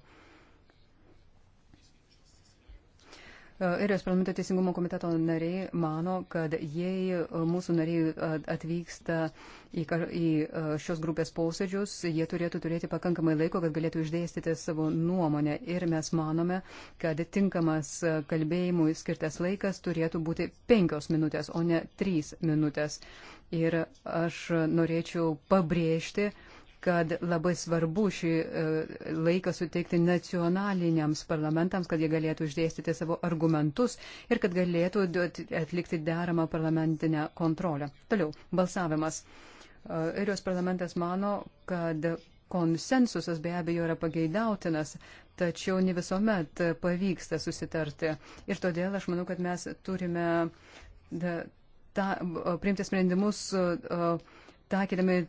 Airijos parlamento teisingumo komiteto nariai mano, kad jei e, mūsų nariai e, atvyksta į, kar, į e, šios grupės posėdžius, jie turėtų turėti pakankamai laiko, kad galėtų išdėstyti savo nuomonę. Ir mes manome, kad tinkamas kalbėjimui skirtas laikas turėtų būti penkios minutės, o ne trys minutės. Ir aš norėčiau pabrėžti, kad labai svarbu šį e, laiką suteikti nacionaliniams parlamentams, kad jie galėtų išdėstyti savo argumentus ir kad galėtų atlikti deramą parlamentinę kontrolę. Toliau, balsavimas. Airijos e, parlamentas mano, kad konsensusas be abejo yra pageidautinas, tačiau ne visuomet pavyksta susitarti. Ir todėl aš manau, kad mes turime e, ta, priimti sprendimus taikydami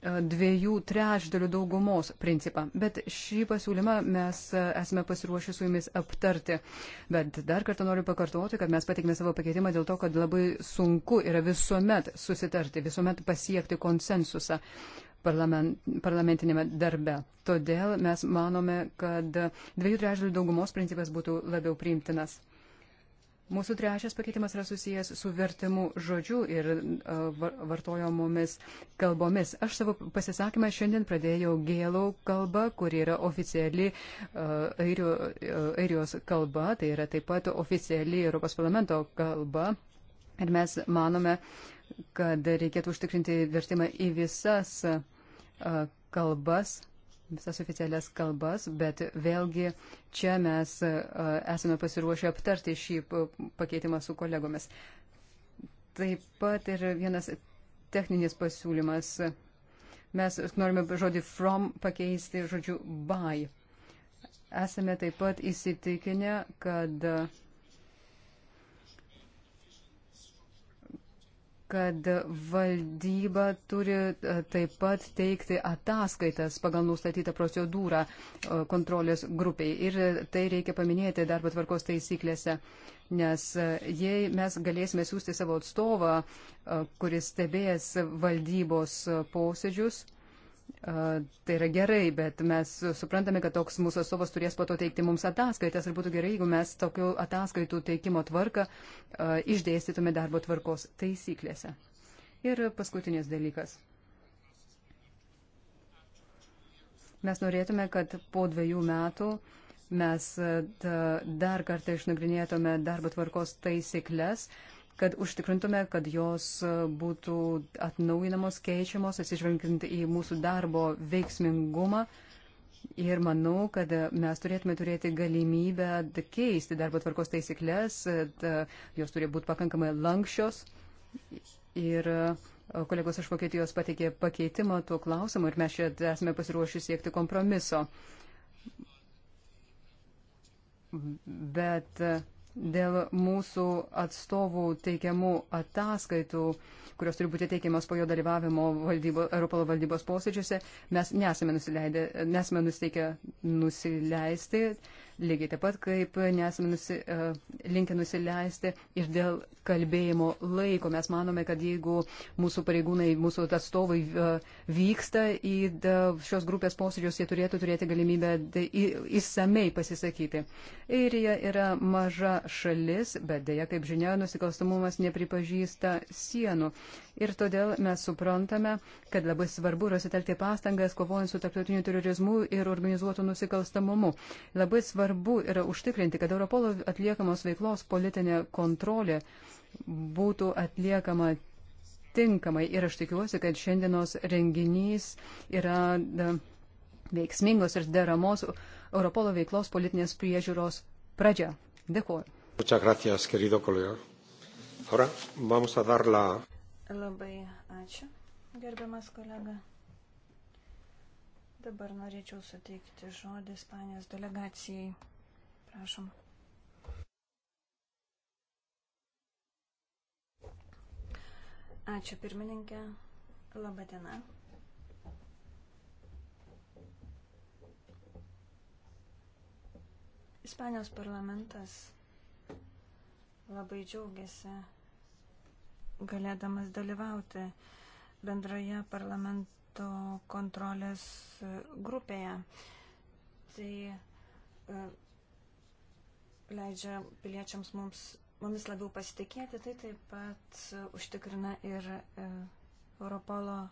E, dviejų trečdalių daugumos principą. Bet šį pasiūlymą mes e, esame pasiruošę su jumis aptarti. Bet dar kartą noriu pakartoti, kad mes patikime savo pakeitimą dėl to, kad labai sunku yra visuomet susitarti, visuomet pasiekti konsensusą parlamentinėme darbe. Todėl mes manome, kad dviejų trečdalių daugumos principas būtų labiau priimtinas. Mūsų trečias pakeitimas yra susijęs su vertimu žodžiu ir vartojamomis kalbomis. Aš savo pasisakymą šiandien pradėjau gėlų kalbą, kuri yra oficiali airijos kalba, tai yra taip pat oficiali Europos parlamento kalba. Ir mes manome, kad reikėtų užtikrinti vertimą į visas kalbas visas oficialias kalbas, bet vėlgi čia mes e, esame pasiruošę aptarti šį e, pakeitimą su kolegomis. Taip pat ir vienas techninis pasiūlymas. Mes norime žodį from pakeisti žodžiu by. Esame taip pat įsitikinę, kad uh, kad valdyba turi e, taip pat teikti ataskaitas pagal nustatytą procedūrą e, kontrolės grupiai. Ir tai reikia paminėti darbo tvarkos taisyklėse, nes e, jei mes galėsime siūsti savo atstovą, kuris stebės valdybos posėdžius, Tai yra gerai, bet mes suprantame, kad toks mūsų atstovas turės po to teikti mums ataskaitas ir būtų gerai, jeigu mes tokių ataskaitų teikimo tvarką išdėstytume darbo tvarkos taisyklėse. Ir paskutinis dalykas. Mes norėtume, kad po dviejų metų mes dar kartą išnagrinėtume darbo tvarkos taisyklės kad užtikrintume, kad jos būtų atnaujinamos, keičiamos, atsižvelgiant į mūsų darbo veiksmingumą. Ir manau, kad mes turėtume turėti galimybę keisti darbo tvarkos taisyklės, jos turi būti pakankamai lankščios. Ir e, kolegos iš Vokietijos pateikė pakeitimą tuo klausimu ir mes čia esame pasiruošę siekti kompromiso. Bet dėl mūsų atstovų teikiamų ataskaitų, kurios turi būti teikiamas po jo dalyvavimo valdybo, Europolo valdybos posėdžiuose, mes nesame, nesame nusiteikę nusileisti lygiai taip pat kaip nesame nusi, uh, linkę nusileisti ir dėl kalbėjimo laiko. Mes manome, kad jeigu mūsų pareigūnai, mūsų atstovai uh, vyksta į uh, šios grupės posėdžius, jie turėtų turėti galimybę įsamei pasisakyti. Airija yra maža šalis, bet dėja, kaip žinia, nusikalstamumas nepripažįsta sienų. Ir todėl mes suprantame, kad labai svarbu yra sutelkti pastangas kovojant su tarptautiniu terorizmu ir organizuotu nusikalstamumu. Labai svarbu svarbu yra užtikrinti, kad Europolo atliekamos veiklos politinė kontrolė būtų atliekama tinkamai. Ir aš tikiuosi, kad šiandienos renginys yra veiksmingos ir deramos Europolo veiklos politinės priežiūros pradžia. Dėkuoju. Muchas gracias, querido colega. Ahora vamos a dar la. Labai ačiū, gerbiamas kolega. Dabar norėčiau suteikti žodį Ispanijos delegacijai. Prašom. Ačiū pirmininkė. Labadiena. Ispanijos parlamentas labai džiaugiasi galėdamas dalyvauti bendroje parlamento biudžeto kontrolės e, grupėje. Tai e, leidžia piliečiams mums, mumis labiau pasitikėti, tai taip pat e, užtikrina ir Europolo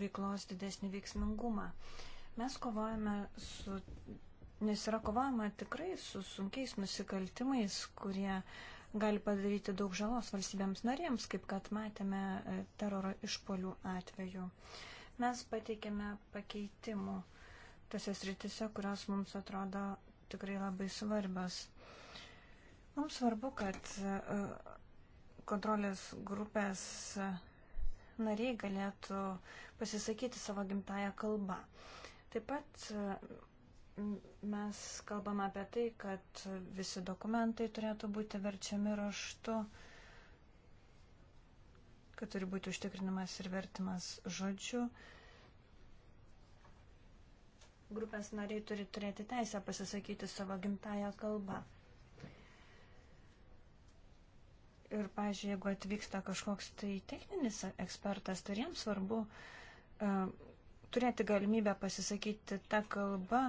veiklos didesnį veiksmingumą. Mes kovojame su, nes yra kovojama tikrai su sunkiais nusikaltimais, kurie uh, gali padaryti daug žalos valstybėms narėms, kaip kad matėme e, teroro išpolių atveju. Mes pateikėme pakeitimų tose sritise, kurios mums atrodo tikrai labai svarbios. Mums svarbu, kad e, kontrolės grupės e, nariai galėtų pasisakyti savo gimtają kalbą. Taip pat mes kalbam apie tai, kad visi dokumentai turėtų būti verčiami raštu, kad turi būti užtikrinimas ir vertimas žodžiu. Grupės nariai turi turėti teisę pasisakyti savo gimtają kalbą. Ir, pažiūrėjau, jeigu atvyksta kažkoks tai techninis ekspertas, tai jiems svarbu uh, turėti galimybę pasisakyti tą kalbą,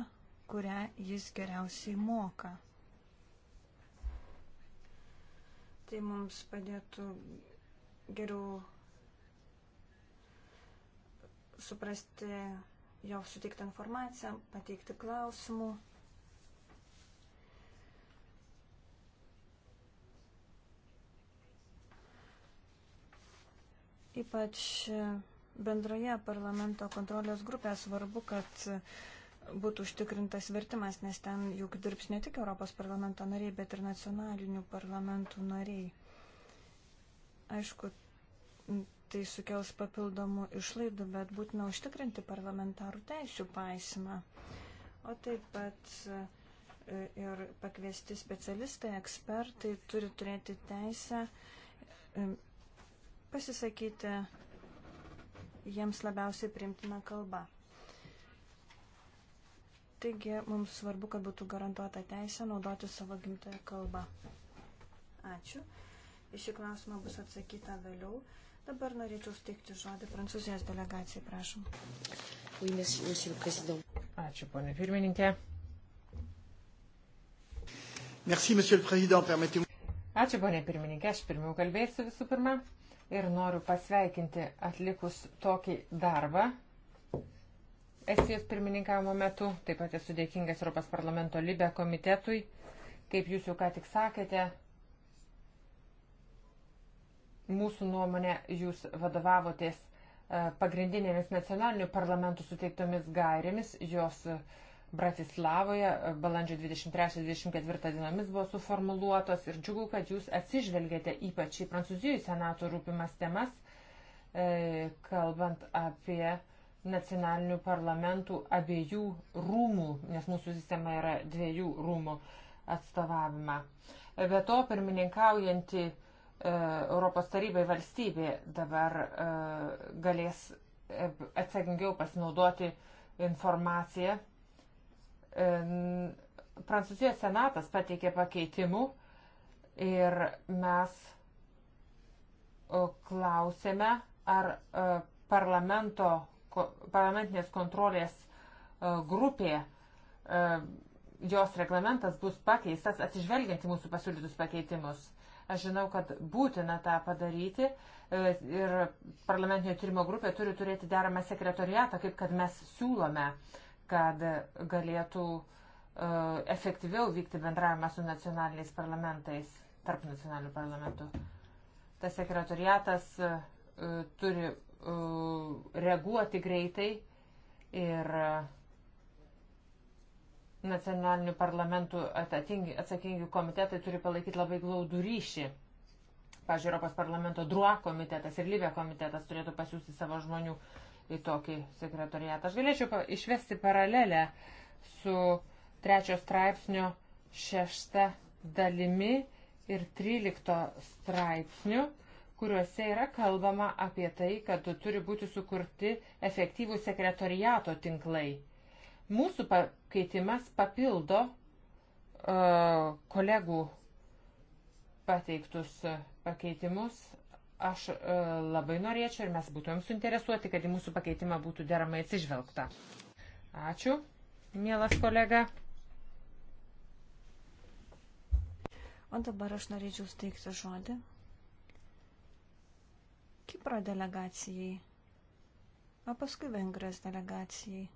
kurią jis geriausiai moka. Tai mums padėtų geriau suprasti jo suteiktą informaciją, pateikti klausimų. Ypač bendroje parlamento kontrolės grupėje svarbu, kad būtų užtikrintas vertimas, nes ten juk dirbs ne tik Europos parlamento nariai, bet ir nacionalinių parlamentų nariai. Aišku, tai sukels papildomų išlaidų, bet būtina užtikrinti parlamentarų teisų paisimą. O taip pat e, ir pakviesti specialistai, ekspertai turi turėti teisę e, pasisakyti jiems labiausiai primtiną kalbą. Taigi mums svarbu, kad būtų garantuota teisė naudoti savo gimtoją kalbą. Ačiū. Iš šį klausimą bus atsakyta vėliau. Dabar norėčiau steigti žodį Prancūzijos delegacijai, prašom. Ačiū, ponė pirmininkė. Merci, Ačiū, ponė pirmininkė. Aš pirmiau kalbėsiu visų pirma ir noriu pasveikinti atlikus tokį darbą, Estijos pirmininkavimo metu. Taip pat esu dėkingas Europos parlamento Libe komitetui. Kaip jūs jau ką tik sakėte, mūsų nuomonė jūs vadovavotės e, pagrindinėmis nacionalinių parlamentų suteiktomis gairėmis. Jos e, Bratislavoje e, balandžio 23-24 dienomis buvo suformuluotos ir džiugu, kad jūs atsižvelgėte ypač į Prancūzijų senato rūpimas temas, kalbant apie nacionalinių parlamentų abiejų rūmų, nes mūsų sistema yra dviejų rūmų atstovavimą. Be to, pirmininkaujanti e, Europos tarybai valstybė dabar e, galės e, atsakingiau pasinaudoti informaciją. E, Prancūzijos senatas pateikė pakeitimų ir mes e, klausėme, ar e, parlamento parlamentinės kontrolės e, grupė, e, jos reglamentas bus pakeistas atsižvelgiant į mūsų pasiūlytus pakeitimus. Aš žinau, kad būtina tą padaryti e, ir parlamentinio tyrimo grupė turi turėti deramą sekretoriatą, kaip kad mes siūlome, kad galėtų efektyviau vykti bendravimą su nacionaliniais parlamentais, tarp nacionalinių parlamentų. Tas sekretoriatas turi reaguoti greitai ir nacionalinių parlamentų atsakingi komitetai turi palaikyti labai glaudų ryšį. Pavyzdžiui, Europos parlamento DRUA komitetas ir Libė komitetas turėtų pasiūsti savo žmonių į tokį sekretoriatą. Aš galėčiau išvesti paralelę su trečio straipsnio šešta dalimi ir trylikto straipsniu kuriuose yra kalbama apie tai, kad turi būti sukurti efektyvų sekretoriato tinklai. Mūsų pakeitimas papildo uh, kolegų pateiktus pakeitimus. Aš uh, labai norėčiau ir mes būtumėm suinteresuoti, kad į mūsų pakeitimą būtų deramai atsižvelgta. Ačiū, mielas kolega. O dabar aš norėčiau steigti žodį Kipro delegacijai, o paskui Vengrijos delegacijai.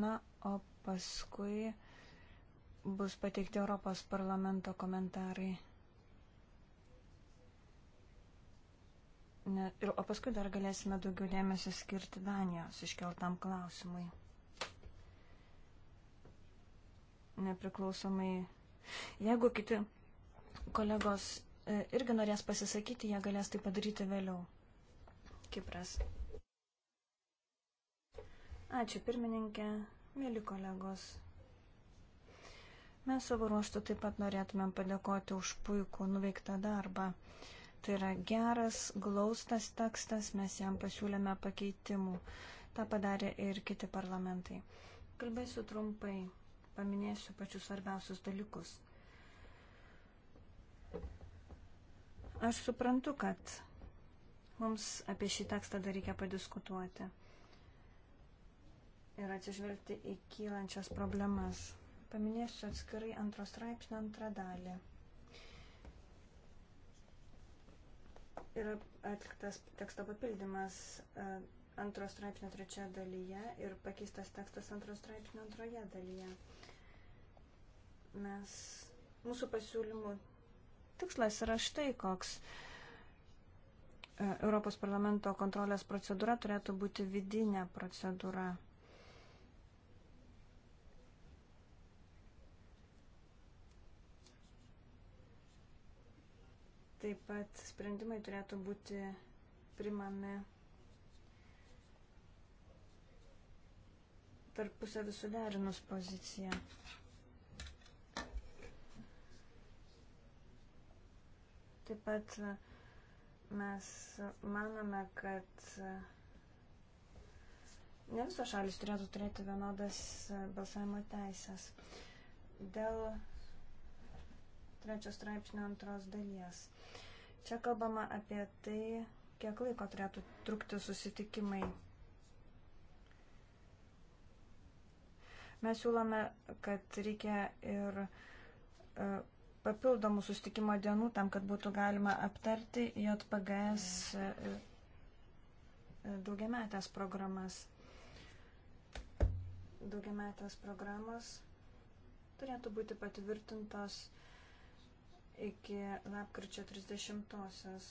Na, o paskui bus pateikti Europos parlamento komentarai. Ne, ir, o paskui dar galėsime daugiau dėmesio skirti Danijos iškeltam klausimui. Nepriklausomai. Jeigu kiti kolegos E, irgi norės pasisakyti, jie galės tai padaryti vėliau. Kipras. Ačiū pirmininkė, mėly kolegos. Mes savo ruoštų taip pat norėtumėm padėkoti už puikų nuveiktą darbą. Tai yra geras, glaustas tekstas, mes jam pasiūlėme pakeitimų. Ta padarė ir kiti parlamentai. Kalbėsiu trumpai, paminėsiu pačius svarbiausius dalykus. Aš suprantu, kad mums apie šį tekstą dar reikia padiskutuoti ir atsižvelgti į kylančias problemas. Paminėsiu atskirai antros straipsnio antrą dalį. Yra atliktas teksto papildymas e, antros straipsnio trečioje dalyje ir pakeistas tekstas antros straipsnio antroje dalyje. Mes, mūsų pasiūlymų Tikslas yra štai koks. E, Europos parlamento kontrolės procedūra turėtų būti vidinė procedūra. Taip pat sprendimai turėtų būti primami tarpusavį suderinus poziciją. Taip pat e, mes manome, kad e, ne visos šalis turėtų turėti vienodas e, balsavimo teisės. Dėl trečios straipsnio antros dalies. Čia kalbama apie tai, kiek laiko turėtų trukti susitikimai. Mes siūlome, kad reikia ir papildomų sustikimo dienų tam, kad būtų galima aptarti JPGS e, e, daugiametės programas. Daugiametės programos turėtų būti patvirtintos iki lapkričio 30-osios.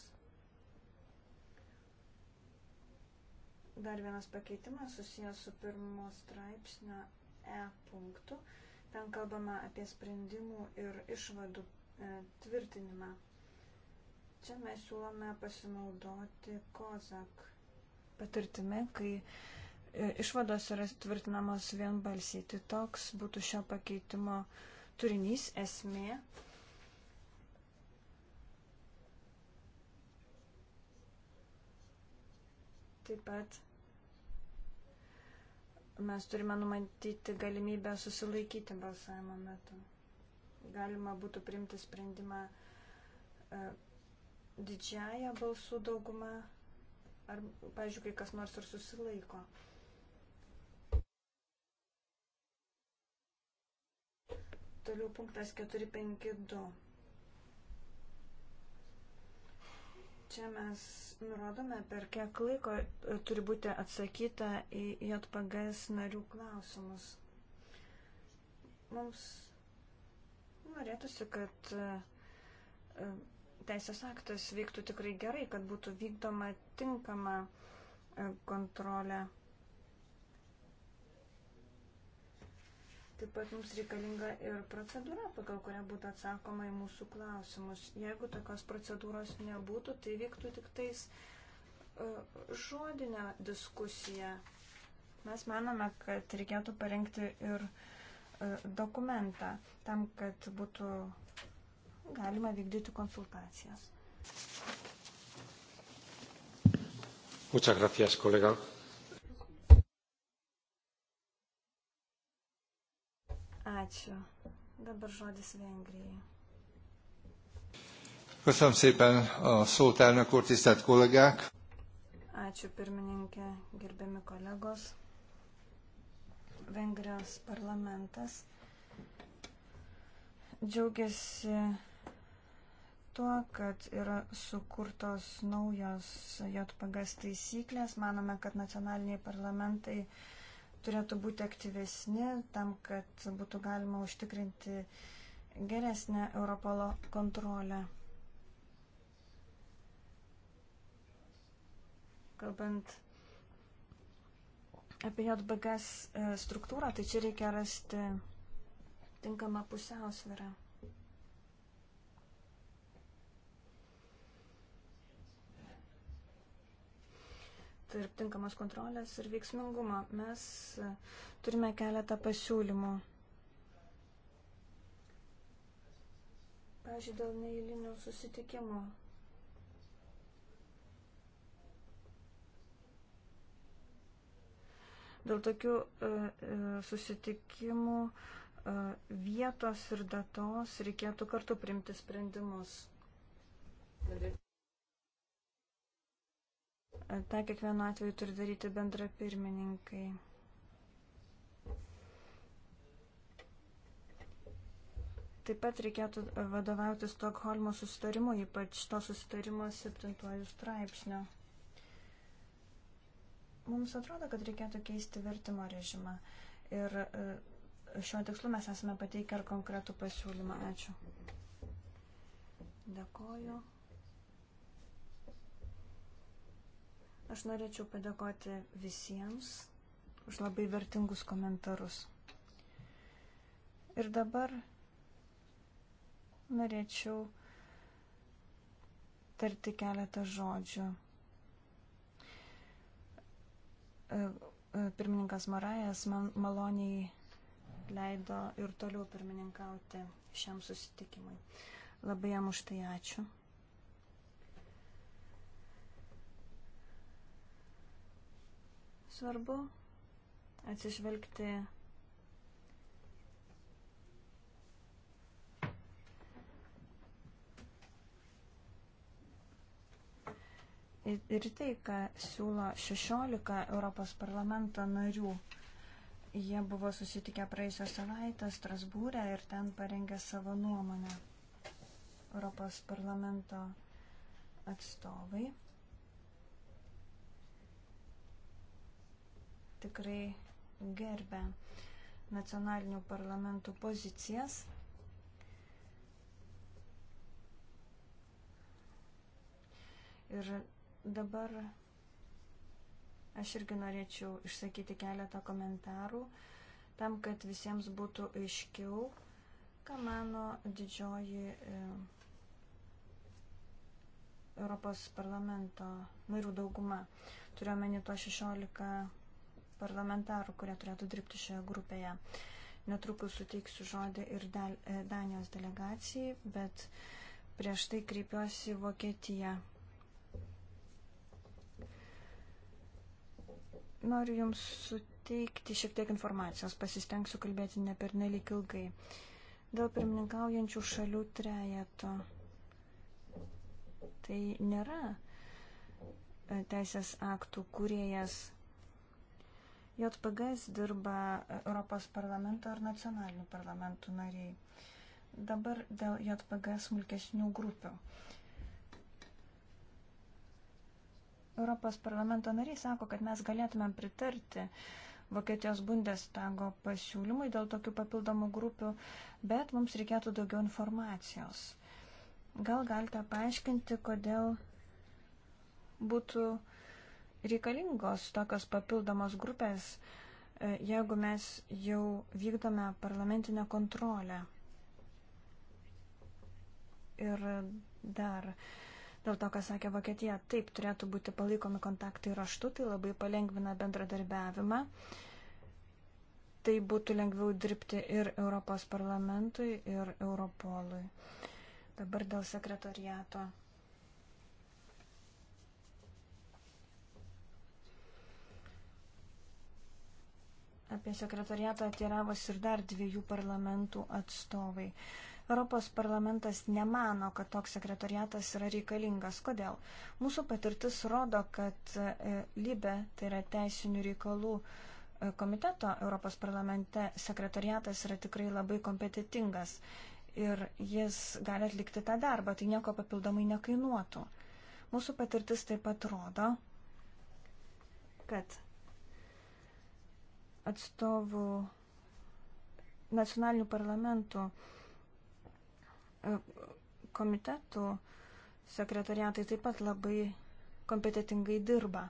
Dar vienas pakeitimas susijęs su pirmo straipsnio E punktu. Ten kalbama apie sprendimų ir išvadų e, tvirtinimą. Čia mes siūlome pasinaudoti COSAC patirtimi, kai e, išvados yra tvirtinamos vienbalsiai. Tai toks būtų šio pakeitimo turinys, esmė. Taip pat mes turime numatyti galimybę susilaikyti balsavimo metu. Galima būtų priimti sprendimą e, didžiają balsų daugumą, ar, pažiūrėjau, kai kas nors ir susilaiko. Toliau punktas 452. Čia mes nurodome, per kiek laiko e, turi būti atsakyta į JPGS narių klausimus. Mums norėtųsi, kad e, e, teisės aktas veiktų tikrai gerai, kad būtų vykdoma tinkama kontrolė Taip pat mums reikalinga ir procedūra, pagal kurią būtų atsakoma į mūsų klausimus. Jeigu tokios procedūros nebūtų, tai vyktų tik tais e, žodinė diskusija. Mes manome, kad reikėtų parengti ir e, dokumentą tam, kad būtų galima vykdyti konsultacijas. Muchas gracias, kolega. Ačiū. Dabar žodis Vengrijai. Köszönöm szépen a szót, elnök úr, tisztelt kollégák! Ačiū pirmininkė, gerbiami kolegos. Vengrijos parlamentas džiaugiasi tuo, kad yra sukurtos naujos JPGS taisyklės. Manome, kad nacionaliniai parlamentai uh, turėtų būti aktyvesni tam, kad būtų galima užtikrinti geresnę Europolo kontrolę. Kalbant apie JBGS e, struktūrą, tai čia reikia rasti tinkamą pusiausvyrą. ir tinkamos kontrolės ir veiksmingumo. Mes e, turime keletą pasiūlymų. Pavyzdžiui, dėl neįlinių susitikimų. Dėl tokių uh, susitikimų uh, vietos ir datos reikėtų kartu priimti sprendimus tą kiekvienu atveju turi daryti bendra pirmininkai. Taip pat reikėtų vadovauti Stokholmo susitarimu, ypač to susitarimo septintuoju straipsniu. Mums atrodo, kad reikėtų keisti vertimo režimą. Ir e, šiuo tikslu mes esame pateikę ir konkretų pasiūlymą. Ačiū. Dėkoju. Aš norėčiau padėkoti visiems už labai vertingus komentarus. Ir dabar norėčiau tarti keletą žodžių. E, e, pirmininkas Marajas man maloniai leido ir toliau pirmininkauti šiam susitikimui. Labai jam už tai ačiū. svarbu atsižvelgti ir tai, ką siūlo 16 Europos parlamento narių. Jie buvo susitikę praėjusią savaitę Strasbūrę ir ten parengė savo nuomonę. Europos parlamento atstovai tikrai gerbė nacionalinių parlamentų pozicijas. Ir dabar aš irgi norėčiau išsakyti keletą komentarų tam, kad visiems būtų aiškiau, ką mano didžioji e, Europos parlamento narių dauguma. Turiuomenį to 16 parlamentarų, kurie turėtų dirbti šioje grupėje. Netrukus suteiksiu žodį ir e, Danijos delegacijai, bet prieš tai kreipiuosi į Vokietiją. Noriu Jums suteikti šiek tiek informacijos, pasistengsiu kalbėti ne per nelik ilgai. Dėl pirmininkaujančių šalių trejeto. Tai nėra e, teisės aktų kuriejas JPGs dirba e, Europos parlamento ir nacionalinių parlamentų nariai. Dabar dėl JPG smulkesnių grupių. Europos parlamento nariai sako, kad mes galėtumėm pritarti Vokietijos Bundestago pasiūlymui dėl tokių papildomų grupių, bet mums reikėtų daugiau informacijos. Gal galite paaiškinti, kodėl būtų reikalingos tokios papildomos grupės, e, jeigu mes jau vykdome parlamentinę kontrolę. Ir dar dėl to, ką sakė Vokietija, taip turėtų būti palaikomi kontaktai raštu, tai labai palengvina bendradarbiavimą. Tai būtų lengviau dirbti ir Europos parlamentui, ir Europolui. Dabar dėl sekretoriato. Apie sekretariatą atėravos ir dar dviejų parlamentų atstovai. Europos parlamentas nemano, kad toks sekretariatas yra reikalingas. Kodėl? Mūsų patirtis rodo, kad e, Libe, tai yra teisinių reikalų e, komiteto Europos parlamente, sekretariatas yra tikrai labai kompetitingas ir jis gali atlikti tą darbą, tai nieko papildomai nekainuotų. Mūsų patirtis taip pat rodo, kad atstovų nacionalinių parlamentų e, komitetų sekretariatai taip pat labai kompetitingai dirba.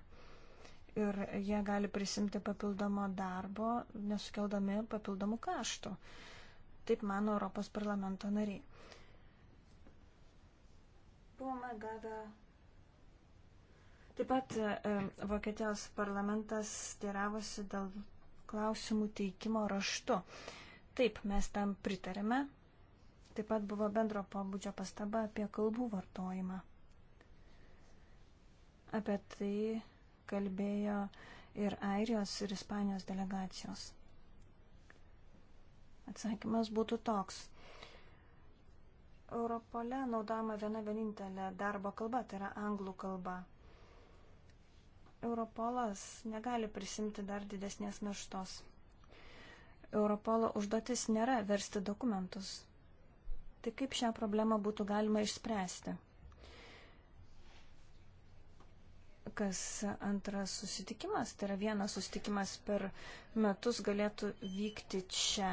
Ir jie gali prisimti papildomo darbo, nesukeldami papildomų kaštų. Taip mano Europos parlamento nariai. Buvome gavę. Taip pat e, Vokietijos parlamentas tėravosi dėl klausimų teikimo raštu. Taip, mes tam pritarėme. Taip pat buvo bendro pobūdžio pastaba apie kalbų vartojimą. Apie tai kalbėjo ir Airijos, ir Ispanijos delegacijos. Atsakymas būtų toks. Europole naudojama viena vienintelė darbo kalba, tai yra anglų kalba. Europolas negali prisimti dar didesnės naštos. Europolo užduotis nėra versti dokumentus. Tai kaip šią problemą būtų galima išspręsti? Kas antras susitikimas, tai yra vienas susitikimas per metus galėtų vykti čia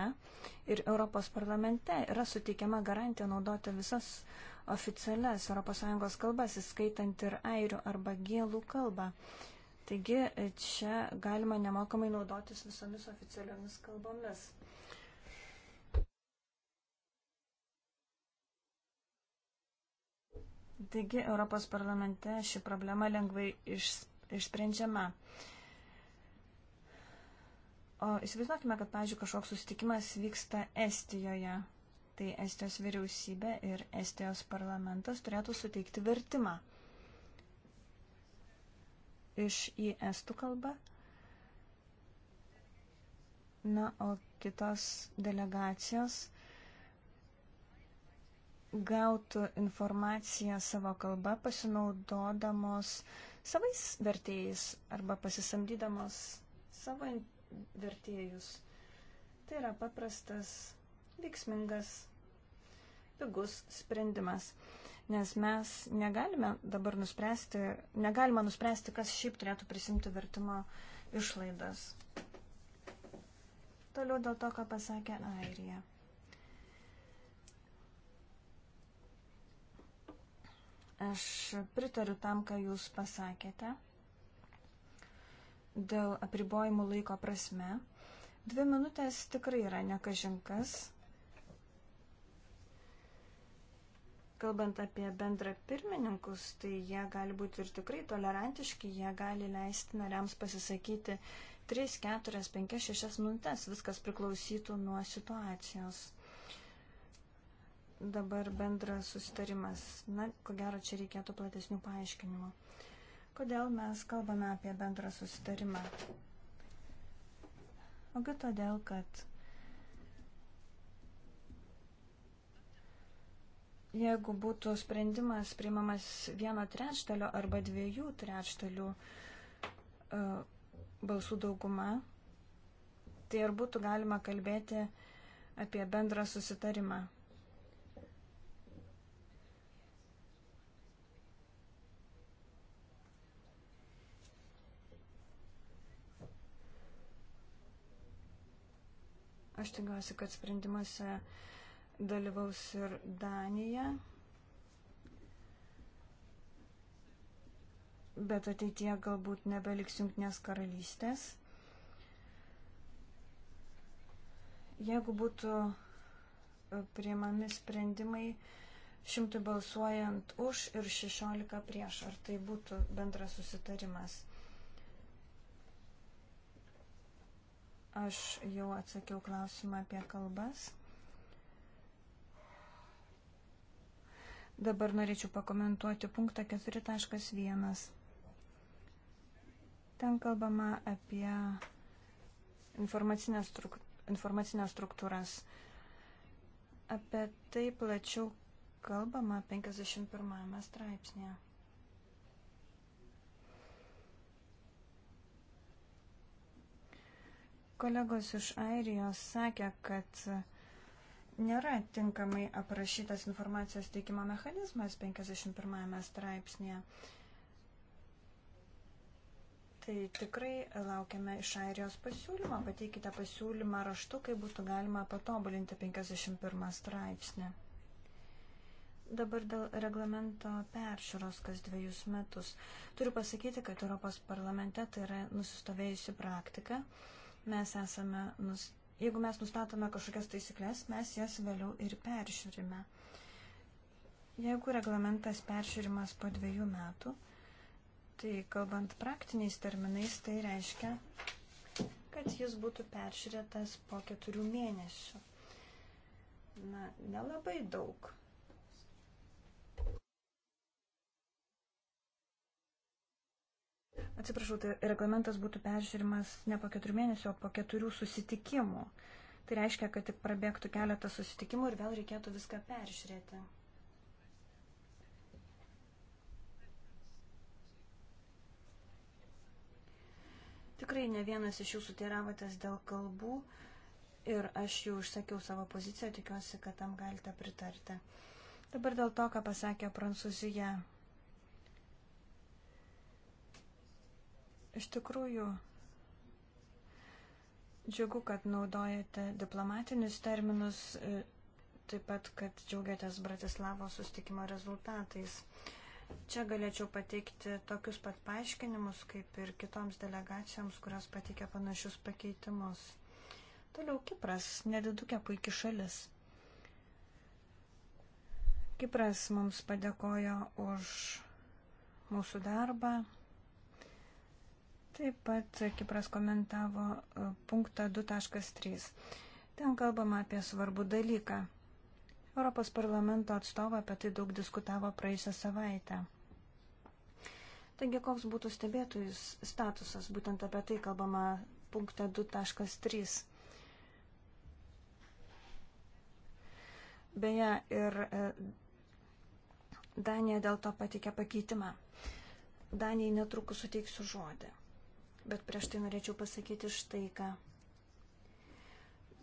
ir Europos parlamente yra suteikiama garantija naudoti visas oficialias ES kalbas, įskaitant ir airių arba gėlų kalbą. Taigi čia galima nemokamai naudotis visomis oficialiomis kalbomis. Taigi Europos parlamente ši problema lengvai iš, išsprendžiama. O įsivaizduokime, kad, pavyzdžiui, kažkoks susitikimas vyksta Estijoje. Tai Estijos vyriausybė ir Estijos parlamentas turėtų suteikti vertimą iš į estų kalbą. Na, o kitos delegacijos gautų informaciją savo kalba pasinaudodamos savais vertėjais arba pasisamdydamos savo vertėjus. Tai yra paprastas, veiksmingas, pigus sprendimas nes mes negalime dabar nuspręsti, negalima nuspręsti, kas šiaip turėtų prisimti vertimo išlaidas. Toliau dėl to, ką pasakė Airija. Aš pritariu tam, ką jūs pasakėte dėl apribojimų laiko prasme. Dvi minutės tikrai yra nekažinkas. Kalbant apie bendra pirmininkus, tai jie gali būti ir tikrai tolerantiški, jie gali leisti nariams pasisakyti 3, 4, 5, 6 minutės, viskas priklausytų nuo situacijos. Dabar bendras susitarimas. Na, ko gero, čia reikėtų platesnių paaiškinimų. Kodėl mes kalbame apie bendrą susitarimą? Ogi todėl, kad Jeigu būtų sprendimas priimamas vieno trečdalio arba dviejų trečdalių e, balsų dauguma, tai ar būtų galima kalbėti apie bendrą susitarimą? Aš tikiuosi, kad sprendimuose dalyvaus ir Danija, bet ateitie galbūt nebeliks jungtinės karalystės. Jeigu būtų e, priimami sprendimai šimtui balsuojant už ir 16 prieš, ar tai būtų bendras susitarimas? Aš jau atsakiau klausimą apie kalbas. Dabar norėčiau pakomentuoti punktą 4.1. Ten kalbama apie informacinės, struk informacinės struktūras. Apie tai plačiau kalbama 51 straipsnėje. Kolegos iš Airijos sakė, kad nėra tinkamai aprašytas informacijos teikimo mechanizmas 51 straipsnėje. Tai tikrai laukiame iš airijos pasiūlymo. Pateikite pasiūlymą raštu, kai būtų galima patobulinti 51 straipsnį. Dabar dėl reglamento peržiūros kas dviejus metus. Turiu pasakyti, kad Europos parlamente tai yra nusistovėjusi praktika. Mes esame nus Jeigu mes nustatome kažkokias taisyklės, mes jas vėliau ir peržiūrime. Jeigu reglamentas peržiūrimas po dviejų metų, tai kalbant praktiniais terminais, tai reiškia, kad jis būtų peržiūrėtas po keturių mėnesių. Na, nelabai daug Atsiprašau, tai reglamentas būtų peržiūrimas ne po keturių mėnesių, o po keturių susitikimų. Tai reiškia, kad tik prabėgtų keletą susitikimų ir vėl reikėtų viską peržiūrėti. Tikrai ne vienas iš jūsų teiravotės dėl kalbų ir aš jau išsakiau savo poziciją, tikiuosi, kad tam galite pritarti. Dabar dėl to, ką pasakė Prancūzija Iš tikrųjų, džiugu, kad naudojate diplomatinius terminus, e, taip pat, kad džiaugiatės Bratislavo sustikimo rezultatais. Čia galėčiau pateikti tokius pat paaiškinimus, kaip ir kitoms delegacijoms, kurios pateikė panašius pakeitimus. Toliau Kipras, nedidukė puikia šalis. Kipras mums padėkojo už mūsų darbą, Taip pat Kipras komentavo e, punktą 2.3. Ten kalbama apie svarbų dalyką. Europos parlamento atstovai apie tai daug diskutavo praėjusią savaitę. Taigi, koks būtų stebėtojus statusas, būtent apie tai kalbama punktą 2.3. Beje, ir e, Danija dėl to patikė pakeitimą. Danijai netrukus suteiksiu žodį bet prieš tai norėčiau pasakyti štai ką.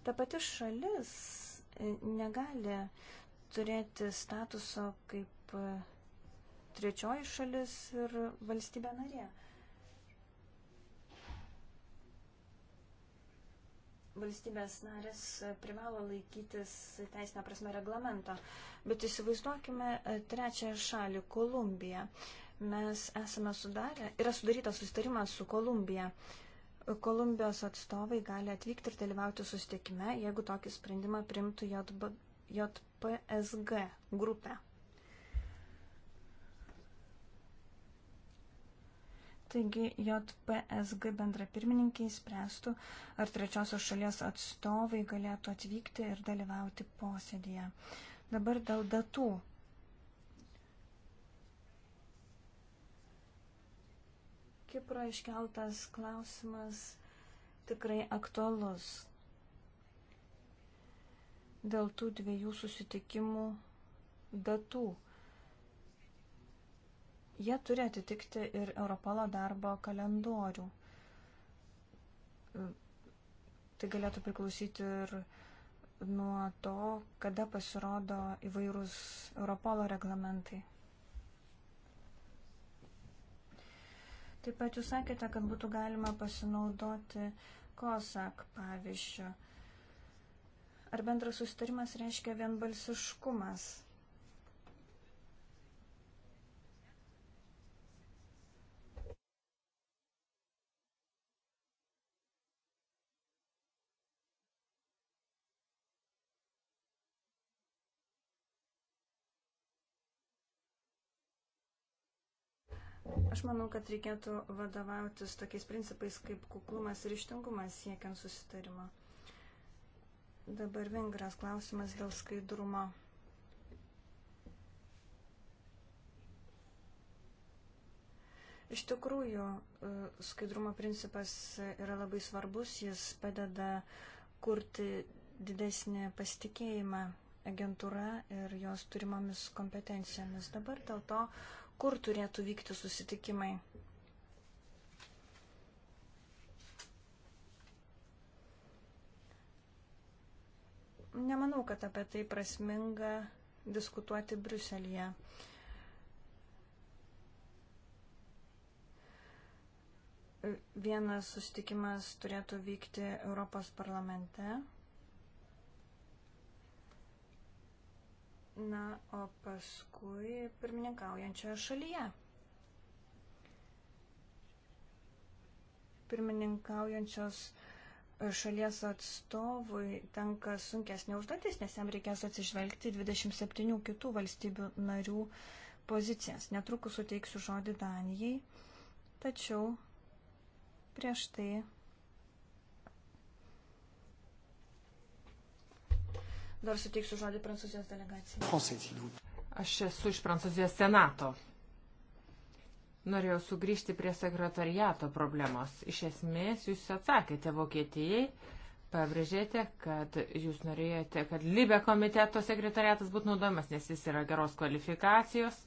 Ta pati šalis e, negali turėti statuso kaip e, trečioji šalis ir valstybė narė. valstybės narės privalo laikytis teisinę prasme reglamento. Bet įsivaizduokime e, trečiąją šalį - Kolumbiją mes esame sudarę, yra sudarytas sustarimas su Kolumbija. Kolumbijos atstovai gali atvykti ir dalyvauti susitikime, jeigu tokį sprendimą primtų JB, JPSG grupę. Taigi JPSG bendrapirmininkiai spręstų, ar trečiosios šalies atstovai galėtų atvykti ir dalyvauti posėdėje. Dabar dėl datų Kipro iškeltas klausimas tikrai aktualus. Dėl tų dviejų susitikimų datų. Jie turi atitikti ir Europolo darbo kalendorių. Tai galėtų priklausyti ir nuo to, kada pasirodo įvairūs Europolo reglamentai. Taip pat jūs sakėte, kad būtų galima pasinaudoti kosak pavyzdžių. Ar bendras sustarimas reiškia vienbalsiškumas? Aš manau, kad reikėtų vadovautis tokiais principais kaip kuklumas ir ištingumas siekiant susitarimo. Dabar vengras klausimas dėl skaidrumo. Iš tikrųjų, e, skaidrumo principas yra labai svarbus, jis padeda kurti didesnį pasitikėjimą agentūra ir jos turimomis kompetencijomis. Dabar dėl to, kur turėtų vykti susitikimai. Nemanau, kad apie tai prasminga diskutuoti Bruselėje. Vienas susitikimas turėtų vykti Europos parlamente. na, o paskui pirmininkaujančioje šalyje. Pirmininkaujančios šalies atstovui tenka sunkesnė užduotis, nes jam reikės atsižvelgti 27 kitų valstybių narių pozicijas. Netrukus suteiksiu žodį Danijai, tačiau prieš tai Dar suteiksiu žodį Prancūzijos delegacijai. Aš esu iš Prancūzijos senato. Norėjau sugrįžti prie sekretariato problemos. Iš esmės, jūs atsakėte Vokietijai, pabrėžėte, kad jūs norėjote, kad Libe komiteto sekretariatas būtų naudojamas, nes jis yra geros kvalifikacijos.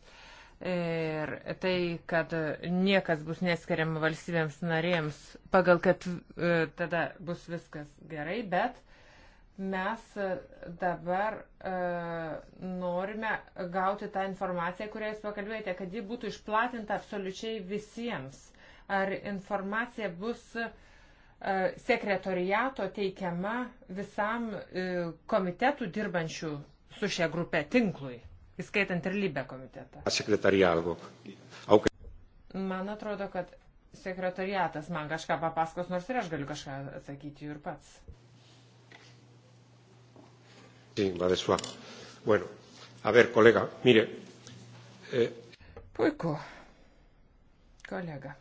Ir tai, kad niekas bus neskiriama valstybėms narėms, pagal kad e, tada bus viskas gerai, bet mes e, dabar e, norime gauti tą informaciją, kurią jūs pakalbėjote, kad ji būtų išplatinta absoliučiai visiems. Ar informacija bus e, sekretoriato teikiama visam e, komitetų dirbančių su šia grupė tinklui, įskaitant ir lybę komitetą? Sekretariavo. Okay. Man atrodo, kad sekretariatas man kažką papasakos, nors ir aš galiu kažką atsakyti ir pats. Sí, va de suave. Bueno, a ver, kolega, mire. Eh... Puiku, kolega.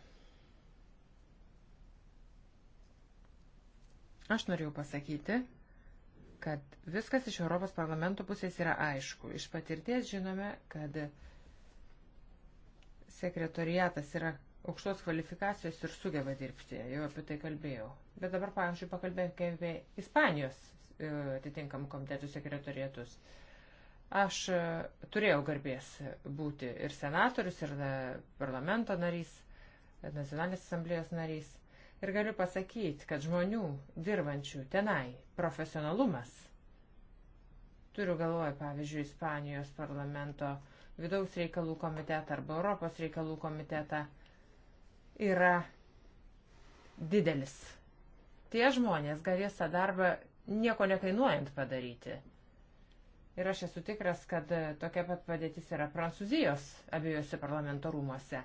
Aš norėjau pasakyti, kad viskas iš Europos parlamento pusės yra aišku. Iš patirties žinome, kad sekretoriatas yra aukštos kvalifikacijos ir sugeba dirbti. Jau apie tai kalbėjau. Bet dabar, pavyzdžiui, pakalbėkime apie Ispanijos E, atitinkamų komitetų sekretorietus. Aš e, turėjau garbės būti ir senatorius, ir e, parlamento narys, ir nacionalinės asamblėjos narys. Ir galiu pasakyti, kad žmonių dirbančių tenai profesionalumas, turiu galvoje, pavyzdžiui, Ispanijos parlamento vidaus reikalų komitetą arba Europos reikalų komitetą, yra didelis. Tie žmonės galės tą darbą nieko nekainuojant padaryti. Ir aš esu tikras, kad tokia pat padėtis yra Prancūzijos abiejose parlamento rūmose.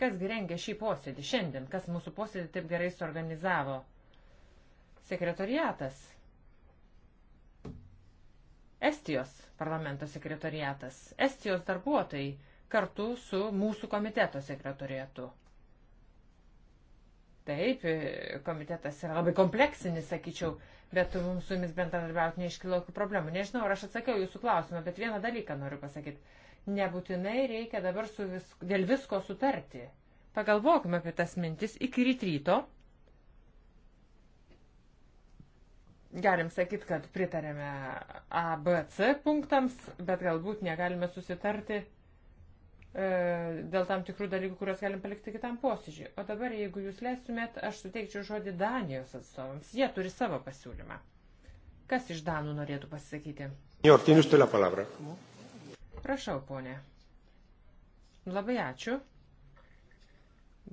Kasgi rengė šį posėdį šiandien, kas mūsų posėdį taip gerai suorganizavo? Sekretoriatas. Estijos parlamento sekretoriatas. Estijos darbuotojai kartu su mūsų komiteto sekretoriatu. Taip, e, komitetas yra labai kompleksinis, sakyčiau, bet mums su jumis bendradarbiauti neiškilo jokių problemų. Nežinau, ar aš atsakiau jūsų klausimą, bet vieną dalyką noriu pasakyti. Nebūtinai reikia dabar vis, dėl visko sutarti. Pagalvokime apie tas mintis iki rytryto. Galim sakyti, kad pritarėme A, B, C punktams, bet galbūt negalime susitarti E, dėl tam tikrų dalykų, kuriuos galim palikti kitam posėdžiui. O dabar, jeigu jūs leistumėt, aš suteikčiau žodį Danijos atstovams. Jie turi savo pasiūlymą. Kas iš Danų norėtų pasisakyti? Jortinius, tu la palabra. Prašau, ponė. Labai ačiū.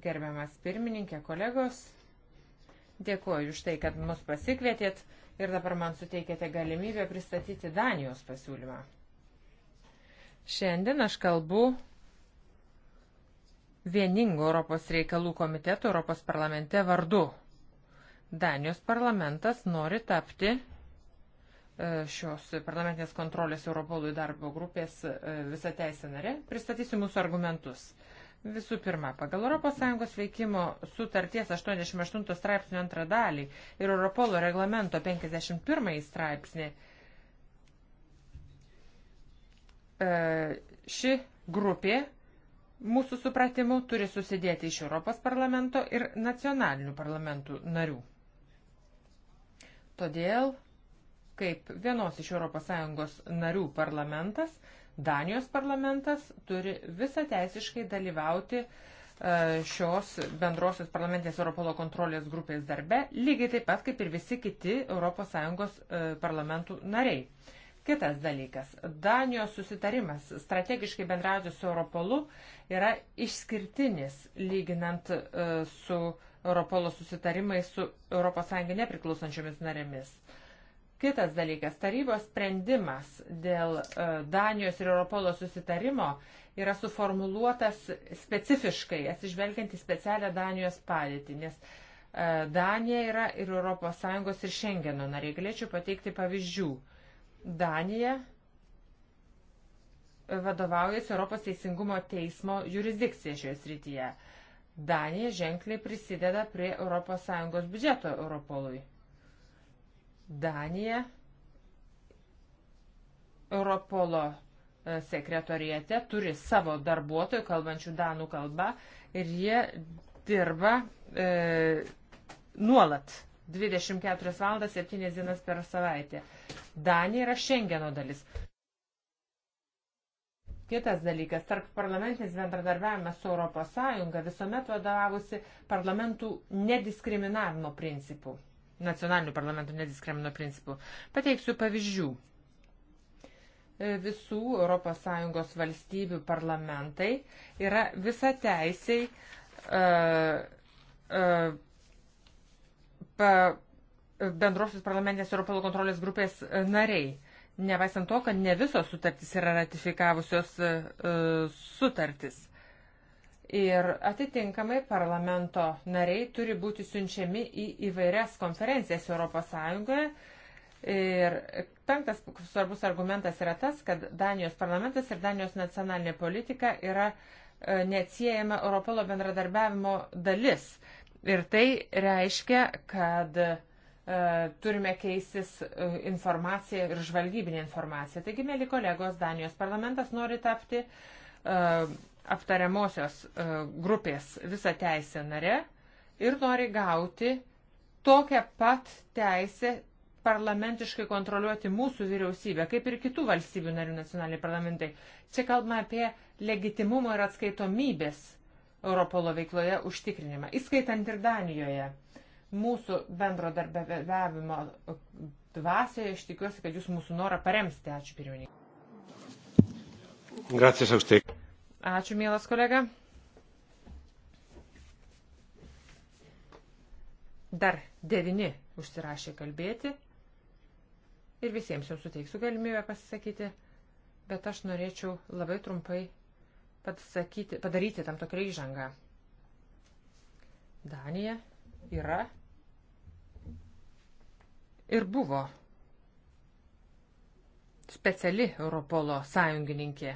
Gerbiamas pirmininkė, kolegos, dėkuoju už tai, kad mus pasikvietėt ir dabar man suteikėte galimybę pristatyti Danijos pasiūlymą. Šiandien aš kalbu vieningo Europos reikalų komiteto Europos parlamente vardu. Danijos parlamentas nori tapti e, šios parlamentinės kontrolės Europolui darbo grupės e, visą teisę narė. Pristatysiu mūsų argumentus. Visų pirma, pagal ES veikimo sutarties 88 straipsnio antrą dalį ir Europolo reglamento 51 straipsnį, e, ši grupė mūsų supratimu, turi susidėti iš Europos parlamento ir nacionalinių parlamentų narių. Todėl, kaip vienos iš ES narių parlamentas, Danijos parlamentas turi visateisiškai dalyvauti e, šios bendrosios parlamentės Europolo kontrolės grupės darbe, lygiai taip pat kaip ir visi kiti ES e, parlamentų nariai. Kitas dalykas. Danijos susitarimas strategiškai bendrauti su Europolu yra išskirtinis lyginant e, su Europolo susitarimai su ES nepriklausančiomis narėmis. Kitas dalykas. Tarybos sprendimas dėl e, Danijos ir Europolo susitarimo yra suformuluotas specifiškai, atsižvelgiant į specialią Danijos padėtį, nes e, Danija yra ir ES ir Šengeno nariai. Galėčiau pateikti pavyzdžių Danija vadovaujasi Europos teisingumo teismo jurisdikcija šioje srityje. Danija ženkliai prisideda prie ES biudžeto Europolui. Danija Europolo e, sekretorijate turi savo darbuotojų, kalbančių danų kalbą, ir jie dirba e, nuolat 24 valandas 7 dienas per savaitę. Danija yra Šengeno dalis. Kitas dalykas, tarp parlamentinis bendradarbiavimas su ES visuomet vadovavusi parlamentų nediskriminavimo principų, nacionalinių parlamentų nediskriminavimo principų. Pateiksiu pavyzdžių. E, visų ES valstybių parlamentai yra visa teisiai uh, e, uh, e, bendrosios parlamentės Europolo kontrolės grupės e, nariai. Nepaisant to, kad ne visos sutartys yra ratifikavusios e, sutartys. Ir atitinkamai parlamento nariai turi būti siunčiami į įvairias konferencijas ES. Ir penktas svarbus argumentas yra tas, kad Danijos parlamentas ir Danijos nacionalinė politika yra e, neatsiejama Europolo bendradarbiavimo dalis. Uh, Ir tai reiškia, kad e, turime keistis e, informaciją ir žvalgybinę informaciją. Taigi, mėly kolegos, Danijos parlamentas nori tapti e, aptariamosios e, grupės visą teisę nare ir nori gauti tokią pat teisę parlamentiškai kontroliuoti mūsų vyriausybę, kaip ir kitų valstybių narių nacionaliniai parlamentai. Čia kalbame apie legitimumo ir atskaitomybės Europolo veikloje užtikrinimą, įskaitant ir Danijoje. Mūsų bendro darbiavimo dvasioje aš tikiuosi, kad jūs mūsų norą paremsite. Ačiū pirmininkai. Gracias a usted. Ačiū, mielas kolega. Dar devini užsirašė kalbėti ir visiems jums suteiksiu galimybę pasisakyti, bet aš norėčiau labai trumpai pasakyti, padaryti tam tokią įžangą. Danija yra ir buvo speciali Europolo sąjungininkė.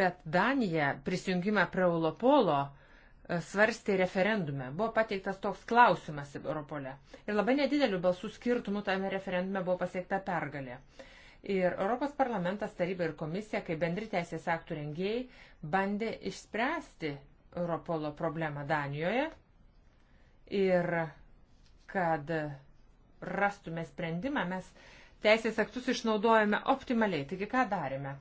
Bet Danija prisijungimą prie Europolo e, svarstė referendume. Buvo pateiktas toks klausimas Europole. Ir labai nedideliu balsų skirtumu tame referendume buvo pasiekta pergalė. Uh, Ir Europos parlamentas, taryba ir komisija, kaip bendri teisės aktų rengėjai, bandė išspręsti Europolo problemą Danijoje ir kad rastume sprendimą, mes teisės aktus išnaudojame optimaliai. Taigi ką darėme?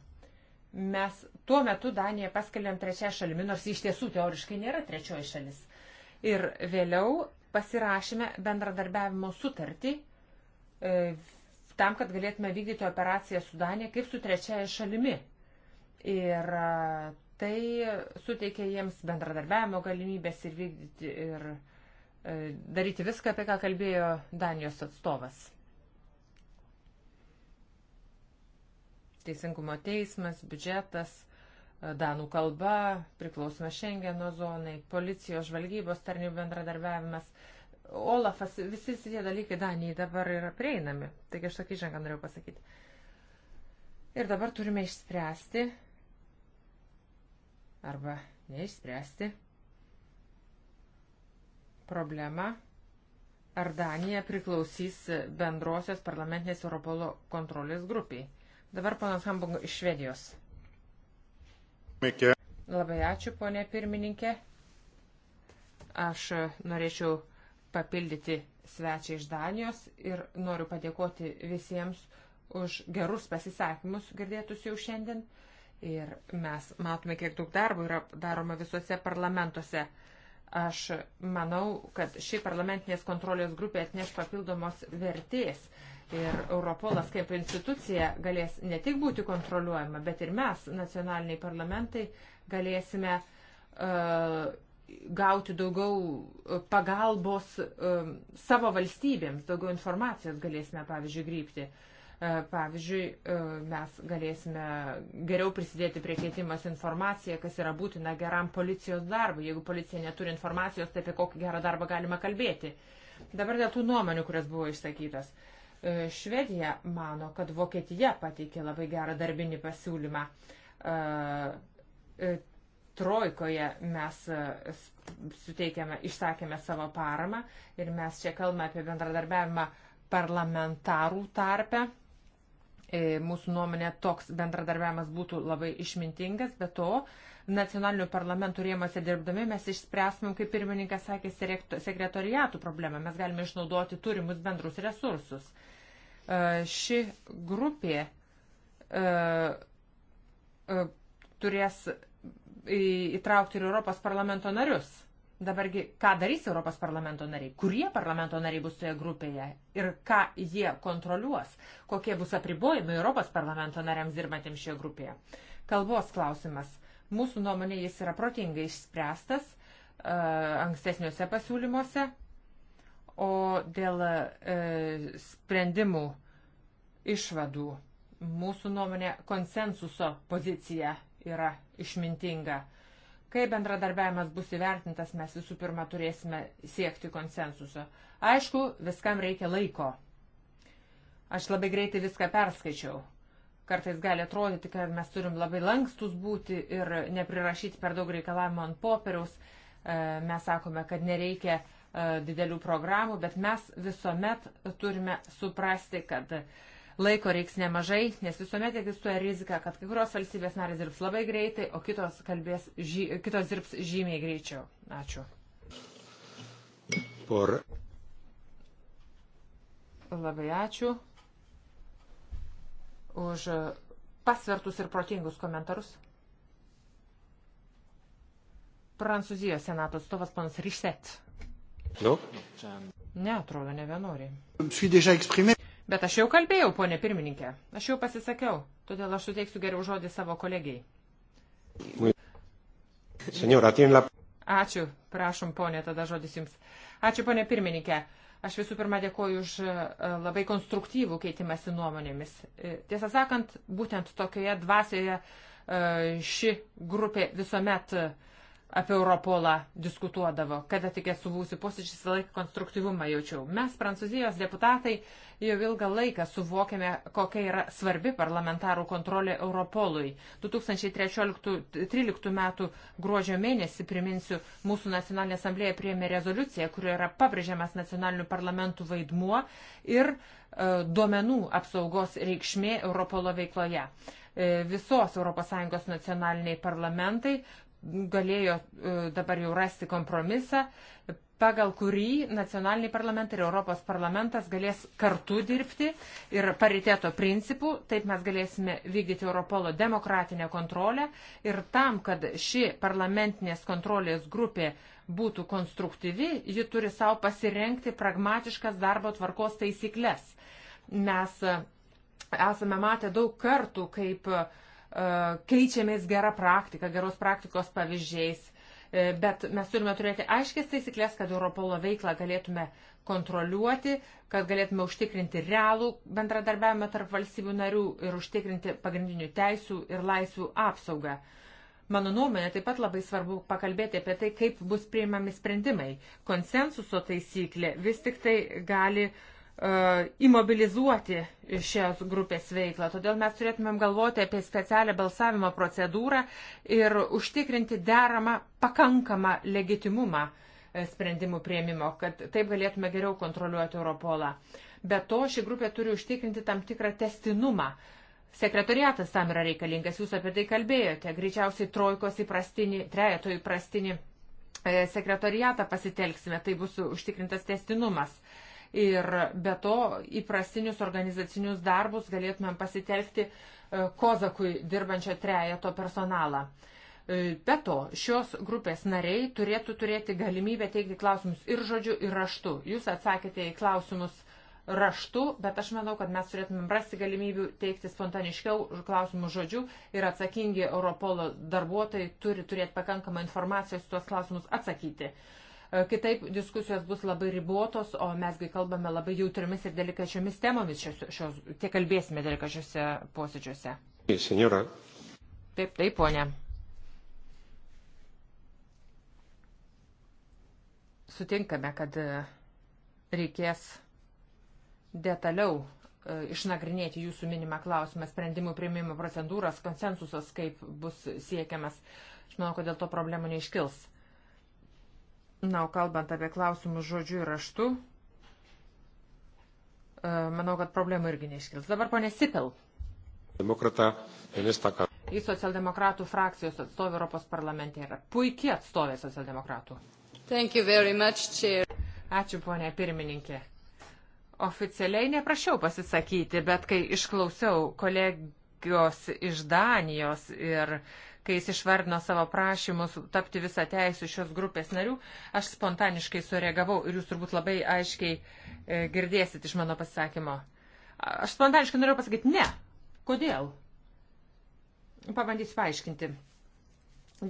Mes tuo metu Daniją paskelbėm trečią šalimi, nors iš tiesų teoriškai nėra trečioji šalis. Ir vėliau pasirašėme bendradarbiavimo sutartį e, tam, kad galėtume vykdyti operaciją Sudanė kaip su trečiaja šalimi. Ir tai suteikė jiems bendradarbiavimo galimybės ir vykdyti ir e, daryti viską, apie ką kalbėjo Danijos atstovas. Teisingumo teismas, biudžetas, e, danų kalba, priklausimas Šengeno zonai, policijos žvalgybos tarnybų bendradarbiavimas Olafas, visi tie dalykai Danijai dabar yra prieinami. Taigi aš tokį žengą norėjau pasakyti. Ir dabar turime išspręsti arba neišspręsti problemą, ar Danija priklausys bendrosios parlamentinės Europolo kontrolės grupiai. Dabar ponas Hambung iš Švedijos. Mikė. Labai ačiū, ponė pirmininkė. Aš norėčiau papildyti svečią iš Danijos ir noriu padėkoti visiems už gerus pasisakymus girdėtus jau šiandien. Ir mes matome, kiek daug darbo yra daroma visuose parlamentuose. Aš manau, kad ši parlamentinės kontrolės grupė atneš papildomos vertės. Ir Europolas kaip institucija galės ne tik būti kontroliuojama, bet ir mes, nacionaliniai parlamentai, galėsime uh, gauti daugiau e, pagalbos e, savo valstybėms, daugiau informacijos galėsime, pavyzdžiui, grypti. E, pavyzdžiui, mes galėsime geriau prisidėti prie keitimas informaciją, kas yra būtina geram policijos darbui. Jeigu policija neturi informacijos, tai apie kokį gerą darbą galima kalbėti. Dabar dėl tų nuomonių, kurias buvo išsakytas. Švedija mano, kad Vokietija pateikė labai gerą darbinį pasiūlymą trojkoje mes e, suteikėme, išsakėme savo paramą ir mes čia kalbame apie bendradarbiavimą parlamentarų tarpę. E, mūsų nuomonė toks bendradarbiavimas būtų labai išmintingas, bet to nacionalinių parlamentų rėmose dirbdami mes išspręsmėm, kaip pirmininkas sakė, sekretoriatų problemą. Mes galime išnaudoti turimus bendrus resursus. E, ši grupė turės įtraukti ir Europos parlamento narius. Dabargi, ką darys Europos parlamento nariai, kurie parlamento nariai bus toje grupėje ir ką jie kontroliuos, kokie bus apribojimai Europos parlamento nariams dirbantiems šioje grupėje. Kalbos klausimas. Mūsų nuomonė jis yra protingai išspręstas uh, ankstesniuose pasiūlymuose, o dėl uh, sprendimų išvadų mūsų nuomonė konsensuso pozicija yra išmintinga. Kai bendradarbiavimas bus įvertintas, mes visų pirma turėsime siekti konsensuso. Aišku, viskam reikia laiko. Aš labai greitai viską perskaičiau. Kartais gali atrodyti, kad mes turim labai lankstus būti ir neprirašyti per daug reikalavimų ant popieriaus. E, mes sakome, kad nereikia e, didelių programų, bet mes visuomet turime suprasti, kad uh, Laiko reiks nemažai, nes visuomet egzistuoja rizika, kad kai kurios valstybės narės dirbs labai greitai, o kitos, kalbės, ži, kitos dirbs žymiai greičiau. Ačiū. Por. Labai ačiū už pasvertus ir protingus komentarus. Prancūzijos senato atstovas panas Rišet. Nu? Ne, atrodo, ne vienori. Bet aš jau kalbėjau, ponė pirmininkė. Aš jau pasisakiau. Todėl aš suteiksiu geriau žodį savo kolegijai. Ačiū. Prašom, ponė, tada žodis jums. Ačiū, ponė pirmininkė. Aš visų pirma dėkoju už e, labai konstruktyvų keitimąsi nuomonėmis. E, tiesą sakant, būtent tokioje dvasioje e, ši grupė visuomet uh, apie Europolą diskutuodavo, kada tik esu būsiu posėdžiai, visą laiką konstruktyvumą jaučiau. Mes, prancūzijos deputatai, jau ilgą laiką suvokėme, kokia yra svarbi parlamentarų kontrolė Europolui. 2013 m. gruodžio mėnesį, priminsiu, mūsų nacionalinė asamblėje priėmė rezoliuciją, kurioje yra pabrėžiamas nacionalinių parlamentų vaidmuo ir e, duomenų apsaugos reikšmė Europolo veikloje e, visos ES nacionaliniai parlamentai galėjo e, dabar jau rasti kompromisą, pagal kurį nacionaliniai parlamentai ir Europos parlamentas galės kartu dirbti ir pariteto principų, taip mes galėsime vykdyti Europolo demokratinę kontrolę ir tam, kad ši parlamentinės kontrolės grupė būtų konstruktyvi, ji turi savo pasirenkti pragmatiškas darbo tvarkos taisyklės. Mes e, esame matę daug kartų, kaip uh, E, keičiamės gerą praktiką, geros praktikos pavyzdžiais, e, bet mes turime turėti aiškės taisyklės, kad Europolo veiklą galėtume kontroliuoti, kad galėtume užtikrinti realų bendradarbiavimą tarp valstybių narių ir užtikrinti pagrindinių teisų ir laisvių apsaugą. Mano nuomonė taip pat labai svarbu pakalbėti apie tai, kaip bus priimami sprendimai. Konsensuso taisyklė vis tik tai gali uh, E, imobilizuoti šios grupės veiklą. Todėl mes turėtumėm galvoti apie specialią balsavimo procedūrą ir užtikrinti deramą, pakankamą legitimumą e, sprendimų prieimimo, kad taip galėtume geriau kontroliuoti Europolą. Be to, ši grupė turi užtikrinti tam tikrą testinumą. Sekretoriatas tam yra reikalingas, jūs apie tai kalbėjote, greičiausiai trojkos įprastinį, trejeto įprastinį e, sekretoriatą pasitelksime, tai bus užtikrintas testinumas. Ir be to įprastinius organizacinius darbus galėtumėm pasitelkti e, Kozakui dirbančio trejeto personalą. E, be to, šios grupės nariai turėtų turėti galimybę teikti klausimus ir žodžiu, ir raštu. Jūs atsakėte į klausimus raštu, bet aš manau, kad mes turėtumėm rasti galimybių teikti spontaniškiau klausimų žodžių ir atsakingi Europolo darbuotojai turi turėti pakankamą informacijos tuos klausimus atsakyti. E, kitaip diskusijos bus labai ribotos, o mesgi kalbame labai jautriamis ir delikačiomis temomis, šios, šios, tiek kalbėsime delikačiuose posėdžiuose. Senjora. Taip, taip, ponė. Sutinkame, kad e, reikės detaliau e, išnagrinėti jūsų minimą klausimą, sprendimų prieimimo procedūras, konsensusas, kaip bus siekiamas. Aš manau, kad dėl to problemų neiškils. Na, o kalbant apie klausimus žodžiu ir raštu, e, manau, kad problemų irgi neiškils. Dabar ponė Sipel. Demokrata, ministaka. Į socialdemokratų frakcijos atstovę Europos parlamente yra puikiai atstovė socialdemokratų. Much, Ačiū, ponė pirmininkė. Oficialiai neprašiau pasisakyti, bet kai išklausiau kolegijos iš Danijos ir uh, kai jis išvardino savo prašymus tapti visą teisų šios grupės narių, aš spontaniškai sureagavau ir jūs turbūt labai aiškiai e, girdėsit iš mano pasisakymo. Aš spontaniškai norėjau pasakyti ne. Kodėl? Pabandysiu paaiškinti.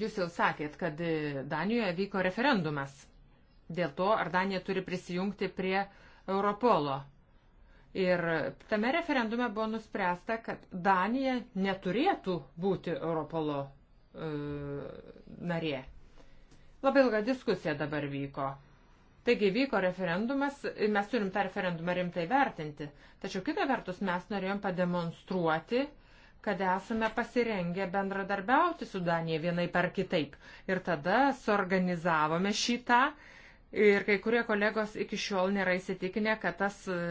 Jūs jau sakėt, kad e, Danijoje vyko referendumas dėl to, ar Danija turi prisijungti prie Europolo. Ir tame referendume buvo nuspręsta, kad Danija neturėtų būti Europolo E, narė. Labai ilga diskusija dabar vyko. Taigi vyko referendumas, mes turim tą referendumą rimtai vertinti. Tačiau kitą vertus mes norėjom pademonstruoti, kad esame pasirengę bendradarbiauti su Danija vienai per kitaip. Ir tada suorganizavome šitą. Ir kai kurie kolegos iki šiol nėra įsitikinę, kad tas e,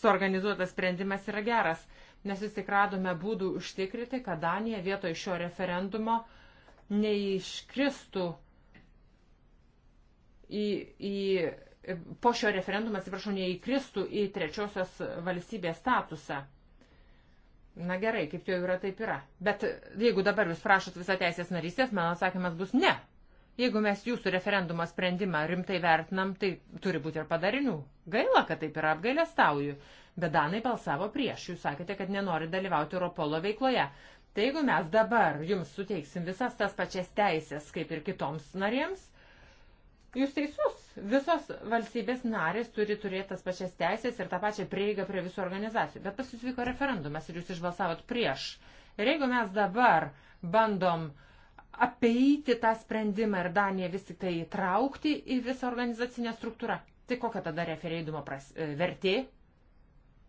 suorganizuotas sprendimas yra geras nes vis tik radome būdų užtikrinti, kad Danija vietoj šio referendumo neiškristų į, į, po šio referendumo, atsiprašau, neįkristų į trečiosios valstybės statusą. Na gerai, kaip jau yra, taip yra. Bet jeigu dabar jūs prašot visą teisės narystės, mano atsakymas bus ne. Jeigu mes jūsų referendumo sprendimą rimtai vertinam, tai turi būti ir padarinių. Gaila, kad taip yra apgailestauju. stauju bet Danai balsavo prieš. Jūs sakėte, kad nenori dalyvauti Europolo veikloje. Tai jeigu mes dabar jums suteiksim visas tas pačias teisės, kaip ir kitoms narėms, jūs teisus. Visos valstybės narės turi turėti tas pačias teisės ir tą pačią prieigą prie visų organizacijų. Bet pas jūs vyko referendumas ir jūs išbalsavot prieš. Ir jeigu mes dabar bandom apeiti tą sprendimą ir Daniją vis tik tai įtraukti į visą organizacinę struktūrą. Tai kokia tada referendumo pras, e, vertė?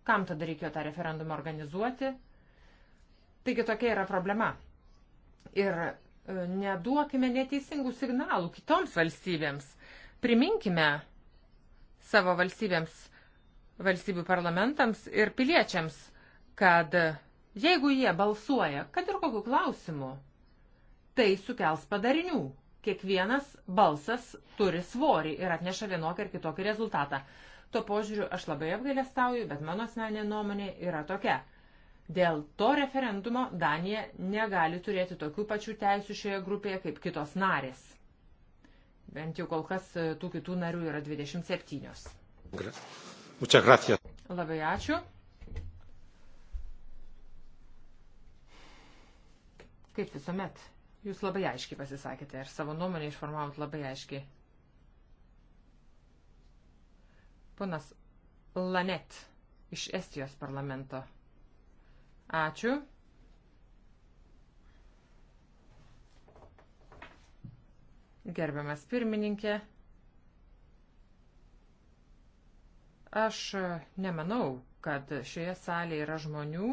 Kam tada reikėjo tą referendumą organizuoti? Taigi tokia yra problema. Ir e, neduokime neteisingų signalų kitoms valstybėms. Priminkime savo valstybėms, valstybių parlamentams ir piliečiams, kad jeigu jie balsuoja, kad ir kokiu klausimu, tai sukels padarinių. Kiekvienas balsas turi svorį ir atneša vienokį ar kitokį rezultatą. Tuo požiūriu aš labai apgailestauju, bet mano asmeninė nuomonė yra tokia. Dėl to referendumo Danija negali turėti tokių pačių teisių šioje grupėje kaip kitos narės. Bent jau kol kas e, tų kitų narių yra 27. Labai ačiū. Kaip visuomet, jūs labai aiškiai pasisakėte ir savo nuomonę išformavot labai aiškiai. Ponas Lanet iš Estijos parlamento. Ačiū. Gerbiamas pirmininkė, aš nemanau, kad šioje salėje yra žmonių,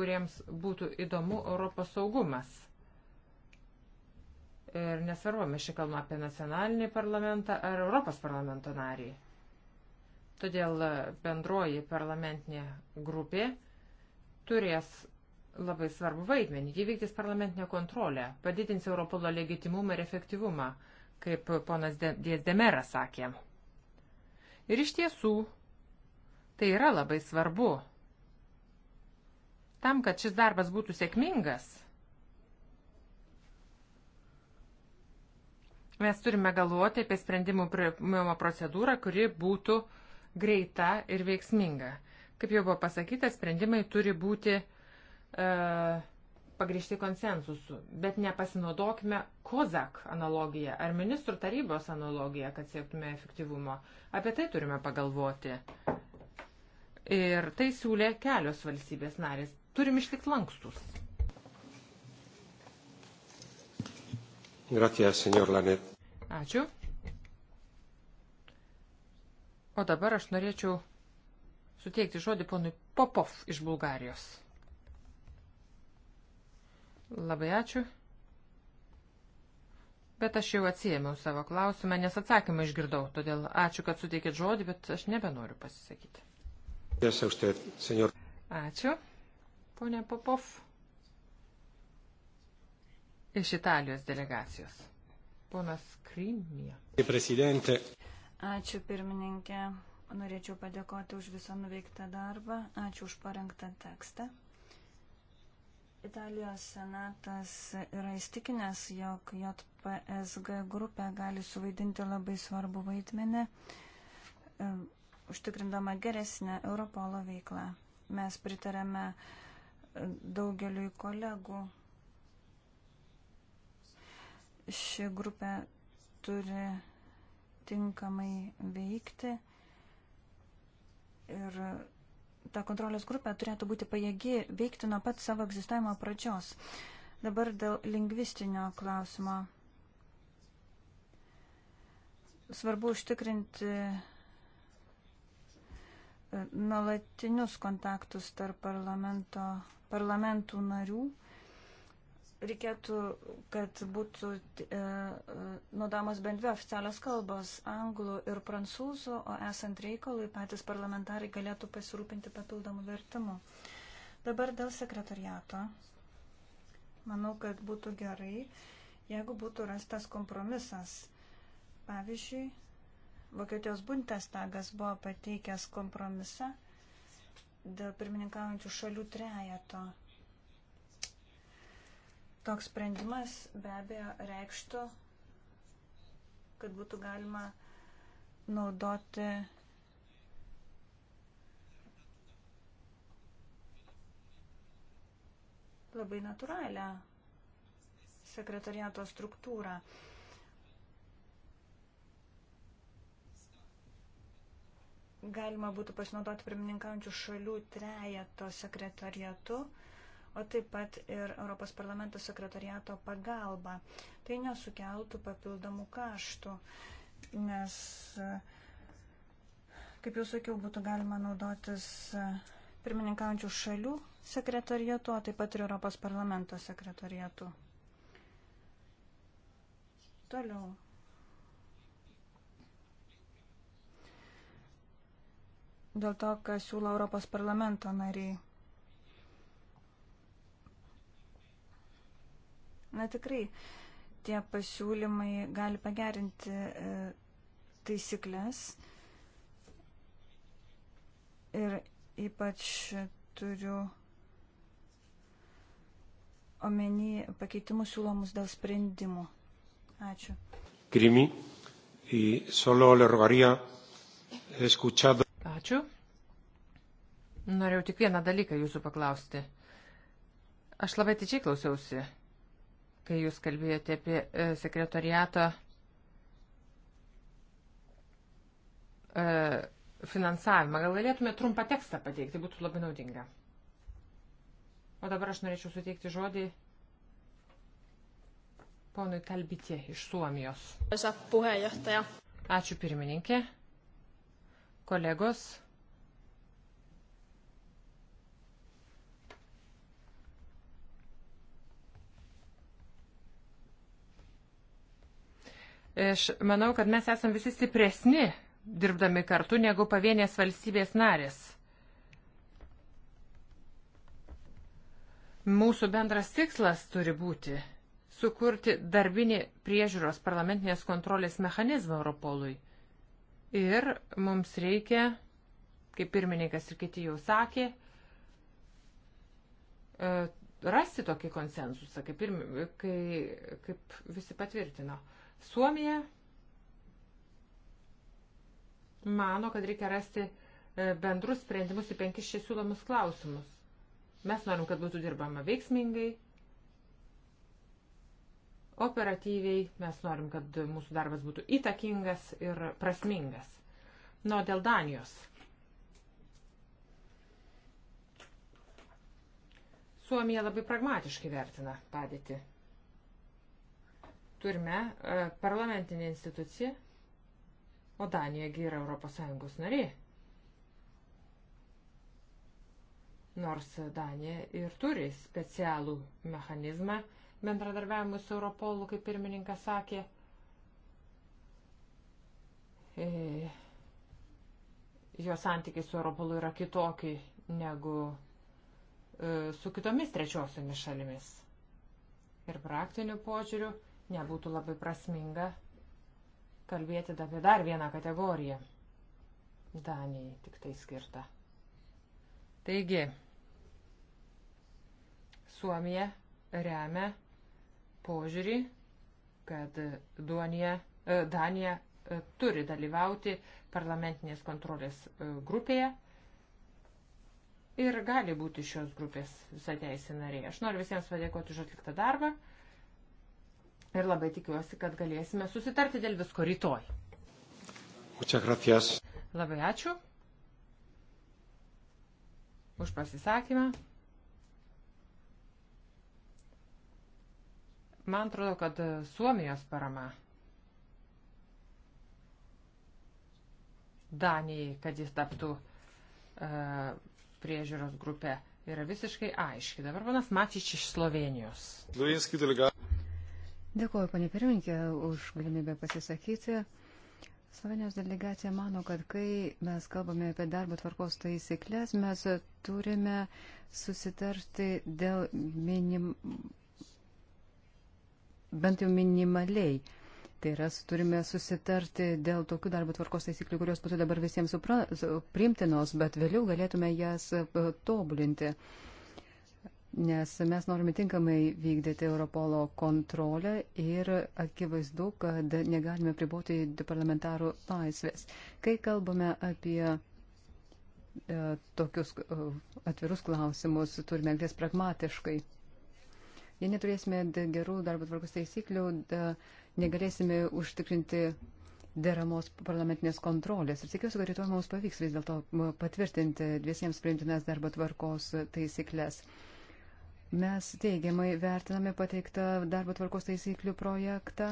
kuriems būtų įdomu Europos saugumas. Ir nesvarbu, mes čia kalbame apie nacionalinį parlamentą ar Europos parlamento narį. Todėl bendroji parlamentinė grupė turės labai svarbu vaidmenį. Jį vykdys parlamentinę kontrolę, padidins Europolo legitimumą ir efektyvumą, kaip ponas Diezdemeras sakė. Ir iš tiesų, tai yra labai svarbu. Tam, kad šis darbas būtų sėkmingas, mes turime galvoti apie sprendimų priimimo procedūrą, kuri būtų uh, greita ir veiksminga. Kaip jau buvo pasakyta, sprendimai turi būti e, pagrįžti konsensusu, bet nepasinaudokime kozak analogiją ar ministrų tarybos analogiją, kad siektume efektyvumo. Apie tai turime pagalvoti. Ir tai siūlė kelios valstybės narės. Turim išlikti lankstus. Gracias, señor Lanet. Ačiū. O dabar aš norėčiau suteikti žodį ponui Popov iš Bulgarijos. Labai ačiū. Bet aš jau atsijėmiau savo klausimą, nes atsakymą išgirdau, todėl ačiū, kad suteikėt žodį, bet aš nebenoriu pasisakyti. Ačiū, ponė Popov. Iš Italijos delegacijos. Ponas Krimija. Ačiū pirmininkė. Norėčiau padėkoti už visą nuveiktą darbą. Ačiū už parengtą tekstą. Italijos senatas yra įstikinęs, jog JPSG grupė gali suvaidinti labai svarbu vaidmenį, e, užtikrindama geresnę Europolo veiklą. Mes pritarėme e, daugeliui kolegų. Ši grupė turi tinkamai veikti. Ir ta kontrolės grupė turėtų būti pajėgi veikti nuo pat savo egzistavimo pradžios. Dabar dėl lingvistinio klausimo. Svarbu užtikrinti e, nuolatinius kontaktus tarp parlamento, parlamentų narių reikėtų, kad būtų e, e, naudojamos bent dvi oficialios kalbos - anglų ir prancūzų, o esant reikalui patys parlamentarai galėtų pasirūpinti papildomų vertimų. Dabar dėl sekretariato. Manau, kad būtų gerai, jeigu būtų rastas kompromisas. Pavyzdžiui, Vokietijos Bundestagas buvo pateikęs kompromisą dėl pirmininkaujančių šalių trejato Toks sprendimas be abejo reikštų, kad būtų galima naudoti labai natūralią sekretariato struktūrą. Galima būtų pasinaudoti pirmininkaujančių šalių trejato sekretariatu o taip pat ir Europos parlamento sekretariato pagalba. Tai nesukeltų papildomų kaštų, nes, kaip jau sakiau, būtų galima naudotis pirmininkaujančių šalių sekretariatu, o taip pat ir Europos parlamento sekretariatu. Toliau. Dėl to, ką siūlo Europos parlamento nariai. Na tikrai, tie pasiūlymai gali pagerinti e, taisyklės ir ypač turiu omeny pakeitimus siūlomus dėl sprendimų. Ačiū. Krimi, solo le rogaría escuchado. Ačiū. Norėjau tik vieną dalyką jūsų paklausti. Aš labai tyčiai klausiausi kai jūs kalbėjote apie e, sekretoriato e, finansavimą. Gal galėtume trumpą tekstą pateikti, būtų labai naudinga. O dabar aš norėčiau suteikti žodį ponui Talbitė iš Suomijos. Ačiū pirmininkė, kolegos. Aš manau, kad mes esame visi stipresni dirbdami kartu negu pavienės valstybės narės. Mūsų bendras tikslas turi būti sukurti darbinį priežiūros parlamentinės kontrolės mechanizmą Europolui. Ir mums reikia, kaip pirmininkas ir kiti jau sakė, e, rasti tokį konsensusą, kaip, ir, kai, kaip visi patvirtino. Suomija mano, kad reikia rasti e, bendrus sprendimus į penkis šis siūlomus klausimus. Mes norim, kad būtų dirbama veiksmingai, operatyviai, mes norim, kad mūsų darbas būtų įtakingas ir prasmingas. Nuo dėl Danijos. Suomija labai pragmatiškai vertina padėtį. Turime e, parlamentinę instituciją, o Danijagi yra ES narė. Nors Danija ir turi specialų mechanizmą bendradarbiavimui su Europolu, kaip pirmininkas sakė. E, jo santykiai su Europolu yra kitokie negu e, su kitomis trečiosiomis šalimis. Ir praktiniu požiūriu nebūtų labai prasminga kalbėti apie dar vieną kategoriją. Danijai tik tai skirta. Taigi, Suomija remia požiūrį, kad Duonija, e, Danija e, turi dalyvauti parlamentinės kontrolės e, grupėje ir gali būti šios grupės visą teisį nariai. Aš noriu visiems padėkoti už atliktą darbą. Ir labai tikiuosi, kad galėsime susitarti dėl visko rytoj. Labai ačiū už pasisakymą. Man atrodo, kad Suomijos parama Danijai, kad jis taptų uh, priežiūros grupę, yra visiškai aiški. Dabar panas Mačič iš Slovenijos. Dėkuoju, panė pirminkė, už galimybę pasisakyti. Slovenijos delegacija mano, kad kai mes kalbame apie darbo tvarkos taisyklės, mes turime susitarti dėl minim... bent jau minimaliai. Tai yra, turime susitarti dėl tokių darbo tvarkos taisyklių, kurios būtų dabar visiems supra... priimtinos, bet vėliau galėtume jas e, tobulinti. Uh, nes mes norime tinkamai vykdyti Europolo kontrolę ir akivaizdu, kad negalime priboti parlamentarų laisvės. Kai kalbame apie e, tokius e, atvirus klausimus, turime elgtis pragmatiškai. Jei neturėsime gerų darbo tvarkos taisyklių, de, negalėsime užtikrinti deramos parlamentinės kontrolės. Ir tikiuosi, kad rytoj mums pavyks vis dėlto patvirtinti visiems priimtinas darbo tvarkos taisyklės. Mes teigiamai vertiname pateiktą darbo tvarkos taisyklių projektą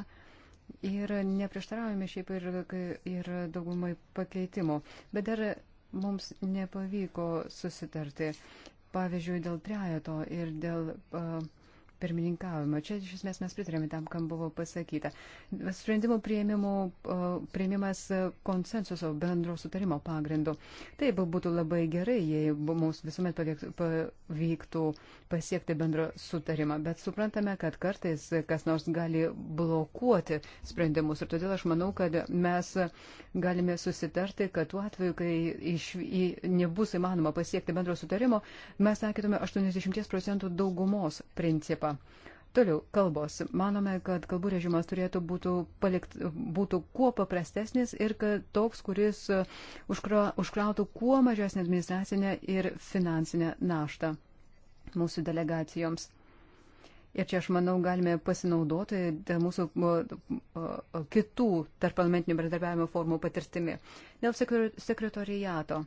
ir neprieštaraujame šiaip ir, ir daugumai pakeitimų. Bet dar mums nepavyko susitarti, pavyzdžiui, dėl trejato ir dėl uh, pirmininkavimą. Čia iš esmės mes pritarėme tam, kam buvo pasakyta. Sprendimo prieimimas e, konsensuso bendro sutarimo pagrindu. Taip būtų labai gerai, jei mums visuomet pavyktų pasiekti bendro sutarimą, bet suprantame, kad kartais kas nors gali blokuoti sprendimus ir todėl aš manau, kad mes galime susitarti, kad tuo atveju, kai iš, į, nebus įmanoma pasiekti bendro sutarimo, mes sakytume 80 procentų daugumos principą Europą. Toliau, kalbos. Manome, kad kalbų režimas turėtų būtų, palikt, būtų kuo paprastesnis ir kad toks, kuris e, užkra, užkrautų kuo mažesnį administracinę ir finansinę naštą mūsų delegacijoms. Ir čia, aš manau, galime pasinaudoti mūsų kitų tarpalamentinio bendradarbiavimo formų patirtimi. Dėl sekretorijato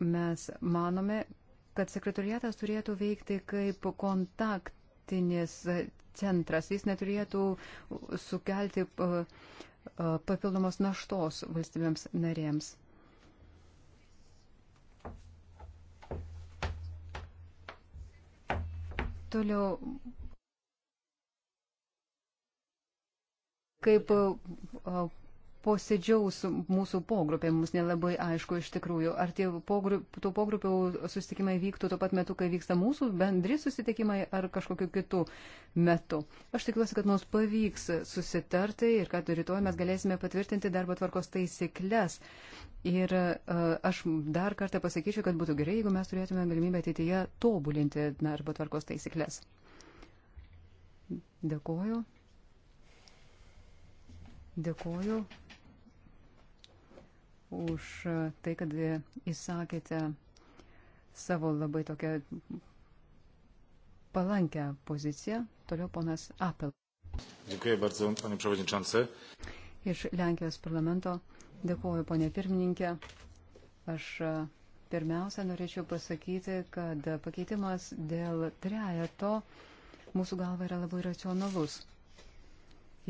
mes manome, kad sekretorijatas turėtų veikti kaip kontakt nuolatinis centras. Jis neturėtų sukelti uh, uh, papildomos naštos valstybėms narėms. Toliau kaip uh, posėdžiaus mūsų pogrupė, mums nelabai aišku iš tikrųjų, ar tie pogrup, tų pogrupių susitikimai vyktų tuo pat metu, kai vyksta mūsų bendri susitikimai ar kažkokiu kitu metu. Aš tikiuosi, kad mums pavyks susitarti ir kad rytoj mes galėsime patvirtinti darbo tvarkos taisyklės. Ir e, aš dar kartą pasakyčiau, kad būtų gerai, jeigu mes turėtume galimybę ateityje tobulinti darbo tvarkos taisyklės. Dėkuoju. Dėkuoju už e, tai, kad įsakėte e, savo labai tokią palankę poziciją. Toliau ponas Apel. Dėkuoju bardzo, panie przewodniczący. Iš Lenkijos parlamento dėkuoju, ponė pirmininkė. Aš e, pirmiausia norėčiau pasakyti, kad pakeitimas dėl trejato mūsų galva yra labai racionalus.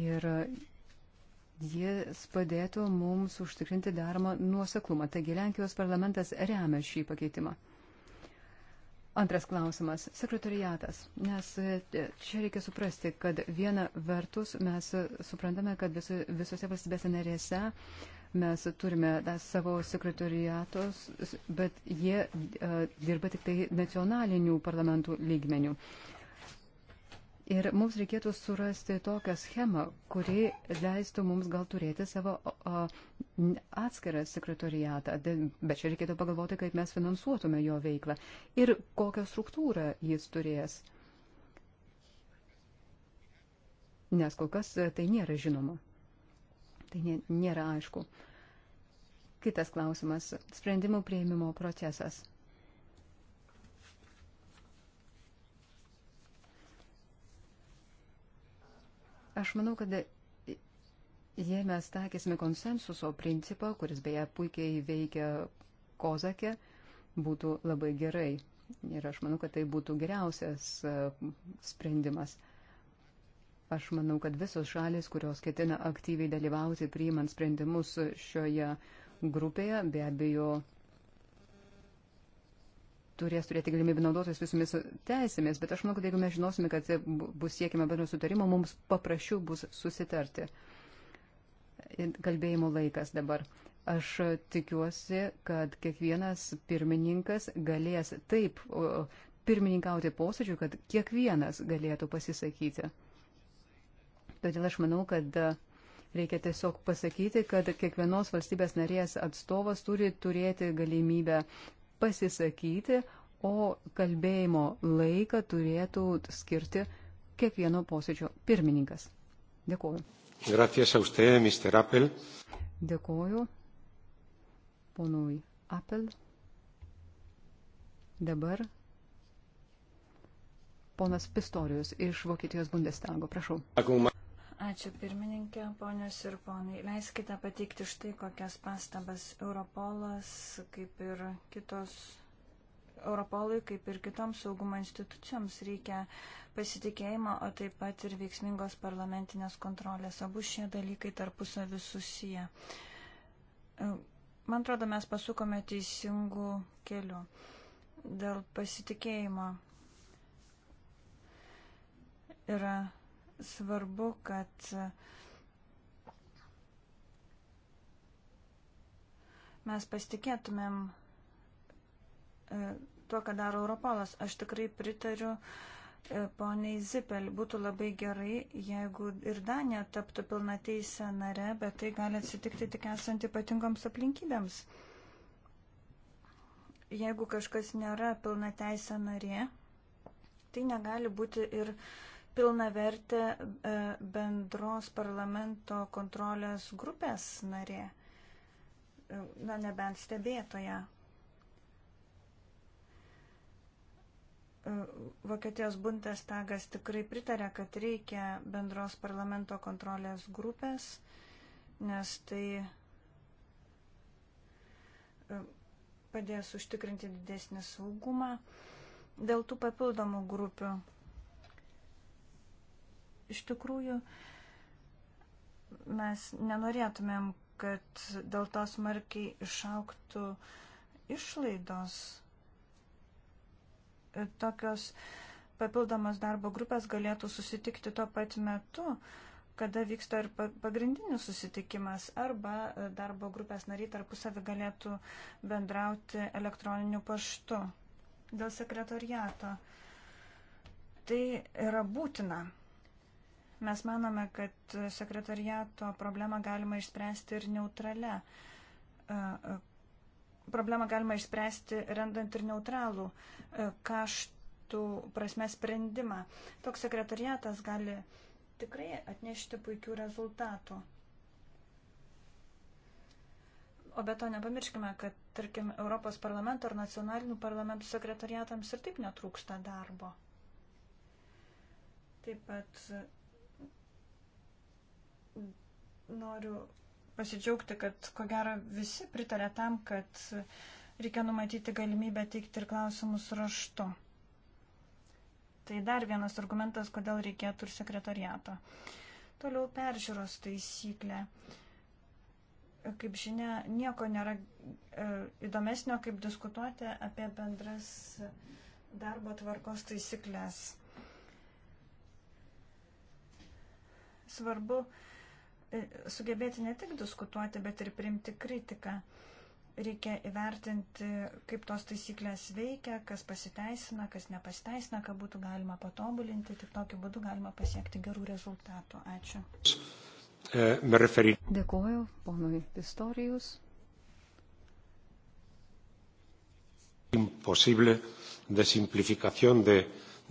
Ir jis padėtų mums užtikrinti daromą nuoseklumą. Taigi Lenkijos parlamentas remia šį pakeitimą. Antras klausimas - sekretariatas. Nes e, čia reikia suprasti, kad viena vertus mes suprantame, kad vis, visose valstybėse narėse mes turime da, savo sekretariatos, bet jie a, e, dirba tik tai nacionalinių parlamentų lygmenių. Ir mums reikėtų surasti tokią schemą, kuri leistų mums gal turėti savo a, atskirą sekretoriatą, bet čia reikėtų pagalvoti, kaip mes finansuotume jo veiklą ir kokią struktūrą jis turės. Nes kol kas e, tai nėra žinoma. Tai nė, nėra aišku. Kitas klausimas - sprendimų prieimimo procesas. Aš manau, kad jei mes takėsime konsensuso principą, kuris beje puikiai veikia Kozakė, būtų labai gerai. Ir aš manau, kad tai būtų geriausias e, sprendimas. Aš manau, kad visos šalis, kurios ketina aktyviai dalyvauti priimant sprendimus šioje grupėje, be abejo, turės turėti galimybę naudotis visomis teisėmis, bet aš manau, kad jeigu mes žinosime, kad bus siekime bendro sutarimo, mums paprasčiau bus susitarti. Kalbėjimo laikas dabar. Aš tikiuosi, kad kiekvienas pirmininkas galės taip pirmininkauti posėdžių, kad kiekvienas galėtų pasisakyti. Todėl aš manau, kad e, reikia tiesiog pasakyti, kad kiekvienos valstybės narės atstovas turi turėti galimybę pasisakyti, o kalbėjimo laiką turėtų skirti kiekvieno posėdžio pirmininkas. Dėkuoju. Gracias a usted, Mr. Apple. Dėkuoju ponui Apple. Dabar ponas Pistorijus iš Vokietijos Bundestago. Prašau. Ačiū pirmininkė, ponios ir ponai. Leiskite pateikti štai kokias pastabas Europolas, kaip ir kitos. Europolui, kaip ir kitoms saugumo institucijoms, reikia pasitikėjimo, o taip pat ir veiksmingos parlamentinės kontrolės. Abu šie dalykai tarpusavį susiję. Man atrodo, mes pasukome teisingų kelių dėl pasitikėjimo. Yra svarbu, kad mes pasitikėtumėm e, tuo, ką daro Europolas. Aš tikrai pritariu e, poniai Zipel. Būtų labai gerai, jeigu ir Danija taptų pilna teisė nare, bet tai gali atsitikti tik esant ypatingoms aplinkybėms. Jeigu kažkas nėra pilna teisė narė, tai negali būti ir uh, pilna vertė e, bendros parlamento kontrolės grupės narė, e, na nebent stebėtoja. E, Vokietijos Bundestagas tikrai pritarė, kad reikia bendros parlamento kontrolės grupės, nes tai padės užtikrinti didesnį saugumą dėl tų papildomų grupių Iš tikrųjų, mes nenorėtumėm, kad dėl to smarkiai išauktų išlaidos. Tokios papildomas darbo grupės galėtų susitikti tuo pat metu, kada vyksta ir pagrindinis susitikimas, arba e, darbo grupės nariai tarpusavį galėtų bendrauti elektroniniu paštu dėl sekretoriato. Tai yra būtina. Mes manome, kad sekretariato problemą galima išspręsti ir neutrale. Problemą galima išspręsti rendant ir neutralų kaštų prasme sprendimą. Toks sekretariatas gali tikrai atnešti puikių rezultatų. O be to nepamirškime, kad, tarkim, Europos parlamento ar nacionalinių parlamentų sekretariatams ir taip netrūksta darbo. Taip pat noriu pasidžiaugti, kad ko gero visi pritarė tam, kad reikia numatyti galimybę teikti ir klausimus raštu. Tai dar vienas argumentas, kodėl reikėtų ir sekretariato. Toliau peržiūros taisyklė. Kaip žinia, nieko nėra e, įdomesnio, kaip diskutuoti apie bendras darbo tvarkos taisyklės. Svarbu, E, sugebėti ne tik diskutuoti, bet ir priimti kritiką. Reikia įvertinti, kaip tos taisyklės veikia, kas pasiteisina, kas nepasiteisina, ką būtų galima patobulinti. Tik tokiu būdu galima pasiekti gerų rezultatų. Ačiū. E, Dėkuoju ponui Pistorijus. Imposible de simplificación de,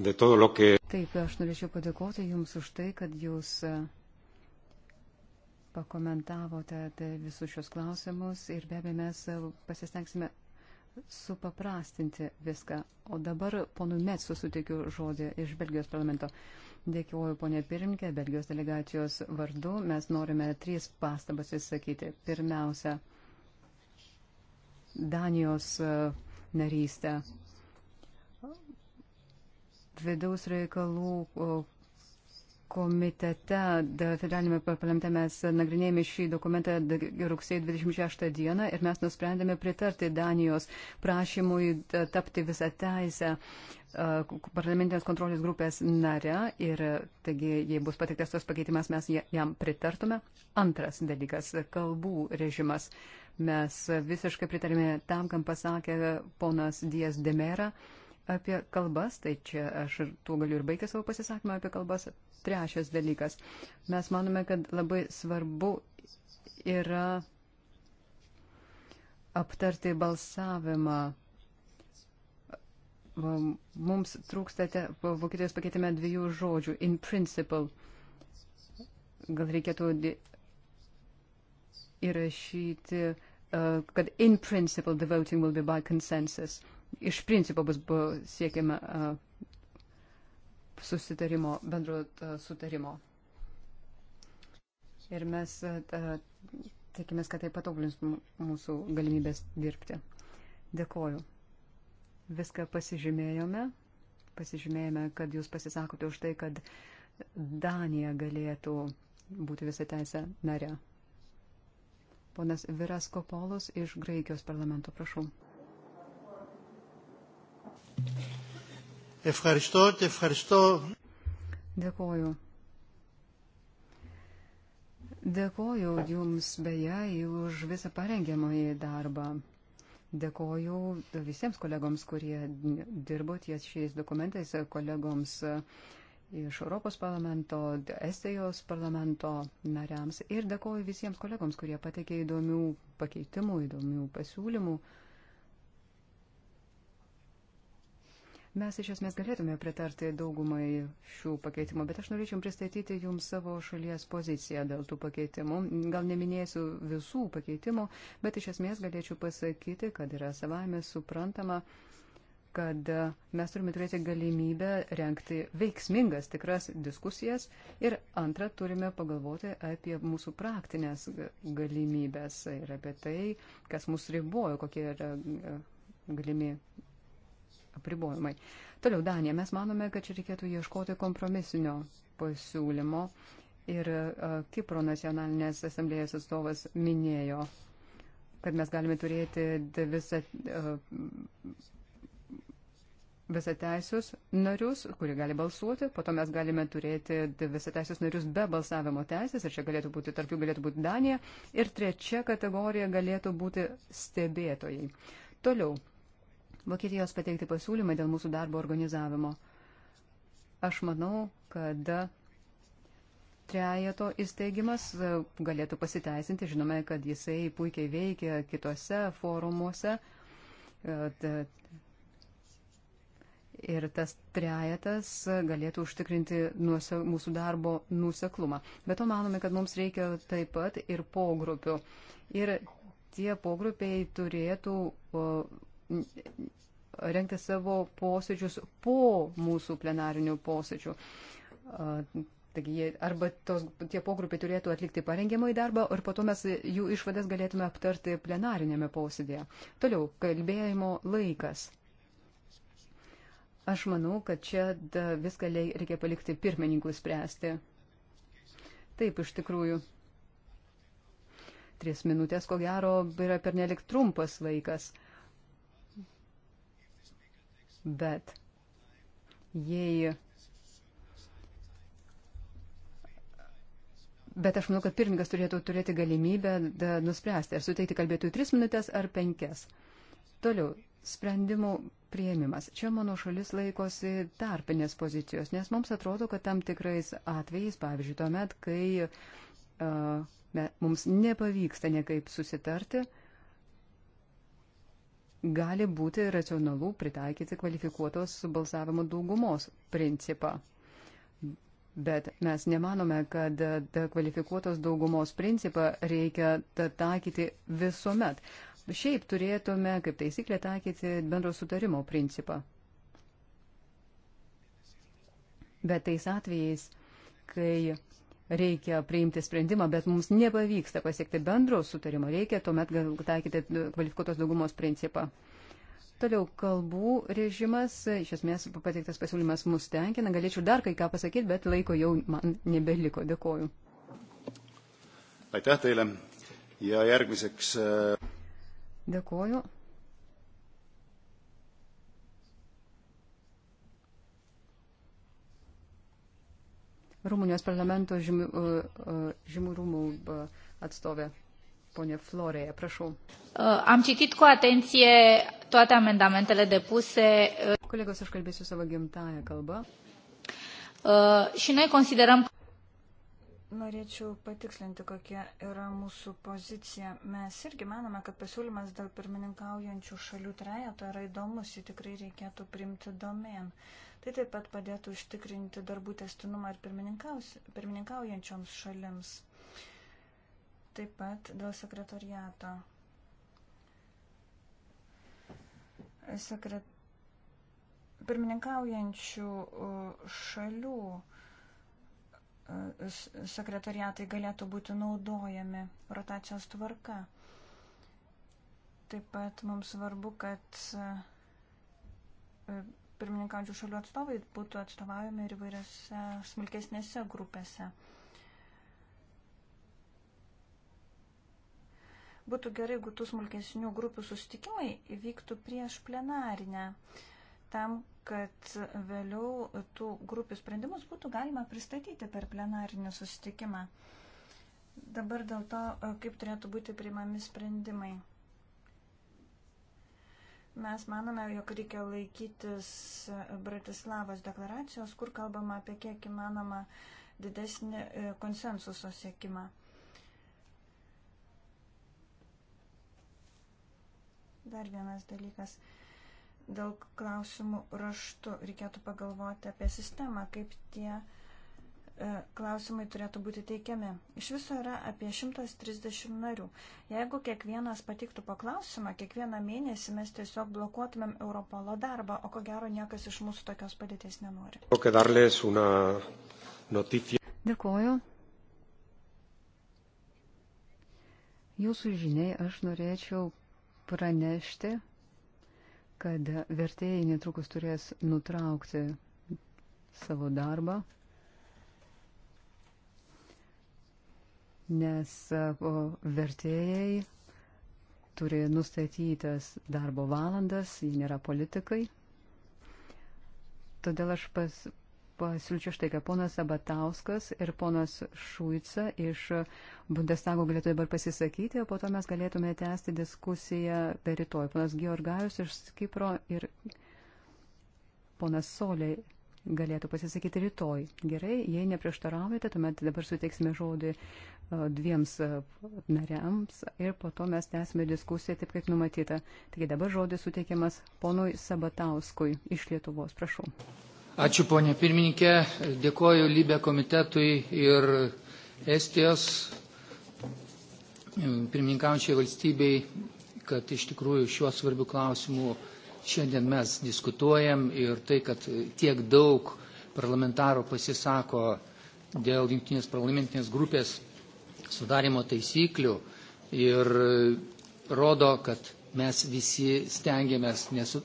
de todo lo que. Taip, aš norėčiau padėkoti Jums už tai, kad Jūs. Uh, pakomentavote tai visus šios klausimus ir be abejo mes pasistengsime supaprastinti viską. O dabar ponui Metsu suteikiu žodį iš Belgijos parlamento. Dėkuoju, ponė pirmininkė, Belgijos delegacijos vardu. Mes norime trys pastabas įsakyti. Pirmiausia, Danijos e, narystę. Vidaus reikalų komitete, federalinėme parlamente mes nagrinėjame šį dokumentą rugsėjo 26 dieną ir mes nusprendėme pritarti Danijos prašymui tapti visą teisę parlamentinės kontrolės grupės nare ir taigi, jei bus patiktas tos pakeitimas, mes jam pritartume. Antras dalykas - kalbų režimas. Mes visiškai pritarėme tam, kam pasakė ponas Dijas Demera apie kalbas, tai čia aš ir tuo galiu ir baigti savo pasisakymą apie kalbas, Trečias dalykas. Mes manome, kad labai svarbu yra aptarti balsavimą. Mums trūkstate Vokietijos pakeitime dviejų žodžių. In principle. Gal reikėtų įrašyti, e, kad in principle the voting will be by consensus. Iš principo bus siekiama e, susitarimo, bendro sutarimo. Ir mes tikimės, kad tai patobulins mūsų galimybės dirbti. Dėkoju. Viską pasižymėjome. Pasižymėjome, kad jūs pasisakote už tai, kad Danija galėtų būti visą teisę nare. Ponas Virasko Polos iš Graikijos parlamento, prašau. Ευχαριστώ και ευχαριστώ. Dėkoju. Dėkoju Jums beje už visą parengiamąjį darbą. Dėkoju visiems kolegoms, kurie dirbo ties šiais dokumentais, kolegoms iš Europos parlamento, Estijos parlamento nariams ir dėkoju visiems kolegoms, kurie pateikė įdomių pakeitimų, įdomių pasiūlymų. Mes iš esmės galėtume pritarti daugumai šių pakeitimų, bet aš norėčiau pristatyti Jums savo šalies poziciją dėl tų pakeitimų. Gal neminėsiu visų pakeitimų, bet iš esmės galėčiau pasakyti, kad yra savame suprantama, kad mes turime turėti galimybę renkti veiksmingas tikras diskusijas ir antra, turime pagalvoti apie mūsų praktinės galimybės ir apie tai, kas mus ribojo, kokie yra e, galimi apribojimai. Toliau, Danija, mes manome, kad čia reikėtų ieškoti kompromisinio pasiūlymo ir uh, Kipro nacionalinės asamblėjos atstovas minėjo, kad mes galime turėti visą. Uh, visateisius narius, kurie gali balsuoti, po to mes galime turėti visateisius narius be balsavimo teisės, ir čia galėtų būti, tarp jų galėtų būti Danija, ir trečia kategorija galėtų būti stebėtojai. Toliau, Vokietijos pateikti pasiūlymai dėl mūsų darbo organizavimo. Aš manau, kad trejato įsteigimas e, galėtų pasiteisinti. Žinome, kad jisai puikiai veikia kitose forumuose. E, ir tas trejetas galėtų užtikrinti nuose, mūsų darbo nuseklumą. Bet to manome, kad mums reikia taip pat ir pogrupių. Ir tie pogrupiai turėtų rengti savo posėdžius po mūsų plenarinių posėdžių. Taigi jie, arba tos, tie pogrupiai turėtų atlikti parengiamąjį darbą ir po to mes jų išvadas galėtume aptarti plenarinėme posėdėje. Toliau, kalbėjimo laikas. Aš manau, kad čia viską reikia palikti pirmininkui spręsti. Taip, iš tikrųjų. Tris minutės, ko gero, yra pernelik trumpas laikas. Bet jei. Bet aš manau, kad pirmininkas turėtų turėti galimybę nuspręsti, ar suteikti kalbėtojų 3 minutės ar 5. Toliau, sprendimų prieimimas. Čia mano šalis laikosi tarpinės pozicijos, nes mums atrodo, kad tam tikrais atvejais, pavyzdžiui, tuomet, kai uh, mums nepavyksta nekaip susitarti, uh, gali būti racionalu pritaikyti kvalifikuotos balsavimo daugumos principą. Bet mes nemanome, kad kvalifikuotos daugumos principą reikia taikyti visuomet. Šiaip turėtume, kaip taisyklė, taikyti bendro sutarimo principą. Bet tais atvejais, kai reikia priimti sprendimą, bet mums nepavyksta pasiekti bendro sutarimo, reikia tuomet gal taikyti kvalifikuotos daugumos principą. Toliau kalbų režimas, iš esmės pateiktas pasiūlymas mus tenkina, galėčiau dar kai ką pasakyti, bet laiko jau man nebeliko. Dėkoju. Aitäh teile ja järgmiseks. Äh, Dėkoju. Rumunijos parlamento žymių, e, e, žymių rūmų e, atstovė. Pone Floreja, prašau. Am citit cu atenție toate amendamentele depuse. Kolegos, aš kalbėsiu savo gimtają kalbą. Și noi considerăm Norėčiau patikslinti, kokia yra mūsų pozicija. Mes irgi manome, kad pasiūlymas dėl pirmininkaujančių šalių trejato yra įdomus, jį tikrai reikėtų primti domėm. Uh, Tai taip pat padėtų užtikrinti darbų testinumą ir pirmininkaujančioms šalims. Taip pat dėl sekretoriato. Sekret... Pirmininkaujančių šalių sekretariatai galėtų būti naudojami rotacijos tvarka. Taip pat mums svarbu, kad pirmininkaujančių šalių atstovai būtų atstovaujami ir įvairiose smulkesnėse grupėse. Būtų gerai, jeigu tų smulkesnių grupių sustikimai įvyktų prieš plenarinę, tam, kad vėliau tų grupių sprendimus būtų galima pristatyti per plenarinį sustikimą. Dabar dėl to, kaip turėtų būti priimami sprendimai. Mes manome, jog reikia laikytis Bratislavos deklaracijos, kur kalbama apie kiek įmanoma didesnį e, konsensuso siekimą. Dar vienas dalykas. Dėl klausimų raštų reikėtų pagalvoti apie sistemą, kaip tie uh, E, klausimai turėtų būti teikiami. Iš viso yra apie 130 narių. Jeigu kiekvienas patiktų paklausimą, kiekvieną mėnesį mes tiesiog blokuotumėm Europolo darbą, o ko gero niekas iš mūsų tokios padėties nenori. Dėkuoju. Jūsų žiniai aš norėčiau pranešti, kad vertėjai netrukus turės nutraukti savo darbą. nes e, vertėjai turi nustatytas darbo valandas, jie nėra politikai. Todėl aš pas, pasiūlyčiau štai, kad ponas Abatauskas ir ponas Šuica iš Bundestago galėtų dabar pasisakyti, o po to mes galėtume tęsti diskusiją per rytoj. Ponas Georgajus iš Kipro ir ponas Soliai galėtų pasisakyti rytoj. Gerai, jei neprieštaraujate, tuomet dabar suteiksime žodį e, dviems e, nariams ir po to mes tęsime diskusiją taip, kaip numatyta. Taigi dabar žodis suteikiamas ponui Sabatauskui iš Lietuvos. Prašau. Ačiū, ponė pirmininkė. Dėkoju Libė komitetui ir Estijos pirmininkaujančiai valstybei, kad iš tikrųjų šiuo svarbiu klausimu šiandien mes diskutuojam ir tai, kad tiek daug parlamentarų pasisako dėl jungtinės parlamentinės grupės sudarimo taisyklių ir rodo, kad mes visi stengiamės nesu,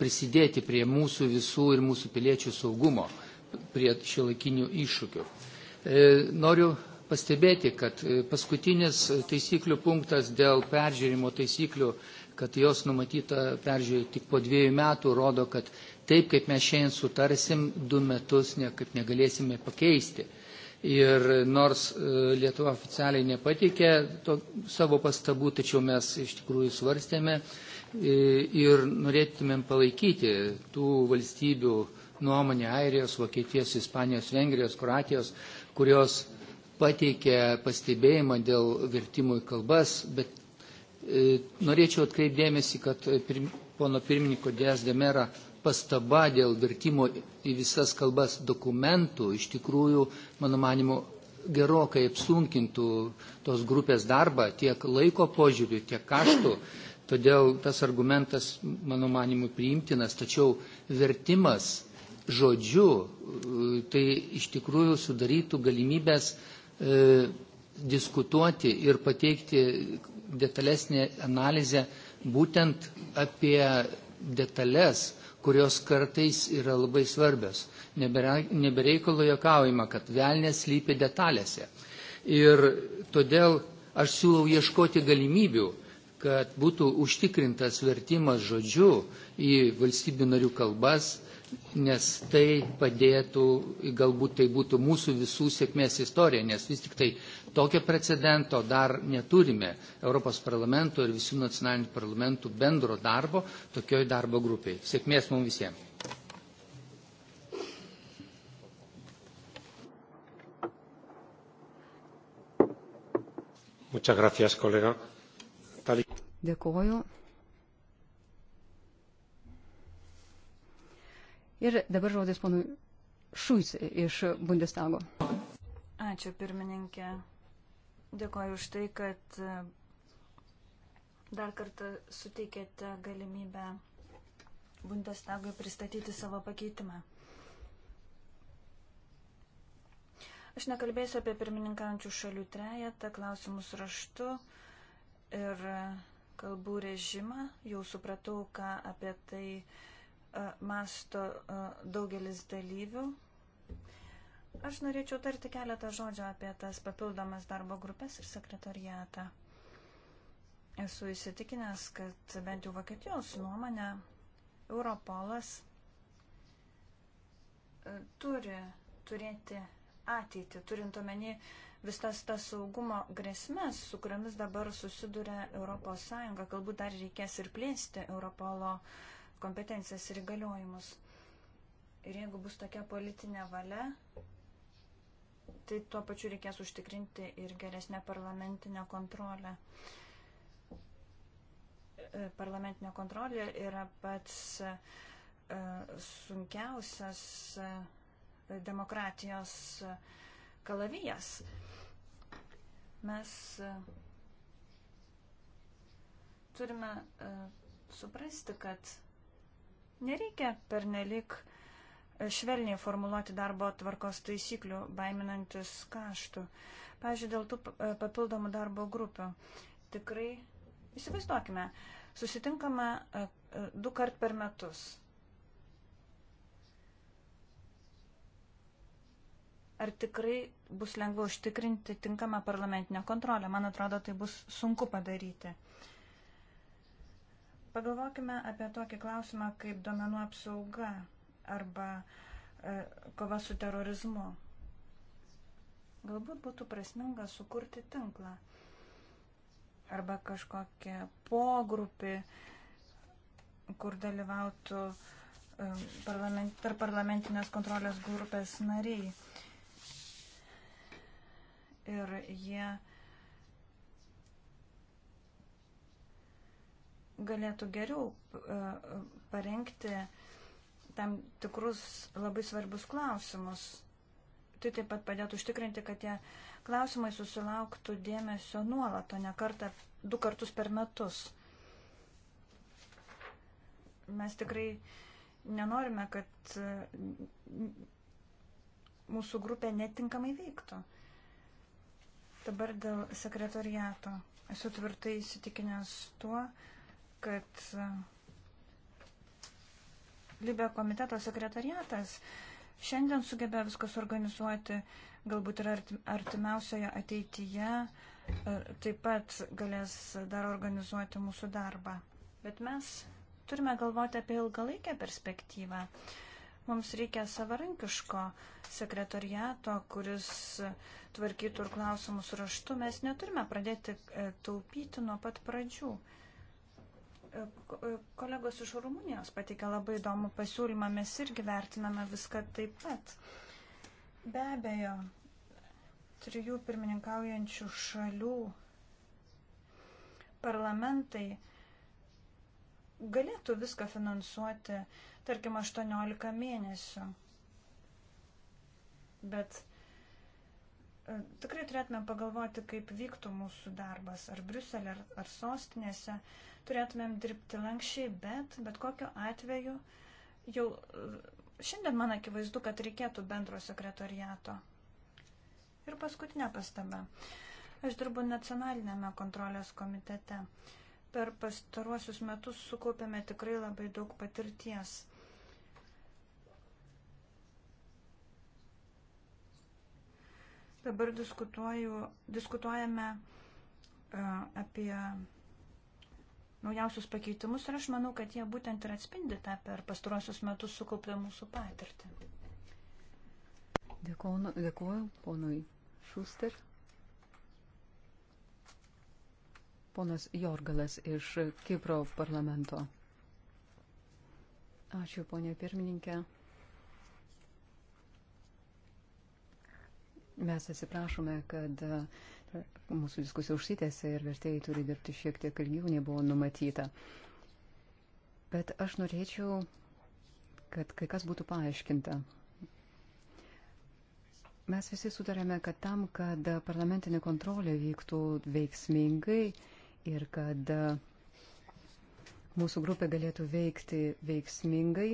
prisidėti prie mūsų visų ir mūsų piliečių saugumo, prie šiolakinių iššūkių. E, noriu pastebėti, kad e, paskutinis taisyklių punktas dėl peržiūrimo taisyklių kad jos numatyta peržiūrėti tik po dviejų metų, rodo, kad taip, kaip mes šiandien sutarsim, du metus niekaip negalėsime pakeisti. Ir nors e, Lietuva oficialiai nepatikė to, savo pastabų, tačiau mes iš tikrųjų svarstėme e, ir norėtumėm palaikyti tų valstybių nuomonę Airijos, Vokietijos, Ispanijos, Vengrijos, Kroatijos, kurios pateikė pastebėjimą dėl vertimų į kalbas, bet E, norėčiau atkreipdėmėsi, kad e, pirm, pono pirmininko Dės Demera pastaba dėl vertimo į visas kalbas dokumentų iš tikrųjų, mano manimo, gerokai apsunkintų tos grupės darbą tiek laiko požiūrių, tiek kaštų. Todėl tas argumentas, mano manimu, priimtinas, tačiau vertimas žodžiu e, tai iš tikrųjų sudarytų galimybės e, diskutuoti ir pateikti detalesnė analizė būtent apie detalės, kurios kartais yra labai svarbios. Nebereikalo jokaujama, kad velnės lypi detalėse. Ir todėl aš siūlau ieškoti galimybių, kad būtų užtikrintas vertimas žodžių į valstybių narių kalbas, nes tai padėtų, galbūt tai būtų mūsų visų sėkmės istorija, nes vis tik tai tokio precedento dar neturime Europos parlamento ir visų nacionalinių parlamentų bendro darbo tokioj darbo grupiai. Sėkmės mums visiems. Muchas gracias, colega. Tal... Dėkuoju. Ir dabar žodis ponui Šuis iš Bundestago. Ačiū pirmininkė. Dėkoju už tai, kad e, dar kartą suteikėte galimybę Bundestagui pristatyti savo pakeitimą. Aš nekalbėsiu apie pirmininkaujančių šalių trejetą, klausimus raštu ir e, kalbų režimą. Jau supratau, ką apie tai uh, E, masto e, daugelis dalyvių. Aš norėčiau tarti keletą žodžių apie tas papildomas darbo grupės ir sekretariatą. Esu įsitikinęs, kad bent jau Vokietijos nuomonė Europolas e, turi turėti ateitį, turint omeny visas tas saugumo grėsmės, su kuriomis dabar susiduria ES, galbūt dar reikės ir plėsti Europolo uh, kompetencijas ir įgaliojimus. Ir jeigu bus tokia politinė valia, tai tuo pačiu reikės užtikrinti ir geresnę parlamentinę kontrolę. E, parlamentinė kontrolė yra pats e, sunkiausias e, demokratijos kalavijas. Mes turime suprasti, kad Nereikia pernelik e, švelniai formuluoti darbo tvarkos taisyklių, baiminantis kaštų. Pavyzdžiui, dėl tų e, papildomų darbo grupių. Tikrai įsivaizduokime, susitinkame e, du kart per metus. Ar tikrai bus lengva užtikrinti tinkamą parlamentinę kontrolę? Man atrodo, tai bus sunku padaryti. Pagalvokime apie tokį klausimą kaip domenų apsauga arba e, kova su terorizmu. Galbūt būtų prasminga sukurti tinklą arba kažkokią pogrupį, kur dalyvautų e, parlament, tarp parlamentinės kontrolės grupės nariai. Ir jie galėtų geriau e, parengti tam tikrus labai svarbus klausimus. Tai taip pat padėtų užtikrinti, kad tie klausimai susilauktų dėmesio nuolato, ne kartą, du kartus per metus. Mes tikrai nenorime, kad e, mūsų grupė netinkamai veiktų. Dabar dėl sekretoriato esu tvirtai įsitikinęs tuo, kad kad Libė komiteto sekretariatas šiandien sugebė viskas organizuoti, galbūt ir artimiausioje ateityje e, taip pat galės dar organizuoti mūsų darbą. Bet mes turime galvoti apie ilgalaikę perspektyvą. Mums reikia savarankiško sekretariato, kuris tvarkytų ir klausimus raštu. Mes neturime pradėti e, taupyti nuo pat pradžių. Kolegos iš Rumunijos pateikė labai įdomų pasiūlymą, mes irgi vertiname viską taip pat. Be abejo, trijų pirmininkaujančių šalių parlamentai galėtų viską finansuoti, tarkim, 18 mėnesių. Bet E, tikrai turėtumėm pagalvoti, kaip vyktų mūsų darbas ar Briuselė, ar, ar sostinėse. Turėtumėm dirbti lankščiai, bet bet kokiu atveju jau e, šiandien man akivaizdu, kad reikėtų bendro sekretoriato. Ir paskutinė pastaba. Aš dirbu nacionalinėme kontrolės komitete. Per pastaruosius metus sukaupėme tikrai labai daug patirties. Dabar diskutuojame e, apie naujausius pakeitimus ir aš manau, kad jie būtent ir atspindi tą per pastaruosius metus sukauptą mūsų patirtį. Dėkuoju, nu, dėkuoju ponui Šuster. Ponas Jorgalas iš Kipro parlamento. Ačiū, ponė pirmininkė. Mes atsiprašome, kad e, mūsų diskusija užsitęsė ir vertėjai turi dirbti šiek tiek ilgiau, nei buvo numatyta. Bet aš norėčiau, kad kai kas būtų paaiškinta. Mes visi sutarėme, kad tam, kad parlamentinė kontrolė vyktų veiksmingai ir kad e, mūsų grupė galėtų veikti veiksmingai,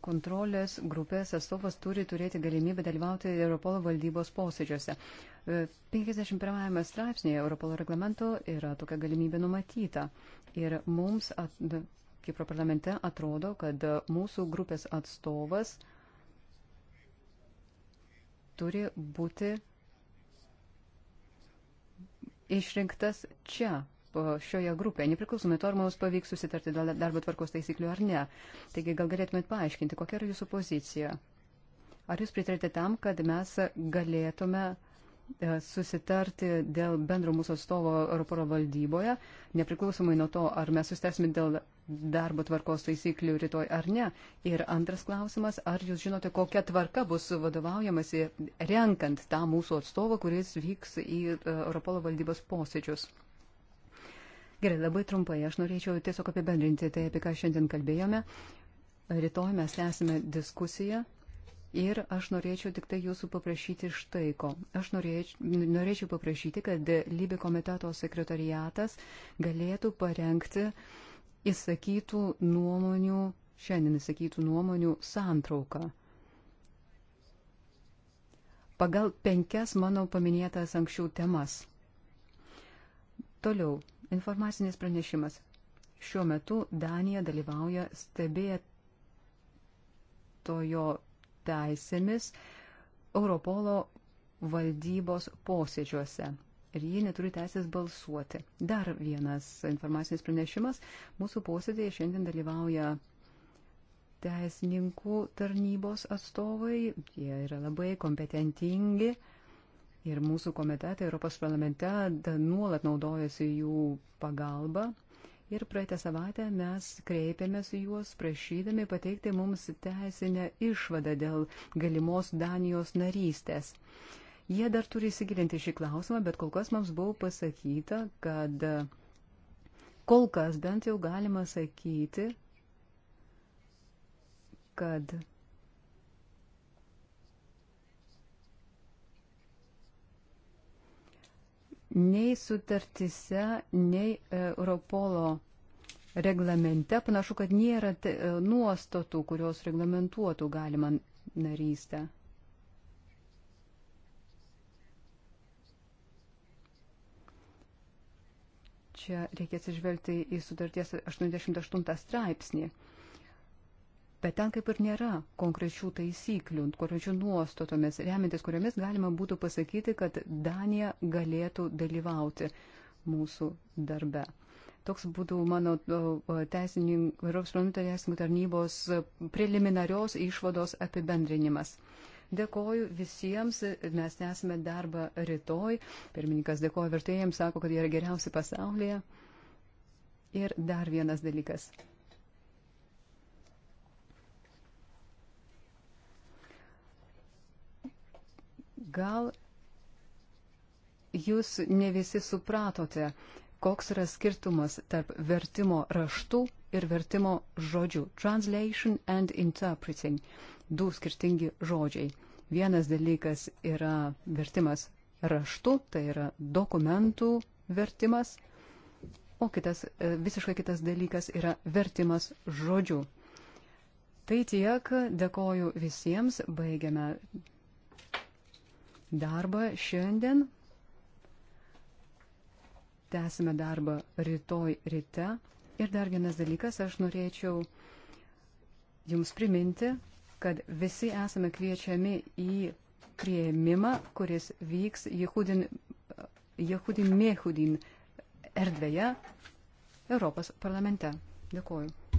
kontrolės grupės atstovas turi turėti galimybę dalyvauti Europolo valdybos posėdžiuose. 51 e, straipsnėje Europolo reglamento yra tokia galimybė numatyta. Ir mums, at, kaip parlamente, atrodo, kad mūsų grupės atstovas turi būti išrinktas čia, šioje grupėje, nepriklausomai to, ar mums pavyks susitarti dėl darbo tvarkos taisyklių ar ne. Taigi gal galėtumėt paaiškinti, kokia yra jūsų pozicija? Ar jūs pritarėte tam, kad mes galėtume e, susitarti dėl bendro mūsų atstovo Europoro valdyboje, nepriklausomai nuo to, ar mes susitarsime dėl darbo tvarkos taisyklių rytoj ar ne. Ir antras klausimas, ar jūs žinote, kokia tvarka bus vadovaujamasi renkant tą mūsų atstovą, kuris vyks į e, Europolo valdybos posėdžius? Gerai, labai trumpai, aš norėčiau tiesiog apibendrinti tai, apie ką šiandien kalbėjome. Rytoj mes tęsime diskusiją ir aš norėčiau tik tai jūsų paprašyti štai ko. Aš norėčiau, norėčiau paprašyti, kad Lybė komiteto sekretariatas galėtų parengti įsakytų nuomonių, šiandien įsakytų nuomonių santrauką pagal penkias mano paminėtas anksčiau temas. Toliau, Informacinis pranešimas. Šiuo metu Danija dalyvauja stebėtojo teisėmis Europolo valdybos posėdžiuose ir ji neturi teisės balsuoti. Dar vienas informacinis pranešimas. Mūsų posėdėje šiandien dalyvauja teisininkų tarnybos atstovai. Jie yra labai kompetentingi. Uh, Ir mūsų komitetai Europos parlamente nuolat naudojasi jų pagalba. Ir praeitą savaitę mes kreipėmės į juos prašydami pateikti mums teisinę išvadą dėl galimos Danijos narystės. Jie dar turi įsigilinti šį klausimą, bet kol kas mums buvo pasakyta, kad kol kas bent jau galima sakyti, kad nei sutartise, nei e, Europolo reglamente. Panašu, kad nėra e, nuostatų, kurios reglamentuotų galimą narystę. Čia reikia atsižvelgti į sutarties 88 straipsnį. Bet ten kaip ir nėra konkrečių taisyklių, konkrečių nuostatomis, remintis kuriomis galima būtų pasakyti, kad Danija galėtų dalyvauti mūsų darbe. Toks būtų mano teisininkų ir apsprendimų teisininkų tarnybos preliminarios išvados apibendrinimas. Dėkoju visiems, mes nesame darbą rytoj. Pirmininkas dėkoja vertėjams, sako, kad jie yra geriausi pasaulyje. Ir dar vienas dalykas. Gal jūs ne visi supratote, koks yra skirtumas tarp vertimo raštų ir vertimo žodžių. Translation and interpreting. Du skirtingi žodžiai. Vienas dalykas yra vertimas raštu, tai yra dokumentų vertimas, o kitas, e, visiškai kitas dalykas yra vertimas žodžių. Tai tiek, dėkoju visiems, baigiame darbą šiandien. Tęsime darbą rytoj ryte. Ir dar vienas dalykas, aš norėčiau Jums priminti, kad visi esame kviečiami į prieimimą, kuris vyks Jehudin, Jehudin Mehudin erdvėje Europos parlamente. Dėkuoju.